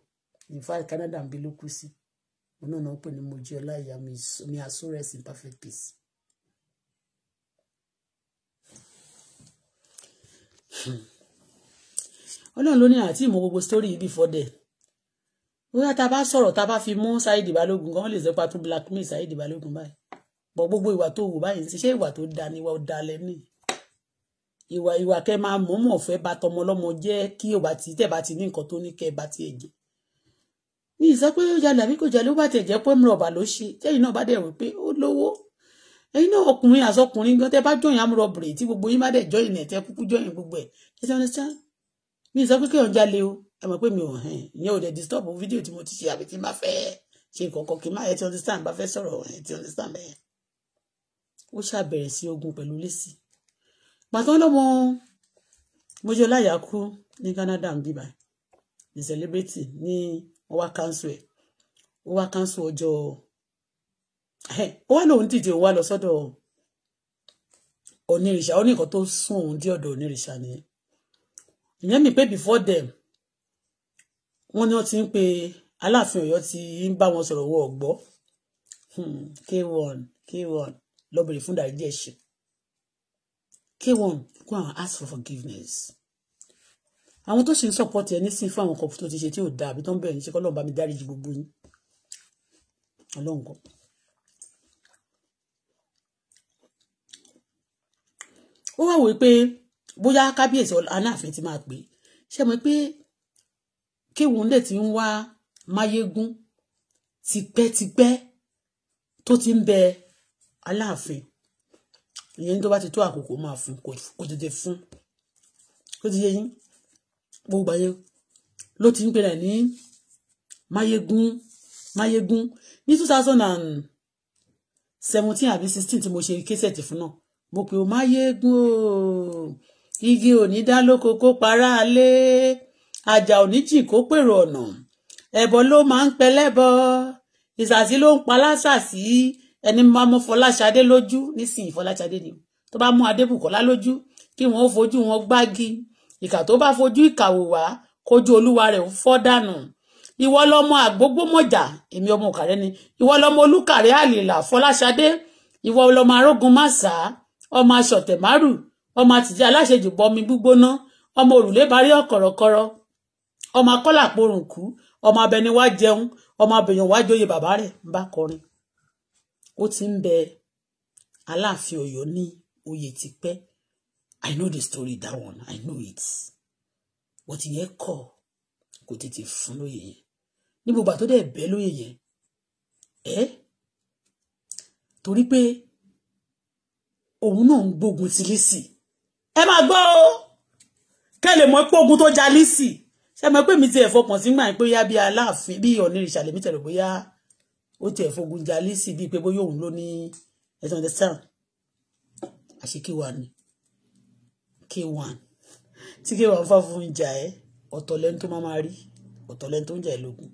ìfà Canada ń bí ló kú sí òun náà náà pè ní Mojíọlá ìyá mi àsúrẹ́sì perfect peace. ọlọ́run ló ní àti ìmọ̀ gbogbo story yìí before there bóyá tá a bá sọ̀rọ̀ tá a bá fi mú Saheed Balógun gan lè sọpa tún blackmail Saheed Balógun báyìí bọ̀ gbogbo ìwà tó wù báyìí ṣe ìwà tó da ni ìwà ọ̀dà lẹ́nu ìwà ìwà kẹ́ máa mọ̀ọ́mọ̀ fẹ́ bá tọmọ ọlọ́mọ jẹ́ kí ọba tí tẹ̀ bá ti ní nǹkan tó ní kẹ́ bá ti ẹ̀jẹ̀ ní ìsọ ó jalè àbí kò jalè ó bá tẹ̀ jẹ́ pé mìíràn ọba ló ṣe tẹ́yìn náà bá dẹ̀ wí pé ó lówó ẹ̀yin náà ọkùnrin àsọkùnrin gan tẹ bá join amúrọ̀bìrì tí gbogbo yín bá dẹ̀ join ẹ̀ tẹ kúkú join gbogbo ẹ̀ ẹ ti understand mi sọ pé kéèyàn jalè o ẹ mọ̀ pé mi ò hàn ìyẹn ò dẹ̀ disturb fídíò tí mo ti ṣe àbí tí má fẹ́ ṣe kọ̀ọ̀kan kí má ẹ ti understand bá fẹ́ sọ̀rọ̀ ẹ ti understand bẹ́ẹ̀. ó ṣàbẹ̀rẹ̀ sí ogun pẹ̀lú lẹ́sì pàtàn lọ́mọ Mojọ́láyà kú ní Canada ń bíbá the celebrity ní wọ́n wá council ẹ̀ wọ́n wá council ọjọ́ ó wá lóun dìde ó wá lọ sọ́dọ̀ onírìṣà ó ní nǹkan tó sún òun dé ọ̀dọ̀ onírìṣà nìyẹn ìyẹn mi pé before them wọ́n ní wọ́n ti ń pe aláàfin Ọ̀yọ́ ti ń bá wọn sọ̀rọ̀ wọ ọgbọ hmm, k1 k1 lọbìrì fún dàrídì ẹ̀ṣẹ̀ k1 go and ask for forgiveness àwọn tó ṣe ń support ẹ nísìnyí fún àwọn kan tó ti ṣe tí ò dáa àbí tó ń bẹ̀rẹ̀ ní ṣe kọ́ lọ́nba mi dáríjì gbogbo yín ọlọ́run kan ó wá wò pé bóyá kábíyèsí aláàfin ti máa pè ṣe mọ̀ pé kéwòn lè ti ń wá máyégún tipẹ́tipẹ́ tó ti ń bẹ aláàfin ìyẹn tó bá ti tó àkókò máa fún kò tètè fún ó ti yé yín gbogbo ayé ló ti ń pè rẹ̀ ní máyégún máyégún ní two thousand and seventeen àbí sixteen tí mo ṣe késẹ̀tì fún náà mo pè ó máyégún o igi òní dá lóko kó para alé àjà òní jì kó pèrò ọ̀nà ẹbọ ló máa ń pẹlẹ́bọ ìsàsí ló ń pa lásàsí ẹni máa mú Fọláṣadé lójú nísìnyí Fọláṣadé ni tó bá mú Adébùkọ́lá lójú kí wọn ó fojú wọn gbági ìkà tó bá fojú ìkàwò wá kójú olúwa rẹ̀ fọ́ dànù ìwọ lọmọ àgbógbómọjà èmi ọmọ òkàrẹ ni ìwọ lọmọ olúkàrẹ àlìlà Fọláṣadé ìwọ lọmọ arógun máṣá ọmọ aṣọ̀tẹ̀ márù ọmọ àtijọ́ aláṣejù bọmi gbígbóná ọmọ òrùlé barí ọ̀kọ̀rọ̀kọ̀rọ̀ ọmọ akọ́là porùnkú ọmọ abẹni wá jẹun ọmọ abẹyàn wá jóye bàbá rẹ̀ ń bá kọrin ó ti ń bẹ aláàfin Ọ̀yọ́ ní oyè tipẹ́ i know the story that one i know it but ìyẹn kọ kò tètè fún lóye yẹn ní gbogbo àtọ́dẹ̀ bẹ́ẹ̀ lóye yẹn ẹ́ torí pé òun náà ń gbógun ti Lizzy ẹ máa gbọ́ o kẹ́ lè mọ̀ pé ogun tó ja Lizzy ṣe mọ̀ pé mi ti ẹ̀fọ́ pọ̀ sí gbà pé yá bí aláàfin bí ọ̀nìrìṣà lèmi tẹ̀lé bóyá ó ti ẹ̀fọ́ ogun ja Lizzy bíi pé bóyá òun ló ní ẹ̀sán ẹ̀sán sàn àṣẹ K1 ni K1 tí K1 fà fún ìjà ẹ ọ̀tọ̀ lẹ́nu tó máa rí ọ̀tọ̀ lẹ́nu tó ń jà ẹ lógun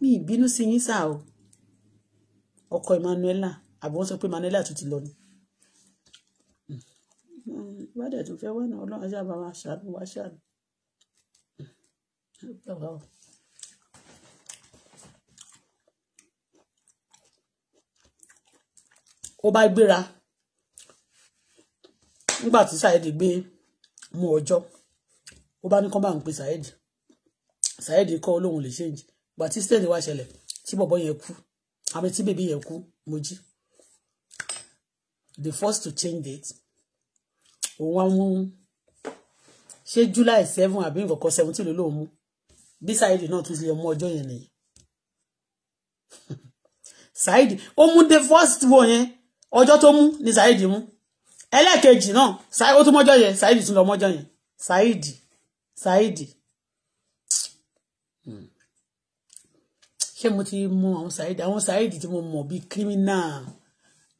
mi ìbínú sí yín sáà o ọkọ Emmanuela àbí wọ́n sọ pé Emmanuela tún ti lọ ni bá dẹ̀ tún fẹ́ wọ̀nà ọlọ́run ajá bá wa ṣàánú wa ṣàánú. ó bá gbéra nígbà tí Saheed gbé mú ọjọ́ ó bá ní kán bá ń pe Saheed Saheed kọ́ olóhùn lè ṣéǹjì gbà tí stéèdì wá ṣẹlẹ̀ tí bọ̀bọ̀ yẹn kú àmì tí bèbí yẹn kú mo jí the first to change date òun wá mú ṣé july seven àbí nǹkan kan seventeen ló lóun mú bí Saidi náà tún ti lè mú ọjọ́ yẹn nìyí Saidi ó mú the first one yẹn ọjọ́ tó mú ni Saidi mú ẹlẹ́ẹ̀kejì náà ó tún mọ́jọ́ yẹn Saidi tún lọ mọ́jọ́ yẹn Saidi Saidi ṣé mo ti mọ àwọn Saidi àwọn Saidi tí mo mọ̀ bíi criminal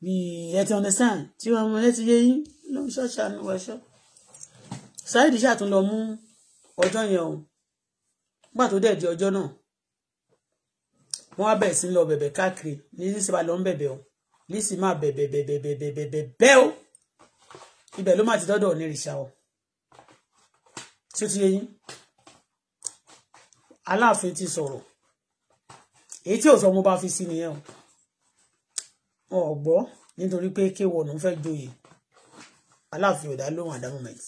bíi ẹ ti understand tí wọ́n mọ ẹ ti yé yín lọ́n ṣọ́ṣà ní wẹ́ṣọ́ Saheed ṣàtún lọ mú ọjọ́ yẹn o nígbà tó dẹ̀ di ọjọ́ náà wọ́n á bẹ̀rẹ̀ sí lọ bẹ̀bẹ̀ káàkiri ní Lizzy bá lọ ń bẹ̀bẹ̀ o Lizzy máa bẹ̀bẹ̀ bẹ̀bẹ̀ bẹ̀bẹ̀ bẹ̀bẹ̀ bẹ́ o ibẹ̀ ló má ti dọ́dọ̀ ní ìrìṣà o tí ó ti yẹ yín aláàfin ti sọ̀rọ̀ èyí tí ò sọ mo bá fi sí nìyẹn o ọ̀gbọ́ nítorí pé kéwọ̀n ló fẹ́ joyè aláàfin ọ̀dà lóhùn at that moment.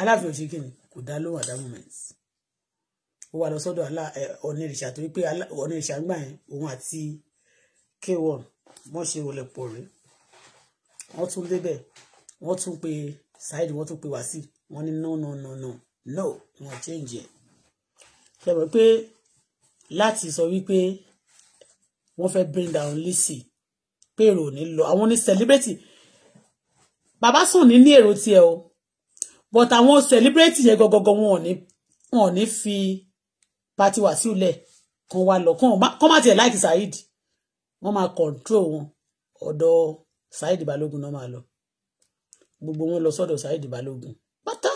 aláàfin ọ̀ṣẹ́ kìíní kò dá lóhùn at that moment. ó wà lọ sọ́dọ̀ ọ̀nìrìṣà eh, torí pé ọ̀nìrìṣà ń gbà yẹn òun àti k1 wọ́n ṣe olè pọ̀ rẹ̀ wọ́n tún débẹ̀ wọ́n tún pe Saheed wọ́n tún pe Wàsíù wọ́n ní no no no no no wọ́n change ẹ̀. ṣe mọ̀ pé láti sọ wípé wọ́n fẹ́ bring down Lizzy pé èrò ò ní lọ àwọn ní celebrity bàbá sùn ní ní èrò tiẹ̀ o but àwọn celebrity yẹn gọgọgọ wọn ò ní wọn ò ní fi party Wasiu lẹ̀ kan wá lọ kan má tiẹ̀ láìkì Saheed wọ́n máa control wọn ọ̀dọ̀ Saheed Balógun náà máa lọ gbogbo wọn lọ sọ́dọ̀ Saheed Balógun pátá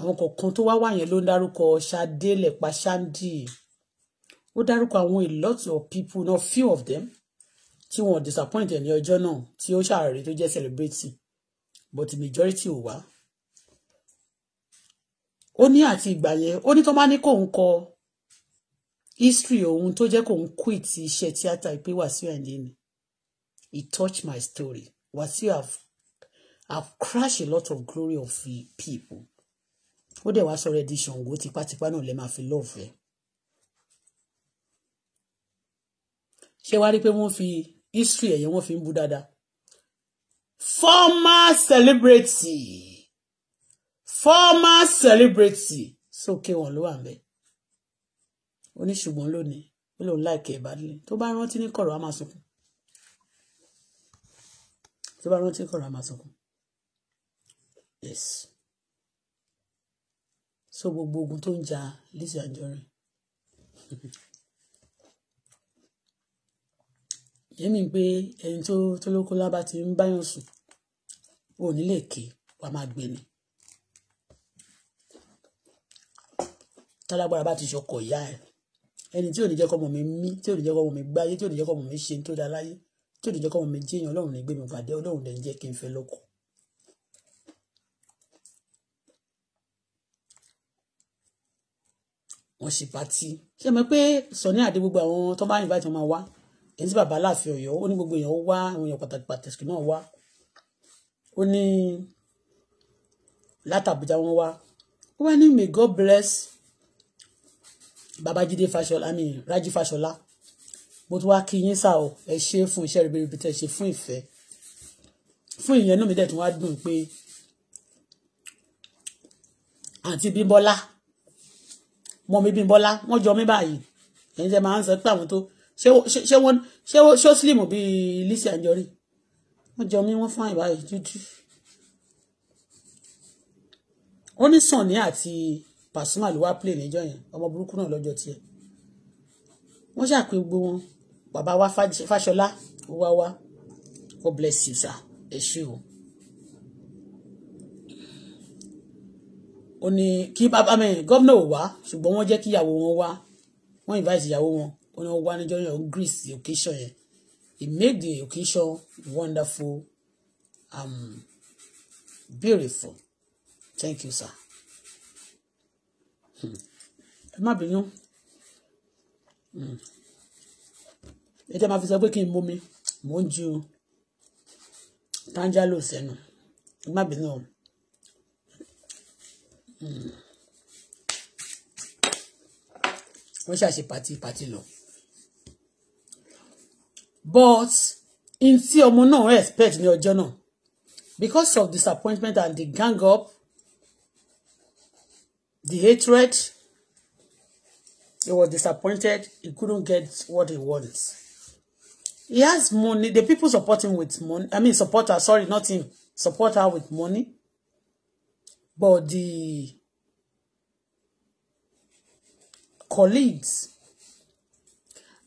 àwọn kọ̀ọ̀kan tó wá wà yẹn ló ń dárúkọ ṣadé lẹ̀pa ṣáńdì ó dárúkọ àwọn a lot of people not few of them tí wọn disappoint ẹ ní ọjọ́ náà tí ó ṣàrẹ̀rẹ̀ tó jẹ́ celebrity but majority ò wá. ó ní àti ìgbà yẹn ó ní tó máa ní kóun kọ history òun tó jẹ́ kóun quit iṣẹ́ tíátà pé Wàsíù Àyìndé ni he touched my story Wàsíù have have crashed a lot of glory of people ó dẹ̀ wá sọ̀rọ̀ ẹ̀ di Ṣàngó tipátipá náà lè máa fi lọ́ọ̀fẹ́. ṣé wá rí pé wọ́n fi history ẹ̀yẹ wọ́n fi ń bú dáadáa former celebrity former celebrity sókè wọn ló wà ń bẹ oníṣùgbọ́n lónìí ó lòun láìkẹ́ ìbádìlẹ̀ tó bá rántí ní kọ̀rọ̀ á tó bá rántí kọ̀ọ̀rọ̀ á máa yes so gbogbo ogun tó ń jà Lizzy Anjorin ìyẹn mi pé ẹni tó tó lóko lábá ti ń báyàn sùn ò ní lè ké wàá máa gbé ni tálágbára bá ti ṣọkọ ìyá ẹ ẹni tí ò ní jẹ́ kọ́mọ mi mí tí ò ní jẹ́ kọ́mọ mi gbáyé tí ò ní jẹ́ kọ́mọ mi ṣe tó da láyé tí ò ní jẹ́ kọ́mọ mi jẹ́yàn ọlọ́run ní gbé mi pàdé ọlọ́run lè jẹ́ kí n fẹ́ lọ́kọ. wọ́n ṣe pàtí ṣé mo pé sọ ní àdé gbogbo àwọn tó bá yìnbá tí wọ́n máa wá èyí tí bàbá aláàfin Ọ̀yọ́ ó ní gbogbo èèyàn wá àwọn èèyàn pàtàkì pàtàkì náà wá ó ní látàbújá wọn wá ó wá ní may God bless babájídé fàṣọlá mi rájí fàṣọlá mo tún wá kí yín sá o ẹ ṣe fún iṣẹ́ ribiribi tẹ́ ṣe fún ìfẹ́ fún ìyẹn náà mi dẹ̀ tún wá dùn pé àǹtí bímbọ́lá mọ́mí bímbọ́lá wọ́n jọ mí báyìí ẹ̀yin tẹ́ máa ń sọ pé àwọn tó ṣé wọ́n ṣé wọ́n ṣó slim bíi Lizzy Anjorin wọ́n jọ mí wọ́n fáwọn ìbáyìí dúdú ó ní Sunny àti Pasuma ló wá play níjọ́ yẹn ọmọ burúkú náà lọ́jọ́ tiẹ̀ wọ́n ṣàpè gbogbo wọn bàbá wa Fáṣọlá wá wá God bless you sir ẹ ṣé o. ó ní kí bàbá mi gómìnà ò wá ṣùgbọ́n wọ́n jẹ́ kí ìyàwó wọn wá wọ́n invite ìyàwó wọn ó ní wá níjọ́ yẹn ó greece the occasion yẹn it make the occasion wonderful um, beautiful thank you sir hmm. ẹ má bínú hmm. ẹ tẹ́ máa fi sọ pé kí n mú mi mò ń ju tanjalo sẹ́nu ẹ má bínú o. Hmm. wọ́n ṣàṣe pàtí pàtí lọ but in tí ọmọ náà expect ní ọjọ́ náà because of disappointment and the gang up the hatred he was disappointed he couldn't get what he wants he has money the people support him with money i mean support her sorry not him support her with money but the colleagues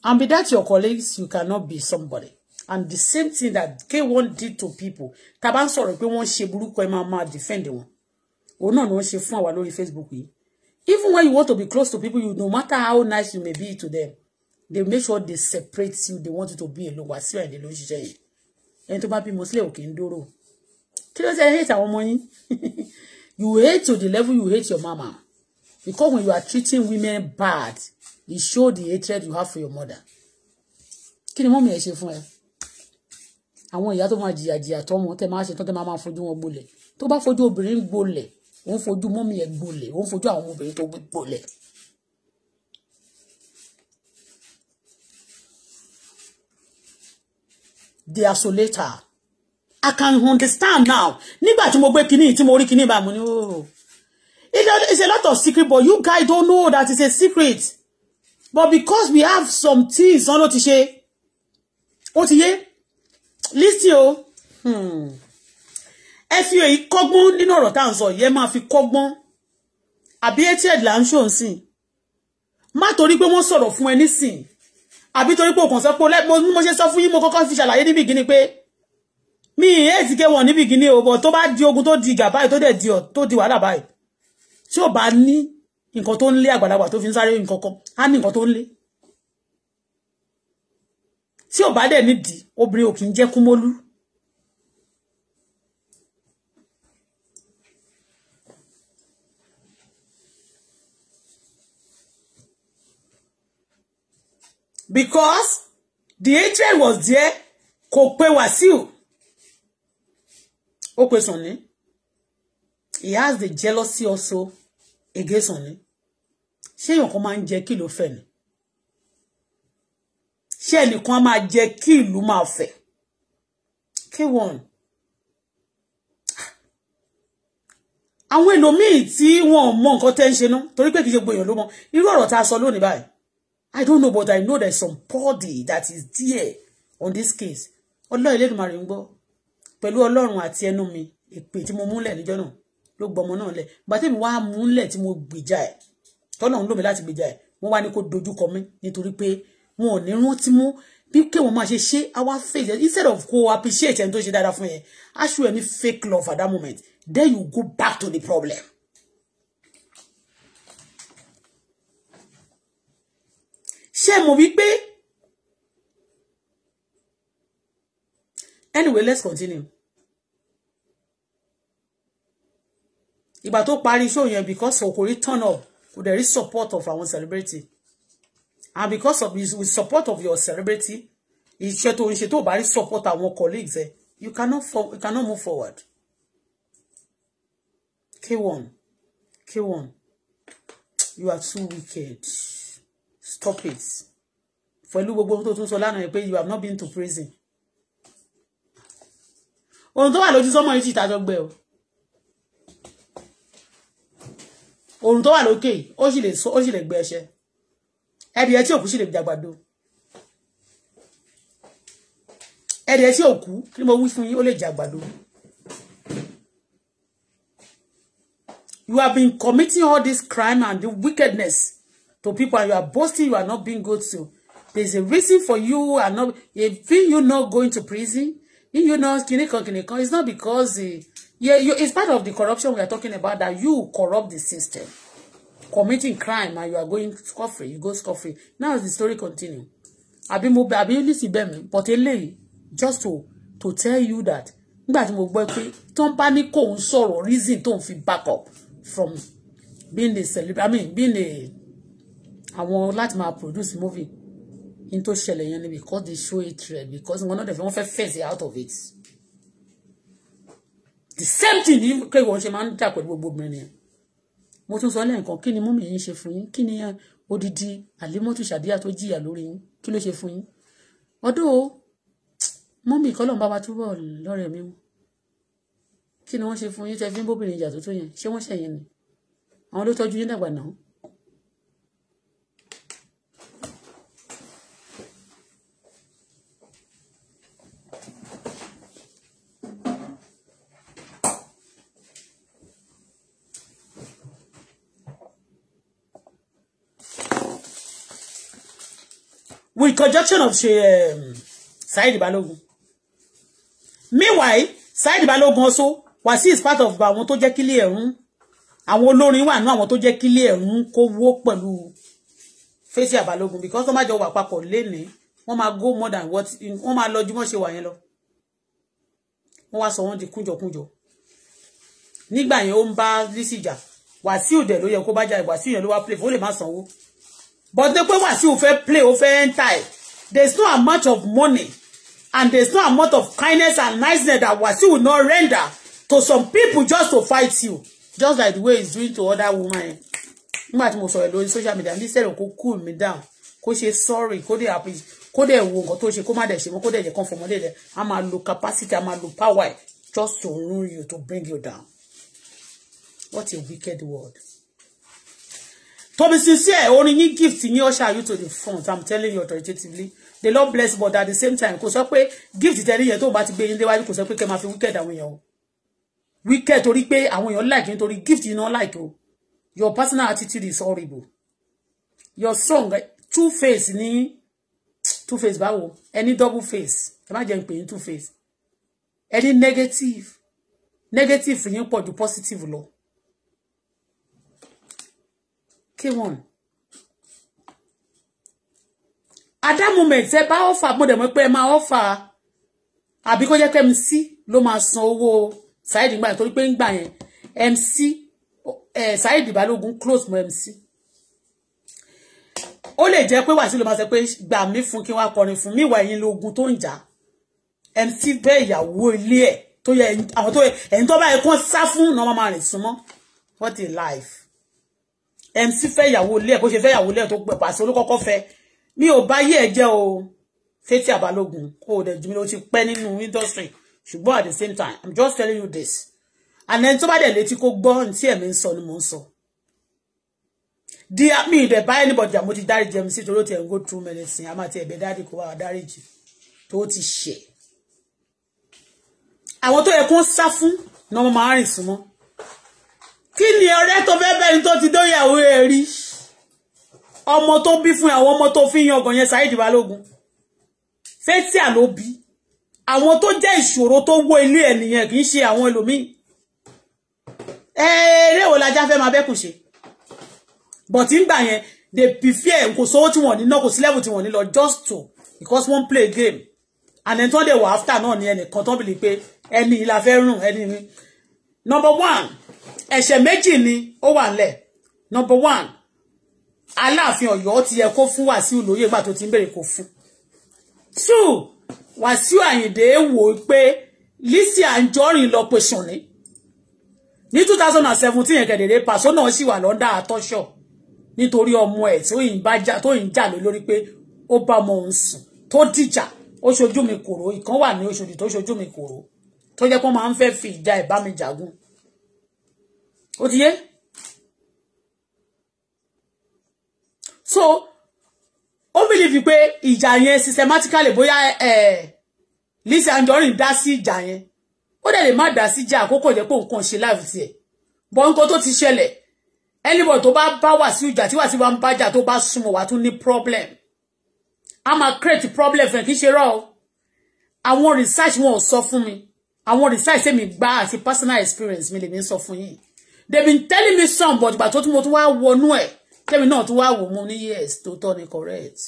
And without your colleagues, you cannot be somebody. And the same thing that K1 did to people. Tá bá ń sọ̀rọ̀ pé wọ́n ṣe burúkú ẹ defend the one. Oh no, no she fún àwa lórí Facebook yìí. Even when you want to be close to people, you no matter how nice you may be to them, they make sure they separate you. They want you to be alone. Wàsíù Àyìndé ló ń ṣiṣẹ́ yìí. Ẹni tó bá bímọ sílẹ̀ òkè hate àwọn ọmọ You hate to the level you hate your mama. Because when you are treating women bad, you show the hatred you have for your mother kí ni mọ́mí ẹ̀ ṣe fún ẹ àwọn ìyá tó máa jìyà jìyà tọ́ wọn tẹ́ máa ṣe tán tẹ́ máa máa fojú wọn gbolẹ̀ tó bá fojú obìnrin gbolẹ̀ òun fojú mọ́mí ẹ̀ gbolẹ̀ òun fojú àwọn obìnrin tó gbolẹ̀. they are so later i can understand now nígbà tí mo gbé kinní tí mo rí kinní bá mo ní oh. it's a lot of secret but you guys don't know that it's a secret but because we have some things wọn ló ti ṣe ó ti yé listen o hmm. ẹ fi èyí kọ́gbọ́n nínú ọ̀rọ̀ tá à ń sọ yìí ẹ máa fi kọ́gbọ́n àbí etíẹ̀dì là ń ṣòǹsìn má torí pé wọ́n sọ̀rọ̀ fún ẹ nísìn àbí torí pé òkàn sọ pé lẹ́pọ̀ ní mo ṣe sọ fún yín mo kọ́kọ́ fi ṣàlàyé níbi gíní pé mi èyí ké wọn níbi gíní o bọ̀ tó bá di ogun tó di ìjà báyìí tó dẹ̀ di ọ̀ tó di wàhálà báyìí tí ò bá ní nǹkan tó ń lé àgbàlagbà tó fi ń sáré nǹkan kan á ní nǹkan tó ń lé tí ò bá dẹ̀ nídìí obìnrin ò kì í jẹ́ kúmólú because the hatred was there kò pe Wàsíù ó pe Sànní he has the jealousy also ege sàn ni ṣé èèyàn kan máa ń jẹ kí ló fẹ́ ni ṣé ẹnìkan máa jẹ kí ìlú máa fẹ́ kí wọn àwọn ẹlòmíì tí wọn ò mọ nǹkan tẹ́ ń ṣe ná torí pé kì í ṣe gbòyàn ló mọ irú ọ̀rọ̀ tá a sọ lónìí báyìí I don't know but I know there's some body that is there on this case ọlọ́ọ̀ Elédùmarè ń gbọ́ pẹ̀lú ọlọ́run àti ẹnu mi èpè tí mo múlẹ̀ níjọ́ náà ló gbọmọ náà lẹ̀ gbàtẹ́mi wá mú lẹ̀ tí mo gbèjà ẹ̀ tọ́nà ń lò mí láti gbèjà ẹ̀ wọ́n wá ní kó dojúkọ mí nítorí pé wọn ò ní rántí mú bí kéwọn máa ṣe ṣe our face instead of kó appreciate ẹni tó ṣe dáadáa fún yẹn aṣọ ẹni fake love at that moment then you go back to the problem. ṣé mo wí pé anyway let's continue. ìgbà tó parí show yẹn because kò rí turn up kò dẹ̀ rí support of àwọn celebrity and because of his support of your celebrity iṣẹ́ tó ń ṣe tó bá rí support àwọn colleagues ẹ you cannot for, you cannot move forward k1 k1 you are too wicked stop it pẹ̀lú gbogbo tó tún sọ lánàá yẹn pé you have not been to prison ohun tó wà lójú sọmọ yìí ti ìtajọ gbẹ o òrùn tó wà lókè yìí ó sì lè gbé ẹsẹ̀ ẹdì ẹ tí òkú sì lè jàgbàdo ẹdì ẹ tí òkú kí mo wí fún yín ó lè jàgbàdo. You have been committing all this crime and the wickedness to people and you are boasting you are not being good to. is a reason for you and not, if you not going to prison, if you not, kinikan, kinikan, it's not because the, Yeah, you, it's part of the corruption we are talking about that you corrupt the system, committing crime, and you are going scot-free. You go scot-free. Now the story continue. Àbí mo àbí Onisibemi, but eléyìí just to to tell you that nígbà tí mo gbọ́ pé tó ń ní kò ń sọ̀rọ̀ reason tó ń fi back up from being a celebrity I mean being a àwọn láti máa produce movie in tó ṣẹlẹ̀ yẹn ni because they show it red because wọn náà dẹ̀ fẹ́ wọ́n fẹ́ fẹ̀sẹ̀ out of it the same thing ní pé wọ́n ṣe máa ń jà pẹ̀lú gbogbo obìnrin nìyẹn mo tún sọ lẹ́ẹ̀kan kí ni múmi yín ṣe fún yín kí ni eh, odidi àlímọ́tò ṣàdíyà tó jìyà lórí yín kí ló ṣe fún yín ọdún o múmi kọ́ lọ́nba wa túbọ̀ lọ́rẹ̀ mi kí ni wọ́n ṣe fún yín tẹ́ fi ń bóbìnrin ìjà tó tó yẹn ṣé wọ́n ṣẹ̀yìn ni àwọn ló tọ́jú yín dàgbà náà with conjunction of um, Saheed Balogun. Meanwhile, Saheed Balogun also Wàsíù is part of àwọn tó jẹ́ kílé ẹ̀rún àwọn olórin wà ní àwọn tó jẹ́ kílé ẹ̀rún kó wó pẹ̀lú Fathia Balogun because wọ́n máa jọ wà papọ̀ lénìí wọ́n máa go more than what wọ́n máa lọ jùmọ̀ ṣe wà yẹn lọ wọ́n wá sọ wọ́n di kúnjọkúnjọ nígbà yẹn ó ń bá Lizzy jà Wàsíù dẹ̀ ló yẹ kó bá jà Wàsíù yẹn ló wá play fún ó lè má but ní pé Wasiu fẹ́ play ó fẹ́ enter ẹ̀ there is no amount of money and there is no amount of kindness and niceness that Wasiu will not render to some people just to fight you just like the way he is doing to other women nígbà tí mo sọ̀rọ̀ lórí social media instead of kó cool me down kó ṣe sorry kó dé happy kó dẹ̀ wo nǹkan tó ṣe kó má dẹ̀ ṣe mọ́ kó dẹ̀ jẹ́ kán fọmọdé rẹ̀ a máa lo capacity a máa lo power just to run you to bring you down what a wicked world. To be sincere, orin yín gift yín usher you to the front. I'm telling you authoritatively. The Lord bless but at the same time because sọ pé gift tẹ̀lé yẹn to, bá ti gbé yín déwájú kò sọ pé kẹ́ wicked àwọn èèyàn o. Wicked torí pé àwọn èèyàn like yín torí gift yín not like o. Your personal attitude is horrible. Your song two face ni two face báwo any double face Imagine paying two face Any negative negative you put the positive lọ k1 at that moment say bá offer more than we pé ẹ offer I because jẹ́ pé mc ló máa san owó Saheed gbà yẹn torí pé ń gbà yẹn mc Saheed Balógun close mọ́ mc ó lè jẹ́ pé Wàsíù ló máa sọ pé gbà mí fún kí wa akọrin fún mi ìwà ẹ̀yìn lógun tó ń jà mc be ya ilé ẹ̀ tó yẹ àwọn tó yẹ ẹ̀yìn tó bá yẹ kó sá fún náà máa rìn súnmọ́ what is life. MC fẹ́ ìyàwó ilé ẹ̀ bó ṣe fẹ́ ìyàwó ilé ẹ̀ tó pẹ̀ pàṣẹ olókọ́kọ́ fẹ́ mi ò bá yé ẹ jẹ́ o fẹ́tí àbálògùn kó o dẹ̀ jù mí lọ ti pẹ́ nínú industry ṣùgbọ́n at the same time i'm just telling you this and ẹni tó bá dẹ̀ létí kó gbọ́ tí ẹ̀mí ń sọ ni mò ń sọ di mi ìdẹ̀ bá anybody àmọ́ ti dáríjì MC torí ó ti ẹ̀ ń go through medicine a máa ti ẹ̀bẹ̀ dáàdì kó wá dáríjì tó ti ṣẹ̀ àwọn tó yẹ kó ń sá fún ni wọ́n máa rìn súnmọ́ kí ni ọ̀rẹ́ tó fẹ́ bẹ́ni tó ti dóyàwó ẹ̀ rí ọmọ tó bí fún àwọn ọmọ tó fi yan ọgàn yẹn Saheed Balógun fẹ́tíà ló bí àwọn tó jẹ́ ìṣòro tó wó ilé ẹ̀ nìyẹn kì í ṣe àwọn ẹlòmíì eré wo lajá fẹ́ máa bẹ́kùn ṣe bọ̀tí ń gbà yẹn they prefer kò sówó tí wọ́n ní náà kò sí level tí wọ́n ní lọ just to because wọ́n play game and then tó dé wà after náà ni ẹnìkan tó bìlì pé ẹni ìlà fẹ́ rùn ẹni number one ẹ̀ṣẹ̀ méjì ni ó wà nílẹ̀ number one aláàfin Ọ̀yọ́ ti yẹ kó fún Wàsíù lóyè ìgbà tó ti ń bèrè kó fún two Wàsíù Àyìndé wò pé Lizzy Anjorin lọ pe Ṣọ̀ní ní two thousand and seventeen yẹn kẹ̀dẹ̀dẹ̀ pàṣọ náà sì wà lọ́dà àtọ́ṣọ̀ nítorí ọmọ ẹ̀ tó ń jà lórí pé ó bá ọmọ òun sùn tó dìjà ó ṣojú mi kòrò ìkan wà ní oṣooṣù tó ṣojú mi kòrò tó jẹ́ pé wọ́n máa ń fẹ́ fi ìjà ìbá mi jagun ó ti yé so ó bìlìfì pé ìjà yẹn systematically bóyá Lizzy Anjorin dá sí ìjà yẹn ó dẹ̀ lè má dá sí ìjà àkókò jẹ́ pé òun kàn ṣe láàbù tiẹ̀ bọ́ nǹkan tó ti ṣẹlẹ̀ anybody tó bá bá wà sí ìjà tí wà sí wa ń bájà tó bá súnmọ́ wà tún ní problem a máa create problem fẹ́ kí ṣe rọ́ o àwọn research wọn ò sọ fún mi àwọn research tèmi gbà àti personal experience mi lèmi ń sọ fún yín they been telling me some but gbà tó tún mo tún wá wọnú ẹ̀ tẹ́mi náà tún wá wò mo ní yes tó tọ́ ni correct.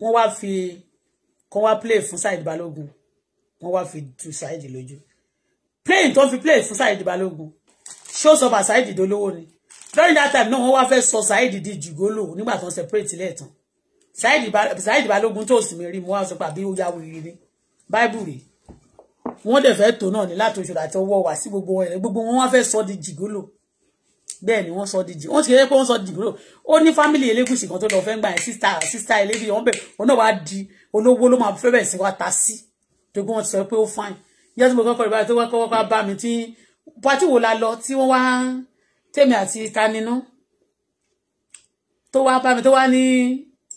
wọ́n wá fi kọ́ wá play fún Saheed Balógun wọ́n wá fi tu Saheed lójú play tó fi play fún Saheed Balógun show sọ bá Saheed dolówó ni during that time no one náà wọ́n wá fẹ́ sọ Saheed di jùgólò nígbà tó ń separate lẹ́ẹ̀tàn Saheed Balógun tó sì mí rí mo wá sọ pé àbí ó yá wèrè ní báìbù rèé wọ́n dẹ̀ fẹ́ tó náà ní láti oṣù àti ọwọ́ wá sí gbogbo ẹ̀rẹ́ gbogbo wọn wá fẹ́ sọ di jìgólò bẹ́ẹ̀ ni wọ́n sọ di jì wọ́n ti kéde pé wọ́n sọ di jìgólò ó ní fámìlì Elégùṣì kan tó lọ fẹ́ gbà yẹn sísá sísá elébi wọn bẹ̀rẹ̀ wọn náà wá di olówó ló máa fẹ́ bẹ̀rẹ̀ sí wa ta sí tó gbé wọn ti sọ pé ó fáìn yẹ́sùn mo kọ́kọ́ ìbára tó wá kọ́kọ́ bá mi tí pati wo la lọ tí wọ́n wá tèmi àti taninú tó wá bá mi tó wá ní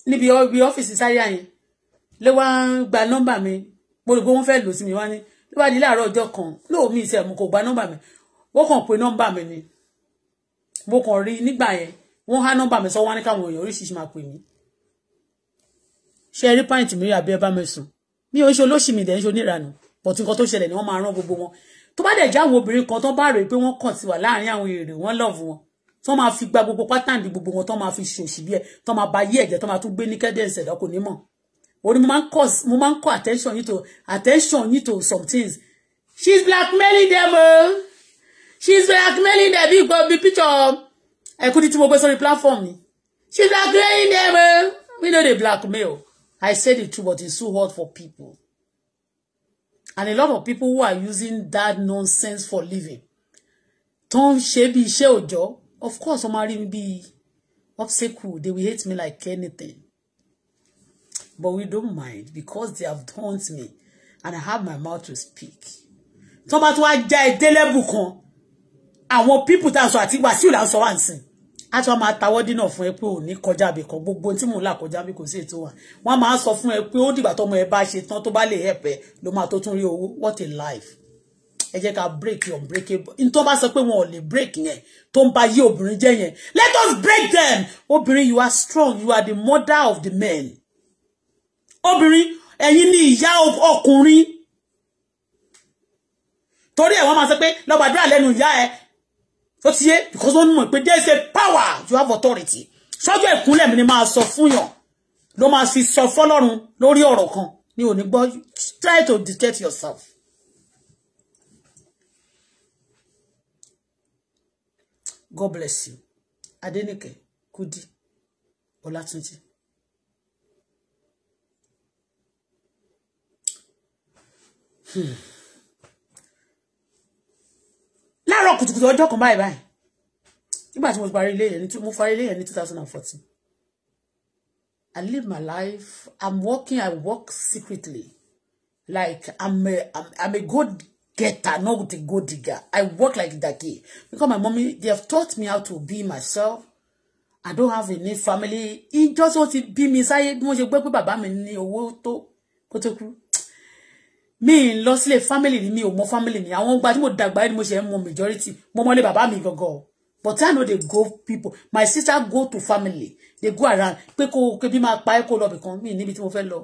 níbi ọ́fíìsì sáyà yẹn ló wá ń gba nọ́mbà mi mo rò pé wọ́n fẹ́ẹ́ lò sí mi wá ní ló bá di láàárọ̀ ọjọ́ kan lóòmí ìṣẹ̀ mo kò gba nọ́mbà mi wọ́n kàn pé nọ́mbà mi ni mo kàn rí nígbà yẹn wọ́n há nọ́mbà mi sọ wọ́n ní káwọn èèyàn oríṣiríṣi máa pè mí ṣe rí pàǹtì mi àbí ẹ bá mi sùn mi ò ń ṣe olóṣì dẹ̀ ń ṣe oníranù bọ̀tí nǹkan tó ṣẹlẹ̀ ni wọ́n máa rán gbogbo wọn tó bá dẹ̀ já àwọn obìnrin kan tó bá rèé pé wọ́n kàn sí wà láàrin àwọn èrè wọ́n lọ́ọ̀fù wọn tó máa fi gba gbogbo pátánì gbogbo wọn tó máa fi ṣòṣì bí ẹ tó máa ba yí ẹ̀jẹ̀ tó máa tún gbé ní kẹ́dẹ̀ǹsì ẹ̀dá kò ó ní mo máa ń call attention yìí to attention yìí to some things she is blackmailing them o she is blackmailing them bí gbọ́ bí picture ẹ̀kúndí tí mo gbé sórí platform ni she is blackmailing them o we no dey blackmail I say the truth but it's too hard for people and a lot of people who are using that nonsense for living Tom shebi ṣe bí of course wọ́n máa rí mi bí they will hate me like anything but we don't mind because they have taunt me and I have my mouth to speak Tomato bá tún wá já ẹ e kan àwọn people tá a sọ àti wàsíù là ń sọ wá ń sìn á tún máa tawọ́ dínà fún ẹ pé ò ní kọjá àbí kan gbogbo tí mò ń là kọjá bí kò sí ètò wa wọ́n máa sọ fún ẹ pé ó dìgbà tọmọ ẹ bá ṣe tán tó bá lè help ẹ ló máa tó tún rí owó what a life ẹ jẹ́ ká break your breakable n tó bá sọ pé wọn ò lè break yẹn tó ń ba yé obìnrin jẹ́ yẹn let us break them obìnrin you are strong you are the mother of the men obìnrin ẹ̀yin ni ìyá ọkùnrin torí ẹ̀ wọ́n máa sọ pé lọ́gbàdúrà lẹ́nu ìyá ẹ ó ti yé because wọ́n mọ̀ pé there is a power you have authority sọ́jọ́ ìkúnlẹ̀ mi ni máa sọ fún yàn ló máa fi sọ fọ́lọ́run lórí ọ̀rọ̀ kan ni ò ní gbọ́ try to detect yourself. God bless you Adenike Kudi Olatunji. Hmm láàárọ̀ kùtùkùtù ọjọ́ kan báyìí báyìí nígbà tí mo parí ilé yẹn mo parí ní two thousand and fourteen I live my life I'm working I work secretly like I'm a I'm, I'm a good getter not a good digger I work like daki because my mommy they have taught me how to be myself I don't have any family ìjọ́sọ́ ti bí mi sáyé bí wọ́n ṣe gbé pé bàbá mi ní owó tó kó tó kú mi ń lọ sílé family ni mi ò mọ family ni àwọn gba tí mo dàgbà ni mo ṣe ń mọ majority mo mọ́lé bàbá mi gangan but i know they go people my sister go to family they go around pé kó kébí máa pa ẹ́ kó lọ bìkan mi níbi tí mo fẹ́ lọ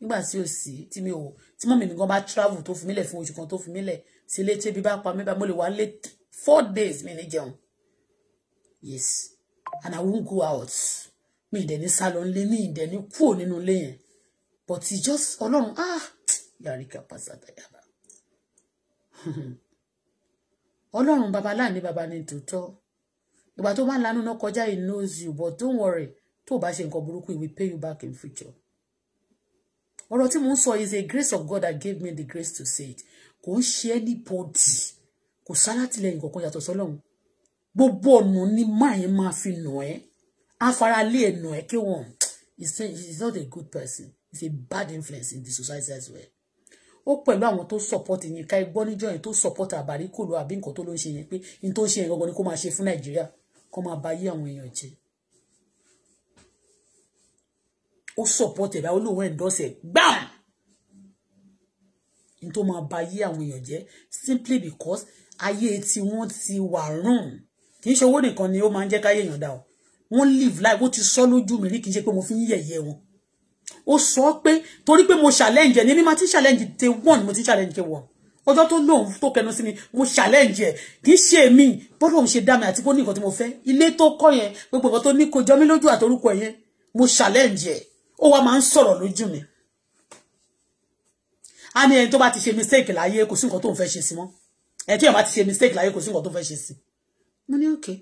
nígbà tí ò sí tí mi ò tí mọ̀ mi gan bá travel tó fi mílẹ̀ fún oṣù kan tó fi mílẹ̀ sí ilé tí ebi pa mí bá mo lè wá lé four days mi ní jẹun yes and i won't go out mi ìdẹ̀ ní sálọ ńlé mi ìdẹ̀ ní kúrò nínú ilé yẹn but e just ọlọ́run ah yàríkà pàṣàtàyàbà ọlọ́run babaláà ní baba ní tòótọ́ ìgbà tó bá ń lanú náà kọjá he knows you but don't worry tó o bá ṣe nǹkan burúkú he will pay you back in future ọ̀rọ̀ tí mo ń sọ is a grace of God that gave me the grace to say it kò ń ṣe anybody kò sálátìlẹ́yìn kankan yàtọ̀ sọ́lọ́run gbogbo ọ̀nà ni máa yẹn máa fi nà ẹ́ afaralé ẹ̀ nà ẹ́ kí wọ́n is not a good person is a bad influence in the society as well ó pẹ̀lú àwọn tó support yín ká ẹgbọ́n níjọ́ yẹn tó support àbáríkòlò àbí nǹkan tó ló ń ṣe yẹn pé ní tó ń ṣe yẹn gangan ni kó máa ṣe fún nàìjíríà kó máa ba ayé àwọn èèyàn jẹ́ ó support ẹ̀ bá ó lóun gbàm ní tó máa ba ayé àwọn èèyàn jẹ́ simply because ayé tí wọ́n ti wà rùn kì í ṣe owó nìkan ni ó máa ń jẹ́ káyé èèyàn dá o wọ́n live life ó ti sọ lójú mi rí kì í ṣe pé mo fi ń yẹ̀yẹ́ wọn ó sọ pé torí pé mo challenge Ni mi mímá tí challenge day one mo ti challenge wọn ọjọ́ tó lóun tó kẹnu sí ni mo challenge ẹ kì í ṣe mí bọ́dọ̀ mi ṣe dá mi àti kó ní nǹkan tí mo fe. ilé tó kọ́ yẹn gbogbo nǹkan tó ní kó jọ mí lójú àtorúkọ yẹn mo challenge ẹ ó wá máa ń sọ̀rọ̀ lójú mi a ní ẹni tó ti ṣe mistake láyé kò sí nǹkan tó ń fẹ́ ṣe sí mọ́ ẹni tí yàrá ti ṣe mistake laye kò sí nǹkan tó ń fẹ́ ṣe mo ní okay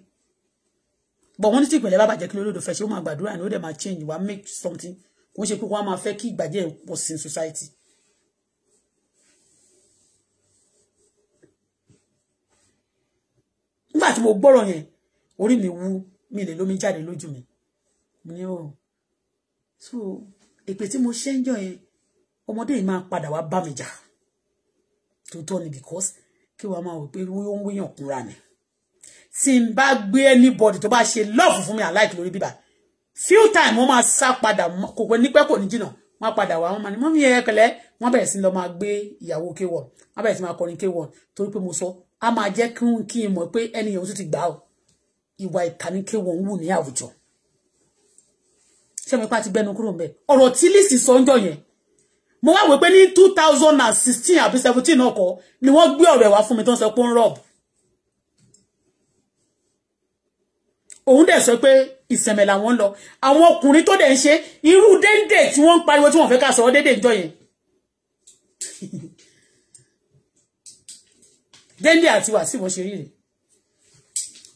but wọ́n ní tí ìpìlẹ̀ bá bàjẹ́ kí ló lòdò fẹ́ ṣe o máa gbàdúrà ni ó dẹ̀ máa change wá make something kò ń ṣe pé wọ́n á máa fẹ́ kí ìgbàjẹ́ pọ̀ sí society nígbà tí mo gbọ́rọ̀ yẹn orí mi wú mi lè lómi jáde lójú mi mo ní o oh. so èpè tí mo ṣe ń jọ yẹn ọmọdé yìí máa padà wá bá mi jà tòótọ́ ni because kí wàá máa wò pé ó ń wéyàn kúnra ni tí n bá gbé anybody tó bá ṣe love fún mi i like lórí bíbá few time wọ́n máa sá padà kò pẹ́ nípẹ́ kò ní jìnnà wọ́n padà wá wọ́n máa ní mọ́mí ẹ kẹlẹ́ wọ́n bẹ̀rẹ̀ sí lọ máa gbé ìyàwó k1 wọ́n bẹ̀rẹ̀ sí máa kọrin k1 torí pé mo sọ a máa jẹ́ kí n kí n mọ̀ pé ti gbà ọ́ ìwà ìkà ní k1 wù ní àwùjọ ṣé pa ti gbẹnu kúrò ń bẹ ọ̀rọ̀ tí lísì sọ ń mo wá wò pé ní two thousand and sixteen àbí seventeen ọkọ̀ ni wọ́n gbé ọ̀rọ̀ ẹ̀ wá mi tó ń sọ pé òun dẹ̀ sọ pé ìsẹ̀mẹ̀ làwọn lọ àwọn ọkùnrin tó dẹ̀ ń ṣe irú déédéé tí wọ́n ń pariwo tí wọ́n fẹ́ ká sọ déédéé ìjọ yẹn déédéé àti wàsíù wọn ṣe rí rèé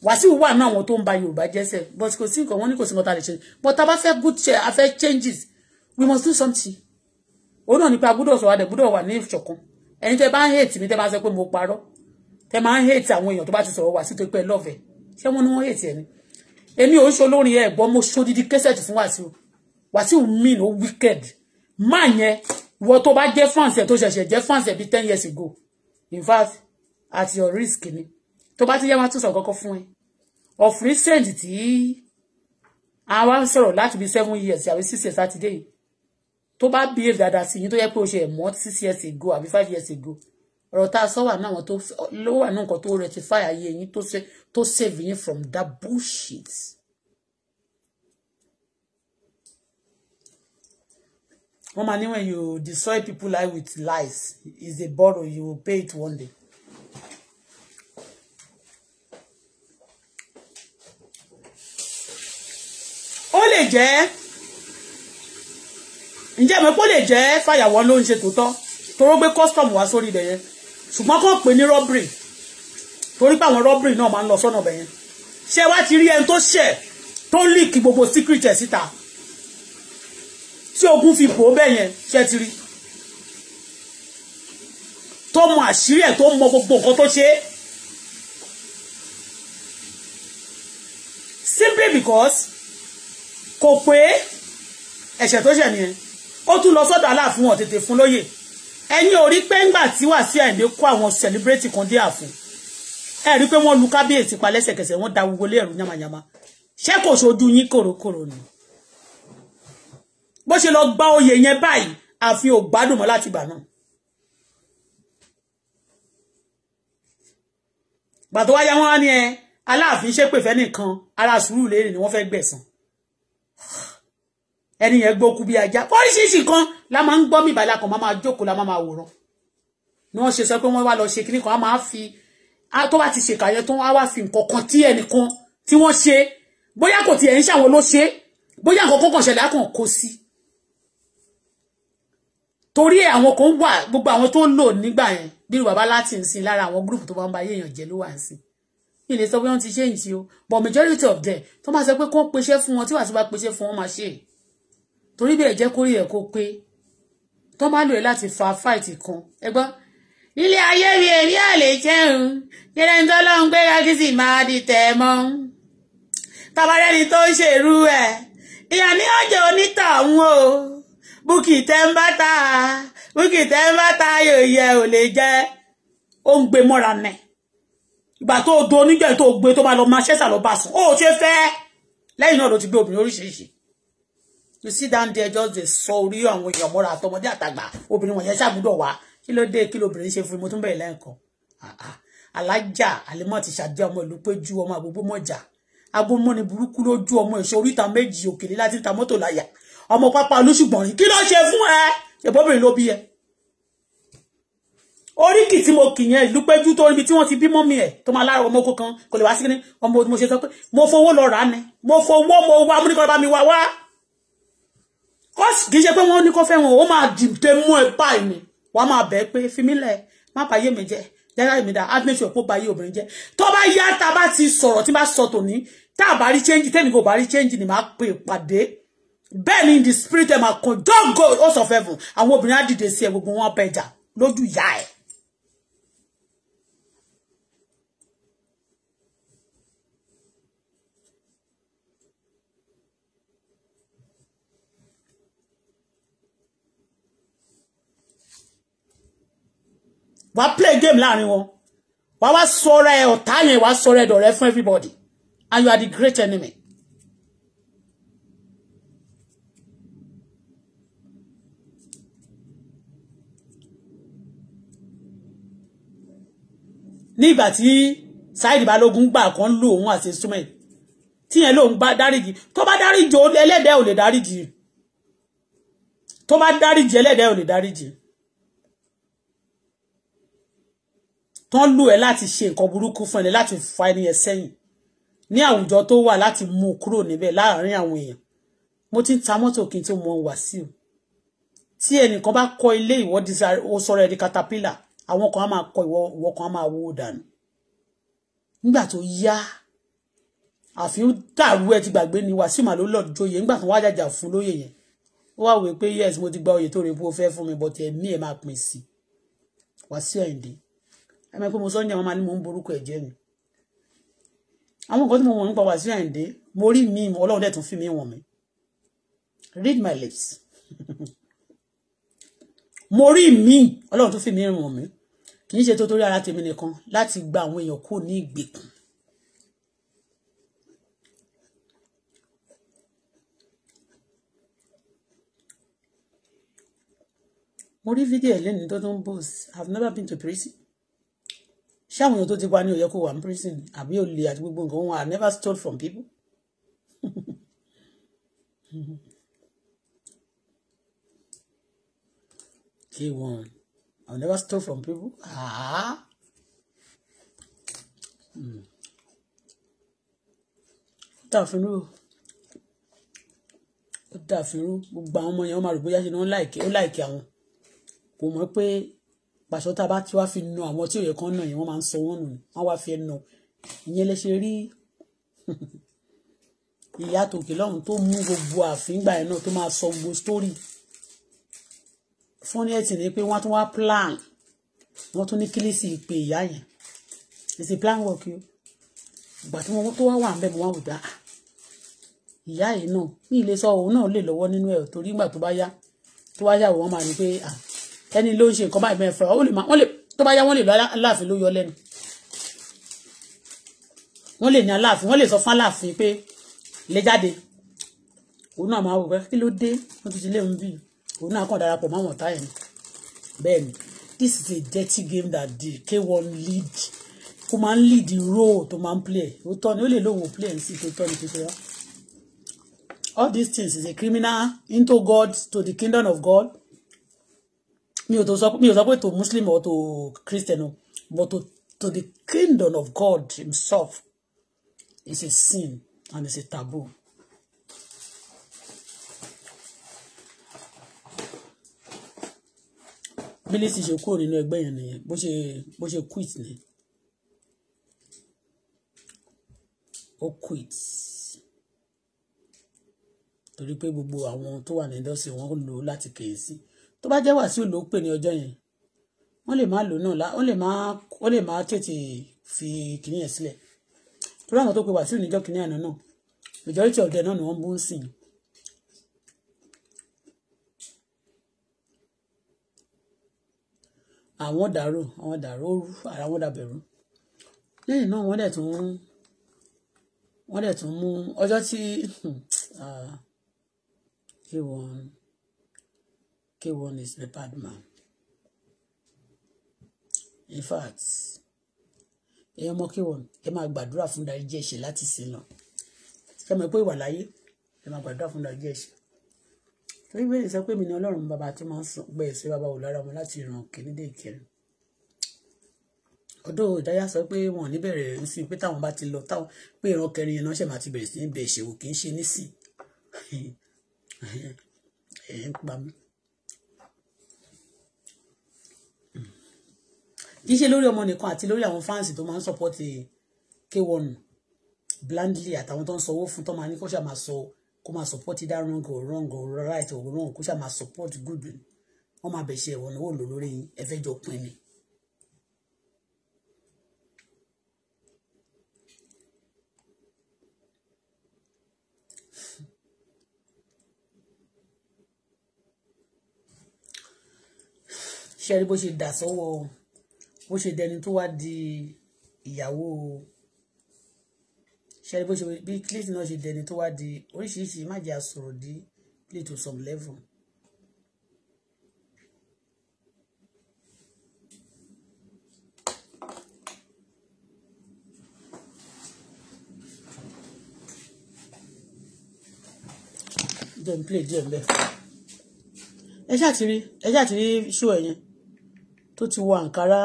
wàsíù wà náà àwọn tó ń ba yorùbá jẹ́sẹ̀ but kò sí nǹkan wọn ní kò sí nǹkan tá a lè ṣe but tá a bá fẹ́ good share a fẹ́ changes we must do something òun náà ni pé a gbúdọ̀ sọ̀rọ̀ adẹ̀ gbúdọ̀ wà ní ìṣọ̀kan ẹni tẹ́ bá ń hate mi tẹ́ bá sọ pé mo parọ́ tẹ́ máa ń hate àwọn èèyàn tó bá ti sọ̀rọ̀ wàsíù tó pẹ́ lọ́fẹ̀ẹ́ ṣé wọ́n ní wọ́n hate ẹni Emi, ò ń ṣe olórin ẹ̀ gbọ́ mo ṣodidi kẹsẹ̀tì fún wàsíù wàsíù mean ó wicked máa yẹn ìwọ tó bá jẹ́ france ẹ̀ tó ṣẹ̀ṣẹ̀ jẹ́ france ẹ̀ bíi ten years ago in fact at your risk ni tó bá ti yá wá tún sọ̀rọ̀ kọ́kọ́ fún ẹ of recent tí àwa ń sọ̀rọ̀ láti bíi seven years àbí six years saturday tó bá behave dáadáa sí yín tó yẹ pé o ṣe ẹ̀ mọ́ years ago àbí five years ago ọ̀rọ̀ tá a sọ wà náà tó ló wà náà nǹkan tó rectify ayé yín tó ṣe tó save yín from that bullshit. wọ́n máa ní when you destroy people life with lies is a borrow you will pay it one day. ó lè jẹ́ ǹjẹ́ mọ̀ pé ó lè jẹ́ fàyàwọ́ ló ń ṣe tòótọ́ torógbé custom wá sórí ibẹ̀ yẹn ṣùgbọ́n kò pè ní robbery torí pé àwọn robbery náà máa ń lọ sọ́nà bẹ̀yẹn ṣé wá ti rí ẹni tó ṣẹ̀ tó leak gbogbo secret ẹ̀ síta tí ogun fi bò bẹ́yẹn ṣé ti rí tó mọ àṣírí ẹ̀ tó mọ gbogbo nǹkan tó ṣe simply because kò pé ẹ̀ṣẹ̀ tó ṣẹ̀ nìyẹn ó tún lọ sọ́dọ̀ aláàfin wọn tètè fún lóyè ẹ̀yin ò rí pé ńgbà tí Wasiu Ayinde kó àwọn celebrate kan dé àfo ẹ rí pé wọ́n lu kábíyèsí pa lẹ́sẹ̀kẹsẹ̀ wọ́n da gbogbo lẹ́rù yamayama ṣé kò ṣojú yín kòròkòrò ni bó ṣe lọ gba oyè yẹn báyìí àfi ò gbádùn mọ́ láti gbà náà gbàtọ́ wáyá wọn á ní ẹ aláàfin ṣépè fẹ́ nìkan ara sùúrù lérè ni wọ́n fẹ́ gbẹ̀san ẹni yẹn gbókú bí ajá oríṣiríṣi kan la máa ń gbọ́ mi ìbàlá kan máa máa jókòó la máa máa wòran ni wọ́n ṣe sọ pé wọ́n wá lọ ṣe kíní kan á máa fi tó bá ti ṣèkà yẹn tó wá fi nǹkan kan tí ẹnìkan tí wọ́n ṣe bóyá kò tiẹ̀ ń ṣàwọn ló ṣe bóyá nǹkan kọ́kàn ṣẹlẹ̀ á kàn kó sí torí ẹ àwọn kan wà gbogbo àwọn tó ń lò nígbà yẹn bírú bàbá láti ń sin lára àwọn gúrùpù tó bá ń ba ayé èèyàn jẹ ló wà ń sin mi lè sọ pé wọ́n ti ṣe ìṣe o but majority of them tó máa sọ pé kó pèsè fún wọn tí wàá tó bá pèsè fún wọn máa ṣe é torí bẹ́ẹ̀ jẹ́ kórìí ẹ̀ kó pé tó máa lò ẹ́ láti fa fáìtì kan ẹ gbọ́ nílé ayé mi èmi à lè jẹun kílẹ̀ ń tọ́lọ́run pé kákí sì máa di tẹ̀ mọ́ tabarẹ́ni tó ń ṣèrú ẹ̀ ìyá mi ò jẹ́ onítọ̀hún o búkì tẹ́ ń bá ta búkì tẹ́ ń bá ta yóò yẹ ò lè jẹ́ ó ń gbé mọ́ra mẹ́ ìgbà tó do oníjọ́ tó gbé tó bá lọ máa ṣẹ́sà lọ bá sùn ó ṣe fẹ́ lẹ́yìn náà ló ti gbé obìnrin oríṣiríṣi you sit down there just dey sọ orí àwọn èèyàn mọ́ra àtọmọdé àtàgbà obìnrin wọ̀nyẹn ṣàgbọ́dọ̀ wá kí ló dé kí lóbìnrin ṣe fún mi mo tún ah. lẹ́ẹ̀kan alájà àlẹ́mọ̀ ti ṣàdé ọmọ ìlú pé ju ọmọ àgbógbó mọ̀jà agbómọ́ni burúkú lójú ọmọ ẹ̀ṣọ́ oríta méjì òkèlè láti ta mọ́tò láyà ọmọ pápá olóṣùgbọ̀n rí kí ló ṣe fún ẹ ìbọ́bìnrin ló bí ẹ oríkì tí mo kì yẹn ìlú péjú tó níbi tí wọ́n ti bímọ mi ẹ̀ to máa lára ọmọ oko kan kò lè wá sí ní ọmọ mo ṣe sọ pé mo fowó lọ rà á ni mo fowó mo wá múnikọ́ bá mi wá wá kò kì í ṣe pé wọ́n ní kó fẹ́ràn ó máa dìde mú ẹ báyìí ni wàá máa bẹ̀ pé fi mí lẹ̀ má bàyé mi jẹ́ jẹ́rẹ́ èmi dá admission kó bàyé obìnrin jẹ́ tó bá yá tá bá ti sọ̀rọ̀ tí bá sọ tòní tá a bá rí change tẹ́ni kò bá rí change ni máa pè pàdé bẹ́ẹ̀ ni the spirit ẹ̀ máa kàn don't go host of heaven àwọn obìnrin á dìde sí ẹ gbogbo wọn bẹ̀jà lójú ìyá ẹ̀ wàá play game láàrin wọn wàá wá sọ̀rọ̀ ẹ ọ̀tá yẹn wàá sọ̀rọ̀ ẹ dọ̀rẹ́ fún everybody and you are the great enemy. ní ìgbà tí Saheed Balógun gbà kan lò òun ti instrument tí yẹn lòun bá dáríjì tó bá dáríjì ẹlẹ́dẹ̀ẹ́ ò lè dáríjì tó bá dáríjì ẹlẹ́dẹ̀ẹ́ ò lè dáríjì. tán lò ẹ́ láti ṣe nǹkan burúkú fún ẹni láti fa ẹni ẹ sẹ́yìn ní àwùjọ tó wà láti mú un kúrò níbẹ̀ láàárín àwọn èèyàn mo ti ń ta mọ́tò kí n tó mọ Wàsíù tí ẹnìkan bá kọ́ ilé ìwọ sọ̀rọ̀ ẹni katapila àwọn kan á máa kọ́ ìwọ ìwọ kan á máa wó dànù nígbà tó yá àfi dàrú ẹ ti gbàgbé ni Wàsíù mà ló lọ joyè nígbà tó wá jàjà fún lóyè yẹn ó wá wèé pé yes mo ti gba oyè tó rè bó fẹ́ fún mi bọ́tẹ̀ ẹ̀mí ẹ̀ máa pín sí Wàsíù Àyìndé ẹ mọ̀ pé mo sọ́njà wọn máa ní mo ń borúkọ ẹ̀jẹ̀ mi àwọn nǹkan tí mo mọ̀ nípa Wàsíù Àyìndé mo rí mi ọlọ́run dẹ̀ tún mi wọ̀n mi read my lips mo rí mi ọlọ́run tún fi mi wọ̀n mi kì í ṣe tó torí ara tèmi nìkan láti gba àwọn èèyàn kúrò ní ìgbèkùn mo rí fídíò ẹ̀ lẹ́nu tó tó ń bọ̀ I've never been to prison ṣé àwọn èèyàn tó ti pa ní ó kó wà ní prison àbí olè àti gbogbo nǹkan wọn I never stole from people. k one. I never stole from people. Ah. Mm. Dàfínú ó dàfínú gbogbo àwọn ọmọ yẹn wọ́n máa rò bóyá ṣe ni wọ́n láìkí ó láìkí àwọn kò mọ̀ pé pàṣọ tá a bá ti wá fi na àwọn tí òye kan náà yẹn wọ́n máa ń sọ wọ́n nù wọ́n wá fi ẹ nà ìyẹn lè ṣe rí ìyá tòkè lọ́run tó mú gbogbo àfíngbà ẹ̀ náà tó máa sọ gbogbo sítórì fún ní ẹ̀tì ni pé wọ́n tún wá plan wọ́n tún ní kílísì ìpè ìyá yẹn èsì plan work yìí ìgbà tí wọ́n tó wá wà ń bẹ̀ mọ́ wọn wò dá ah, ìyá yìí náà ní ilé sọ òun náà lè lọ́wọ́ nínú ẹ̀ torí ìgbà tó bá yá tó bá yá wọ́n máa ní pé ah, ẹni ló ń ṣe nǹkan báyìí mẹ́rin ó lè máa wọ́n lè tó bá yá wọ́n lè lọ aláàfin ló yọ lẹ́nu wọ́n lè ní aláàfin wọ́n lè sọ fún aláàfin pé lè jáde òun náà máa wò pé kí ló dé wọ́n ti ti lé òun òun náà kàn darapọ̀ máwọn ọ̀tá yẹn bẹ́ẹ̀ ni this is a dirty game that the K1 lead kó máa ń lead the role tó máa ń play ó tọ́ ni ó lè lóun ò play ẹ̀ sí tó tọ́ ni tó all these things is a criminal into God to the kingdom of God mi ò tó sọ mi ò sọ pé to muslim or to christian o but to to the kingdom of god himself is a sin and is a taboo. bílí sì ṣe kúrò nínú ẹgbẹ́ yẹn nìyẹn bó ṣe bó ṣe quit ni ó quit torí pé gbogbo àwọn tó wà ní industry wọn lò láti kèé sí. Si tó bá jẹ́ wàsíù ló pè ní ọjọ́ yẹn wọ́n lè má lò náà wọ́n lè má wọ́n lè má tètè fi kìnì yẹn sílẹ̀ torí àwọn tó pe wàsíù níjọ́ kìnì àná náà majority of them náà ni wọ́n bú sí i. àwọn dàrú àwọn dàrú òru ara wọn dàbẹ̀rú lẹ́yìn náà wọ́n dẹ̀ tún wọ́n dẹ̀ tún mú ọjọ́ tí hmm, ah, kí wọ́n. K1 is the bad man. In fact, èèyàn ọmọ K1 ẹ máa gbàdúrà fún dáríjì ẹ̀ṣẹ̀ láti sin lọ. Ẹ mọ̀ pé ìwà láyé ẹ máa gbàdúrà fún dáríjì ẹ̀ṣẹ̀. Torí bẹ́ẹ̀ sọ pé mi ni Ọlọ́run bàbá tí máa ń gbẹ ẹ̀ṣẹ̀ bàbá wò lára ọmọ láti ìran kìíní dé ìkẹrin. Ọ̀dọ̀ ìdáyà sọ pé wọn ò ní bẹ̀rẹ̀ ń sìn pé táwọn bá ti lọ táwọn pé ìran kẹrin yẹn náà ṣẹ̀ máa ti bẹ̀rẹ̀ sí ní bẹ̀ ẹ̀ṣẹ̀ wò kì í ṣe nísìn. Ẹ̀ ń pa mí. kì í ṣe lórí ọmọ nìkan àti lórí àwọn fáǹsì tó máa ń support eh, K1 blindly àtàwọn tó ń sanwó fún tó máa ní kó ṣáà máa sọ kó máa support dá wrong or wrong or right or wrong kó ṣáà máa support good wọ́n máa bẹ̀ṣẹ̀ ìwọ̀n owó lò lórí ẹ̀fẹ́ jọ pin ni. ṣe rí bó ṣe dà sọ́wọ́ o bó ṣe dẹni tó wá di ìyàwó ṣẹlẹ bó ṣe bí Clayton náà ṣe dẹni tó wá di oríṣiríṣi má jẹ́ àsọ̀rọ̀ di play to some level. jẹ́ ń play díẹ̀ ń bẹ̀. ẹ ṣáà ti rí ẹ ṣáà ti rí ṣó ẹ̀yẹn tó ti wọ àǹkárá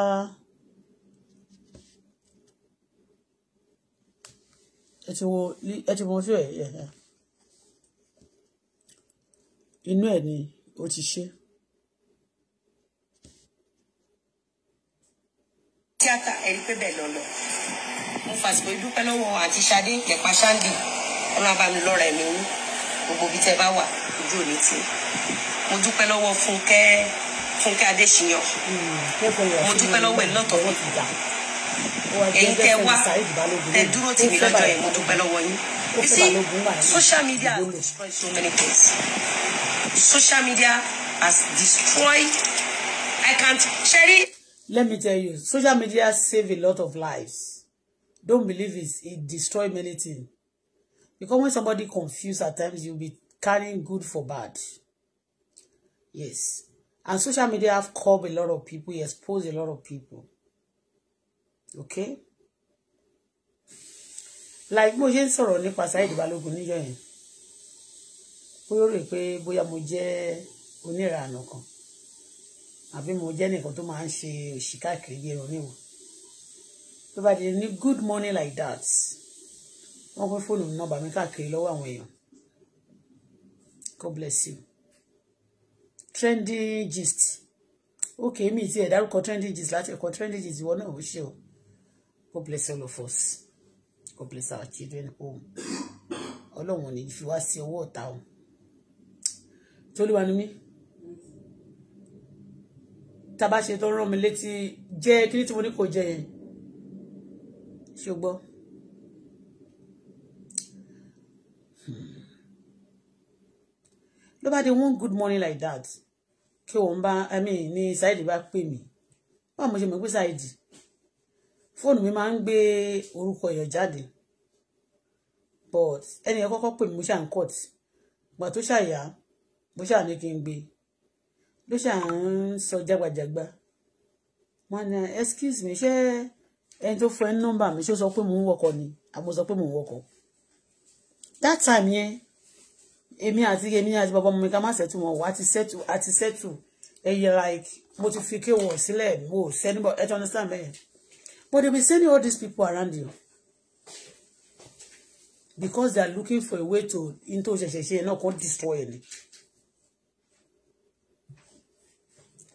ẹ ti wo ẹ ti mọ fíọ ẹ inú ẹ ni ó ti ṣe. tíátà ẹni pé bẹ́ẹ̀ lọ lọ mo fàsìkò ìdúpẹ́ lọ́wọ́ àti Ṣadé yẹ̀pá Ṣáńdì ọlọ́run bá mi lọ́ra ẹ̀mí wú gbogbo ibi tẹ́ bá wà ojú òní tì mo dúpẹ́ lọ́wọ́ Fúnkẹ́ fúnkẹ́ adéṣiyàn hmm. mo dúpẹ́ lọ́wọ́ ẹ̀ lọ́tọ̀ mi èyí tẹ wá tẹ dúró tì mí lọ́jọ́ yẹn mo dúpẹ́ lọ́wọ́ yín you social media has destroyed so many things social media has destroyed I can't ṣẹ́rí. let me tell you social media save a lot of lives don't believe it it destroy many things because when somebody confuse at times you be carrying good for bad yes And social media have curbed a lot of people, exposed a lot of people. Okay? Like mo ṣe ń sọ̀rọ̀ nípa Saheed Balógun níjọ́ yẹn. Bóyá ó rè pé bóyá mo jẹ́ oníranù kan. Àbí mo jẹ́ nìkan tó máa ń ṣe òṣì káàkiri bí ẹ̀rọ níwọ̀n. Tó bá di ní good money like that. Wọ́n pín fóònù nọ́mbà mi káàkiri lọ́wọ́ àwọn èèyàn. God bless you trending gist ok mi ti ẹ̀ dárúkọ trending gist láti ẹ̀kọ́ trending gist ìwọ náà ó ṣe o God bless all of us God bless our children home ọlọ́run ò ní fi wá sí ọwọ́ ọ̀tá o tolúwa ni mí tàbá ṣe tó rán mi létí jẹ́ kí ní tí mo ní kò jẹ yẹn ṣe gbọ́. Hmm. Nobody want good morning like that kí òun bá ẹmí ní Saidi bá pè mí báwo mo ṣe mọ̀ pé Saidi fóònù mi máa ń gbé orúkọ èèyàn jáde but ẹni yẹn kọ́kọ́ pè mí mo ṣáà ń cut gbà tó ṣàyà mo ṣáà ní kí n gbé ló ṣáà ń sọ jágbàjàgbà wọn ni excuse me ṣé ẹni tó fún ẹ ní nọ́mbà mi ṣó sọ pé mò ń wọkọ̀ ni àbò sọ pé mò ń wọkọ̀ that time yẹn. Yeah, èmi àti èmi àti bàbá ọmọ mi ká má ṣẹ́tù wọn wá àti ṣẹ́tù ẹ̀yẹ like mo ti fi kéwọ̀ sílẹ̀ mo sẹ́ni bọ̀ ẹ̀ tí understand bẹ́ẹ̀ but they be sending all these people around you because they are looking for a way to into ṣẹ̀ṣẹ̀ṣẹ̀ náà kò destroy ẹni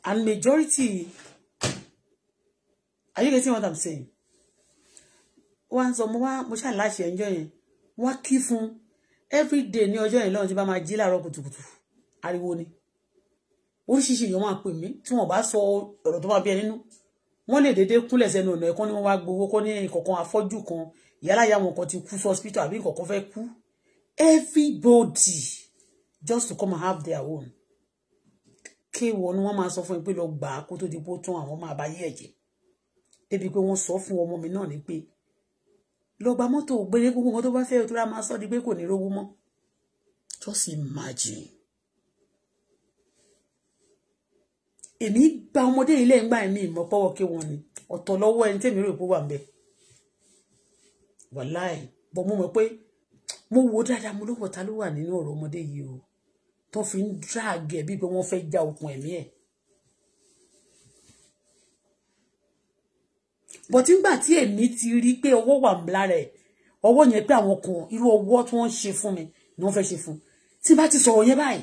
and majority are you getting what i'm saying wọn sọ mo wá mo ṣàlàṣẹ ẹjọ yẹn wọn kí fún everyday ní ọjọ́ yẹn lọ́run tí bá máa jí láàárọ̀ kùtùkùtù ariwo ni oríṣiríṣi èèyàn máa pè mí tí wọ́n bá sọ ọ̀rọ̀ tó bá bí ẹ nínú wọ́n lè dédé kúnlẹ̀ sẹ́nu ọ̀nà ẹ̀kọ́ ni wọ́n wá gbowó kọ́ ní ìkọ̀kan afọ́jú kan ìyáláyà wọn kan ti kú sí hospital àbí ìkọ̀kan fẹ́ kú everybody just to come and have their own kéwọ ni wọ́n máa sọ fún mi pé lọ gbà á kó tó di pé ó tún àwọn máa bá yí ẹ̀jẹ̀ débi pé wọ́n sọ fún ọmọ mi náà ni pé lọ gba mọ́tò gbélé gbogbo nǹkan tó bá fẹ́ tó rà máa sọ di pé kò ní rówó mọ́ just imagine. Emi, gba ọmọdé ilé ń gbà mí ìmọ̀ pọ́wọ́ kí wọ́n ni ọ̀tọ̀ lọ́wọ́ ẹni tèmi rò pé wà ń bẹ̀ wàláì bọ́ mo mọ̀ pé mo wo dáadáa mo lówó ta ló wà nínú ọ̀rọ̀ ọmọdé yìí o tó fi ń dráàgì ẹ̀ bí pé wọ́n fẹ́ já okùn ẹ̀mí ẹ̀ but nígbà tí èmi ti rí pé ọwọ́ wà lára ẹ̀ ọwọ́ yẹn pé àwọn kan irú ọwọ́ tí wọ́n ṣe fún mi ni wọ́n fẹ́ ṣe fún tí bá ti sọ̀rọ̀ yẹn báyìí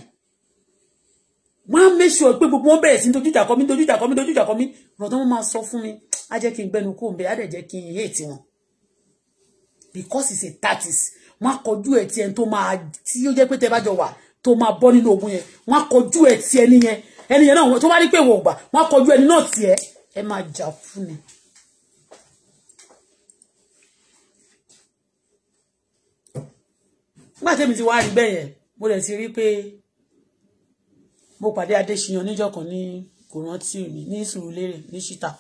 wọ́n á make sure pé gbogbo wọn bẹ̀rẹ̀ sí dojú ìjà kọ mí dojú ìjà kọ mí dojú ìjà kọ mí ọ̀rọ̀ tí wọ́n máa sọ fún mi á jẹ́ kí n gbẹnu kó bẹ́ẹ̀ á dẹ̀ jẹ́ kí n yé ti wọn because it's a tactics wọ́n á kọjú ẹ̀ tiẹ̀ tó máa tí ó jẹ́ pé tẹ́ bá jọ wà tó máa bọ́ nínú ogun yẹn wọ́n á kọjú ẹ̀ tiẹ̀ nìyẹn ẹni yẹn náà tó bá rí pé wọ́n gbà wọ́n á kọjú ẹni náà tiẹ̀ ẹ máa jà fún ni. nígbà tẹ́mi ti wá rí bẹ́ẹ̀ yẹn mo lè ti rí pé mo pàdé adéṣiyàn níjọ́ kan ní kò rántí mi ní sùúrùlérè ní ṣítà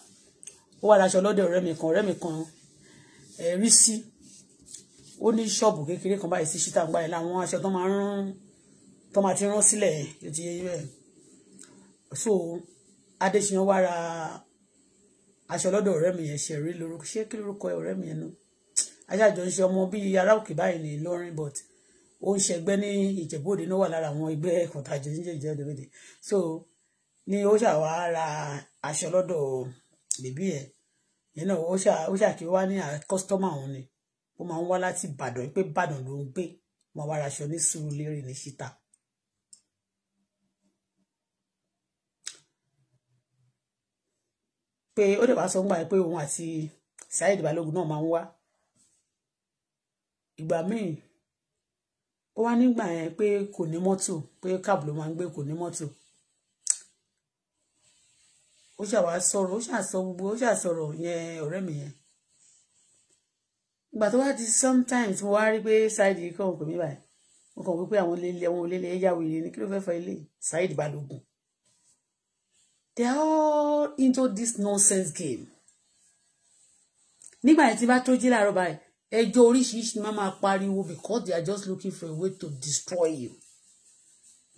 ó wà láṣọ lọ́dọ̀ ọ̀rẹ́ mi kan ọ̀rẹ́ mi kan ẹ̀rí sí ó ní ṣọ́ọ̀bù kékeré kan báyìí sí ṣítà gbáyìí láwọn aṣọ tó máa ń rán tó máa ti rán sílẹ̀ yóò ti yé bẹ́ẹ̀ so adéṣiyàn wá ra aṣọ lọ́dọ̀ ọ̀rẹ́ mi yẹn ṣe rí lórúkọ ṣé kí lórúkọ ọ̀rẹ́ mi yẹn nu aṣáájọ ń ṣe ọmọ bíi ará òkè báyìí ní lọ́rin but ó ń ṣẹgbẹ́ ní ìjẹ̀bóde náà wà lára àwọn ẹgbẹ́ kọ̀tàjọ ní ìjẹ̀bóde so ni ó ṣàwá ra aṣọ lọ́dọ̀ bèbí ẹ̀ yẹn náà ó ṣàkí wá ní kọ́sítọ́mà òun ni ó máa ń wá láti ìbàdàn pé ìbàdàn ló ń gbé wọn wá raṣọ ní Sùúrùlérè ní síta. pé ó dẹ̀ wá sọ ńgbà pé òun àti Saheed Balógun náà máa ń wá ìgbà míì ó wá nígbà yẹn pé kò ní mọ́tò pé káàbù ló máa ń gbé kò ní mọ́tò ó ṣàwá sọ̀rọ̀ ó ṣàsọ gbogbo ó ṣàsọ̀rọ̀ yẹn ọ̀rẹ́ mi yẹn ìgbà tó wá di sometimes mo wá rí pé ṣáìdì kọ́ òun pè mí báyìí mo kàn wípé àwọn ilé àwọn ilé ilé yàwó ilé ni kí ló fẹ́ fọ ilé ṣáìdì balógun they are all into this nonsense game nígbà yẹn tí bá tó jí láàárọ̀ báyìí ẹjọ́ oríṣiríṣi máa máa pariwo because they are just looking for a way to destroy you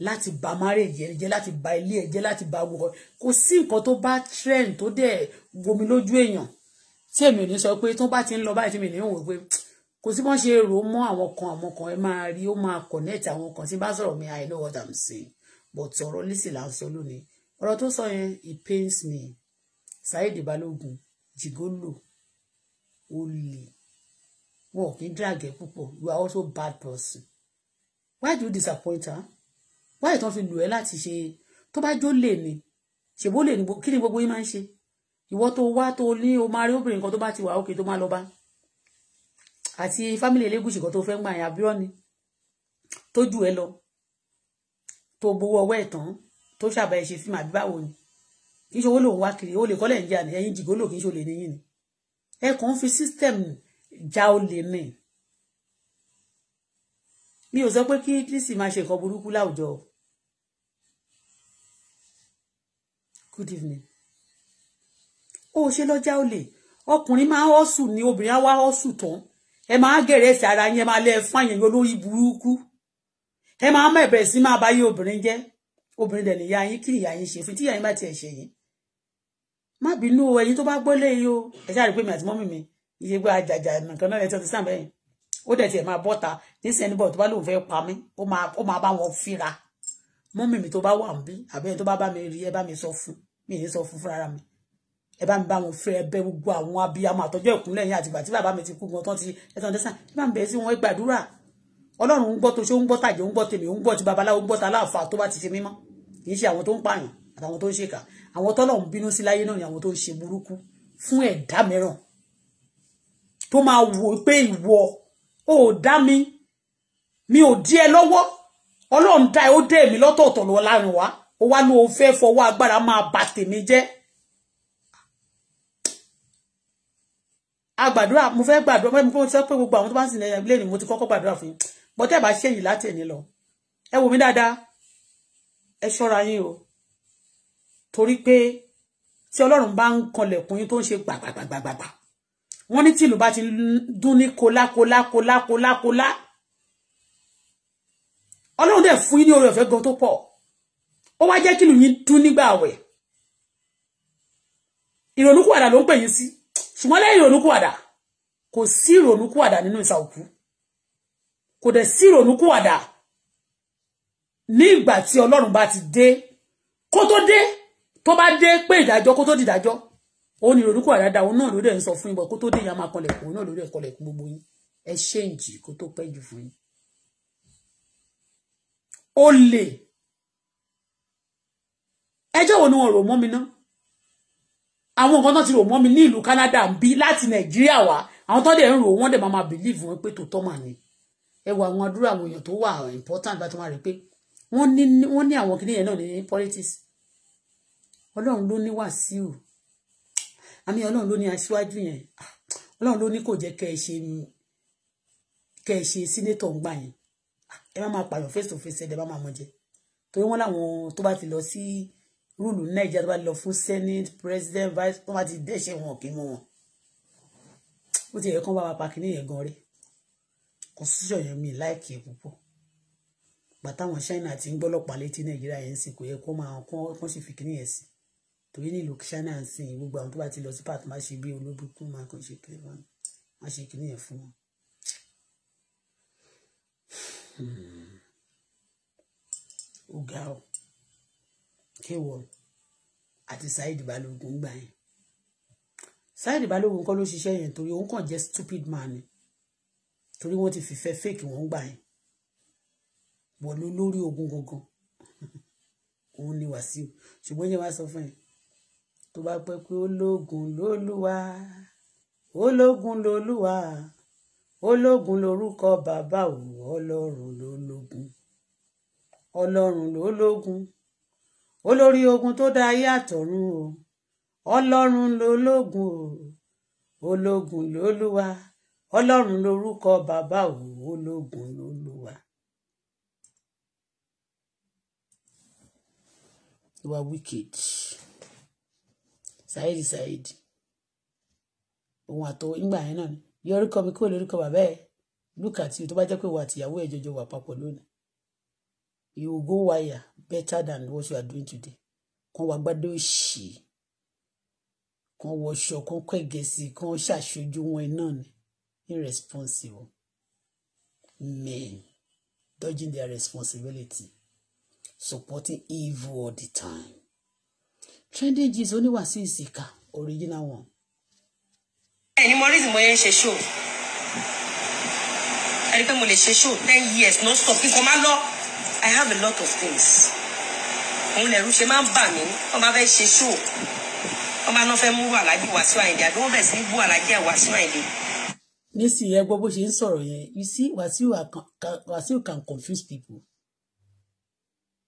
láti ba marriage ẹ jẹ́ láti ba ilé ẹ jẹ́ láti ba wọ kò sí nǹkan tó bá trend tó dẹ̀ gomi lójú èèyàn tí èmi ò ní sọ pé tó bá ti ń lọ báyìí tí mi ní òun pé kò sí bọ́n ṣe rò ó mọ́ àwọn kan àwọn kan ẹ máa rí ó máa connect àwọn kan tí bá sọ̀rọ̀ mi I know what I'm saying but ọ̀rọ̀ lísì là ń sọ lónìí ọ̀rọ̀ tó sọ yẹn it pains me Saheed Balogun jigolo olè wọ́n you drag ẹ̀ púpọ̀ you are also bad person why do you disappoint her why you don't feel ẹ́ láti ṣe tó bá jó lè ní ṣèbó lè ní kí ni gbogbo yín máa ń ṣe ìwọ tó wá tó ní o máa rí obìnrin kan tó bá ti wà òkè tó máa lọ bá àti fámìlì Elégùṣì kan tó fẹ́ gbà yín àbíọ́ ni tó jù ẹ lọ tó gbowó ọwọ́ ẹ̀ tán tó ṣàbà ẹ̀ ṣe fíìmù àbí báwo ni kì í ṣe owó lòun wá kiri ó lè kọ́lẹ̀ ń jà ní ẹ̀yìn jìgólò kì í ṣe olè níyìn ni ẹ kàn ń fi system já olè mi mi ò sọ pé kí Lizzy máa ṣe nǹkan burúkú láwùjọ good evening ó ṣe lọ já olè ọkùnrin máa ń họ́sù ni obìnrin á wá họ́sù tán ẹ máa gẹ̀rẹ́ sí ara yín ẹ máa lẹ fáyẹn yín olórí burúkú ẹ máa mẹ̀bẹ̀ sí máa bá yín obìnrin jẹ́ obìnrin dẹ̀ nìyá yín kí ìyá yín ṣe fún tí ìyá yín bá tiẹ̀ ṣe yín má bínú o ẹ̀yin tó bá gbọ́ lé o ẹ ṣáà mi àti mọ́mì mi iye gba àjàjà nǹkan náà ẹtí ọtí sàn bẹ́ẹ̀ ó dẹ̀ tiẹ̀ máa bọ́ta nísìnyí ẹni bọ̀ tó bá lóun fẹ́ pa mí ó máa bá wọn fíra mú mímí tó bá wà ń bí àbẹ́yẹn tó bá bá mi rí ẹ bá mi sọ fún mi ní sọ fún fúnra mi ẹ bá mi bá wọn fẹ́ ẹbẹ gbogbo àwọn abiyamọ àtọjọ ìkúnlẹ̀ yẹn àtìgbà tí bàbá mi ti kú gan tán ti ẹtọ ọdẹ sàn ẹ bá mi bẹ̀rẹ̀ sí wọn gbàdúrà Ọlọ́run ń gbọ́ tó ṣe ń gbọ́ tàjẹ ń gbọ́ tèmi ń gbọ́ ti babaláwo ń gbọ́ ta aláàfáà tó bá ti ṣe mímọ́ kì í ṣe àwọn tó ń pààyàn àtàwọn tó ń ṣèkà àwọn tọ́lọ̀ ń bínú sí láyé náà ni àwọn tó ń ṣe burúkú fún ẹ̀dá mìíràn tó máa wò pé ìwọ ò dá mi mi ò dí ẹ lọ́wọ́ ọlọ́run dá ẹ ó dé èmi lọ́tọ̀ọ̀tọ̀ lọ láàrin wa ó wá ló fẹ́ fọwọ́ agbára máa bà tèmi jẹ́ agbàdúrà mo fẹ́ gbàdúrà mo fẹ́ pé gbogbo àwọn tó bá ń sìn lẹ́yìn ilé ni mo ti kọ́kọ́ gbàdúrà fún yín bọ́tẹ́ bá ṣèyí láti ẹ̀ní lọ ẹ wò mí dáadáa ẹ ṣọ́ra yín o torí pé tí ọlọ́run bá ń kanlẹ̀kùn yín tó ń ṣe gbàgbàgbàgbàgbà wọ́n ní tìlù bá ti dún ní kólá kólá kólá kólá kólá ọlọ́run dẹ̀ fún yín ní oore ọ̀fẹ́ gan tó pọ̀ ó wá jẹ́ kílù yín dún nígbà àwẹ̀ ìrònúkúwàdà ló ń pè yín sí ṣùgbọ́n lẹ́yìn ìrònúkúwàdà kò sí ìrònúkúwàdà nínú ìsà òkú kò dẹ̀ sí ìrònúkúwàdà ní ìgbà tí ọlọ́run bá ti dé kó tó dé tó bá dé pé ìdájọ́ kó tó dìdájọ́ ó ní orúkọ àdáda òun náà ló dẹ̀ ń sọ fún yín bọ̀ kó tó dé ìyá máa kọlẹ̀ kù òun náà ló dẹ̀ kọlẹ̀ kù gbogbo yín ẹ ṣéǹjì kó tó pẹ́ jù fún yín. ó lè ẹjọ́ wo ni wọn rò mọ́ mi ná àwọn nǹkan tó ti rò mọ́ mi ní ìlú Canada ń bí láti Nàìjíríà wá àwọn tó dẹ̀ ń rò wọ́n dẹ̀ máa máa believe wọn pé tòótọ́ mà ni ẹ wo àwọn àdúrà àwọn èèyàn tó wà important láti máa rí pé wọ́n ní àwọn kìnìyàn náà ní politics Ọlọ́run ló ní Wàsíù àmì ọlọ́run ló ní aṣíwájú yẹn ọlọ́run ló ní kò jẹ́ kẹ́ ẹ ṣe kẹ́ ẹ ṣe sínétọ̀ ń gbà yẹn ẹ má máa pààyàn face to face ẹ̀ máa mọ̀ jẹ́ torí wọ́n láwọn tó bá ti lọ sí rúùlù nàìjíríà tó bá lọ fún senate president vice wọ́n bá ti dẹ́ṣẹ̀ wọn kì í mú wọn ó ti yẹ kán bá wa pa kínní yẹn gan rí constitution yẹn mi láìkì púpọ̀ gbàtàwọn China ti ń gbọ́lọ́pàá létí nàìjíríà yẹn sì kò yẹ kó máa kó sì fi kínní yẹn sí torí nílùú ṣáínà ń sìn gbogbo àwọn tó bá ti lọ sí pàtó má ṣe bí olóbùkún máa kàn ṣe kiri wọn má ṣe kiri yẹn fún wọn. ọ̀gá hmm. o kéwọ àti Saheed Balógun gbà yẹn Saheed Balógun kọ́ ló ṣiṣẹ́ yẹn torí òun kàn jẹ́ stupid man ni torí wọ́n ti fìfẹ́ fake wọ́n gbà yẹn wọ́n ló lórí ogun gangan òun ni Wàsíù ṣùgbọ́n yẹn wá sọ fún yẹn tó bá pẹ́ pé ológun lolúwa ológun lolúwa ológun lorúkọ bàbá o ọlọ́run lológun ọlọ́run lológun olórí ogun tó dá ayé àtọ̀run o ọlọ́run lológun o ológun lolúwa ọlọ́run lorúkọ bàbá o ológun lolúwa. You are wicked. Saheed Saheed òun àtọ ìgbà yẹn náà ni yọrí kọ mi kúrò lórúkọ bàbá ẹ look at you tó bá jẹ́ pé wà tìyàwó ẹ jọjọ wà papọ̀ lónìí you go wire better than what you are doing today kan wà gbádé òṣì kan wọṣọ kan kọ ẹgẹ sí kan ṣàṣojú wọn náà ni irresponsible men dodging their responsibility supporting evil all the time trending gist oníwàsí ìsìnkà original one. ẹ ní mo rí ìmọ̀ yẹn ṣe ṣó ẹ rí i pé mo lè ṣe ṣó ten years no stop kí n kò má lọ i have a lot of things òun lẹ̀rú ṣe máa ń bà mí wọ́n máa fẹ́ ṣe ṣó wọ́n máa fẹ́ mú aláàjì Wàsíù Àyìndé àdúgbò bẹ̀ sí bú aláàjì Wàsíù Àyìndé. nísìnyí ẹ bó ṣe ń sọ̀rọ̀ yẹn you see Wàsíù can confuse people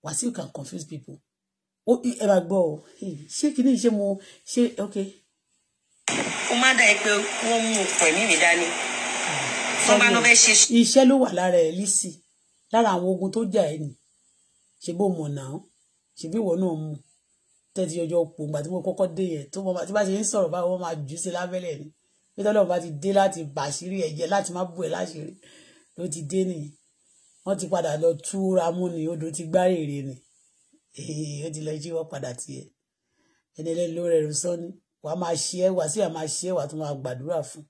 Wàsíù can confuse people o ẹ bá gbọ́ ọ ṣé kí ni mo ṣe ok. ó má dá ẹ pé wọ́n mú ọ̀pọ̀ ẹ̀mí mi dání ah, wọ́n bá lọ fẹ́ ṣe. iṣẹ́ ló wà lára ẹ̀ Lizzy lára àwọn ogun tó jà ẹ́ nì ṣe bó mọ̀ náà ṣe bí ìwọ náà mú tẹ́tí ọjọ́ pò ńgbà tí mo kọ́kọ́ dé yẹn tó mọ̀ tí bá ṣe ń sọ̀rọ̀ báwo wọ́n máa jù sí lábẹ́lẹ̀ ni bí tọ́lọ́ bá ti dé láti bàṣírí ẹ̀jẹ̀ láti má bù ẹ̀ láṣìírí ló ti dé nìyí wọ́n ti padà lọ túra mú ni odò ti gbárèrè ni ó ti lọ jíwọ́ padà tiẹ̀ ẹni ẹlẹ́ni ló rẹ̀rù sọ́ni wàá máa ṣe é wàá sí wàá máa ṣe é wàá tún máa gbàdúrà fún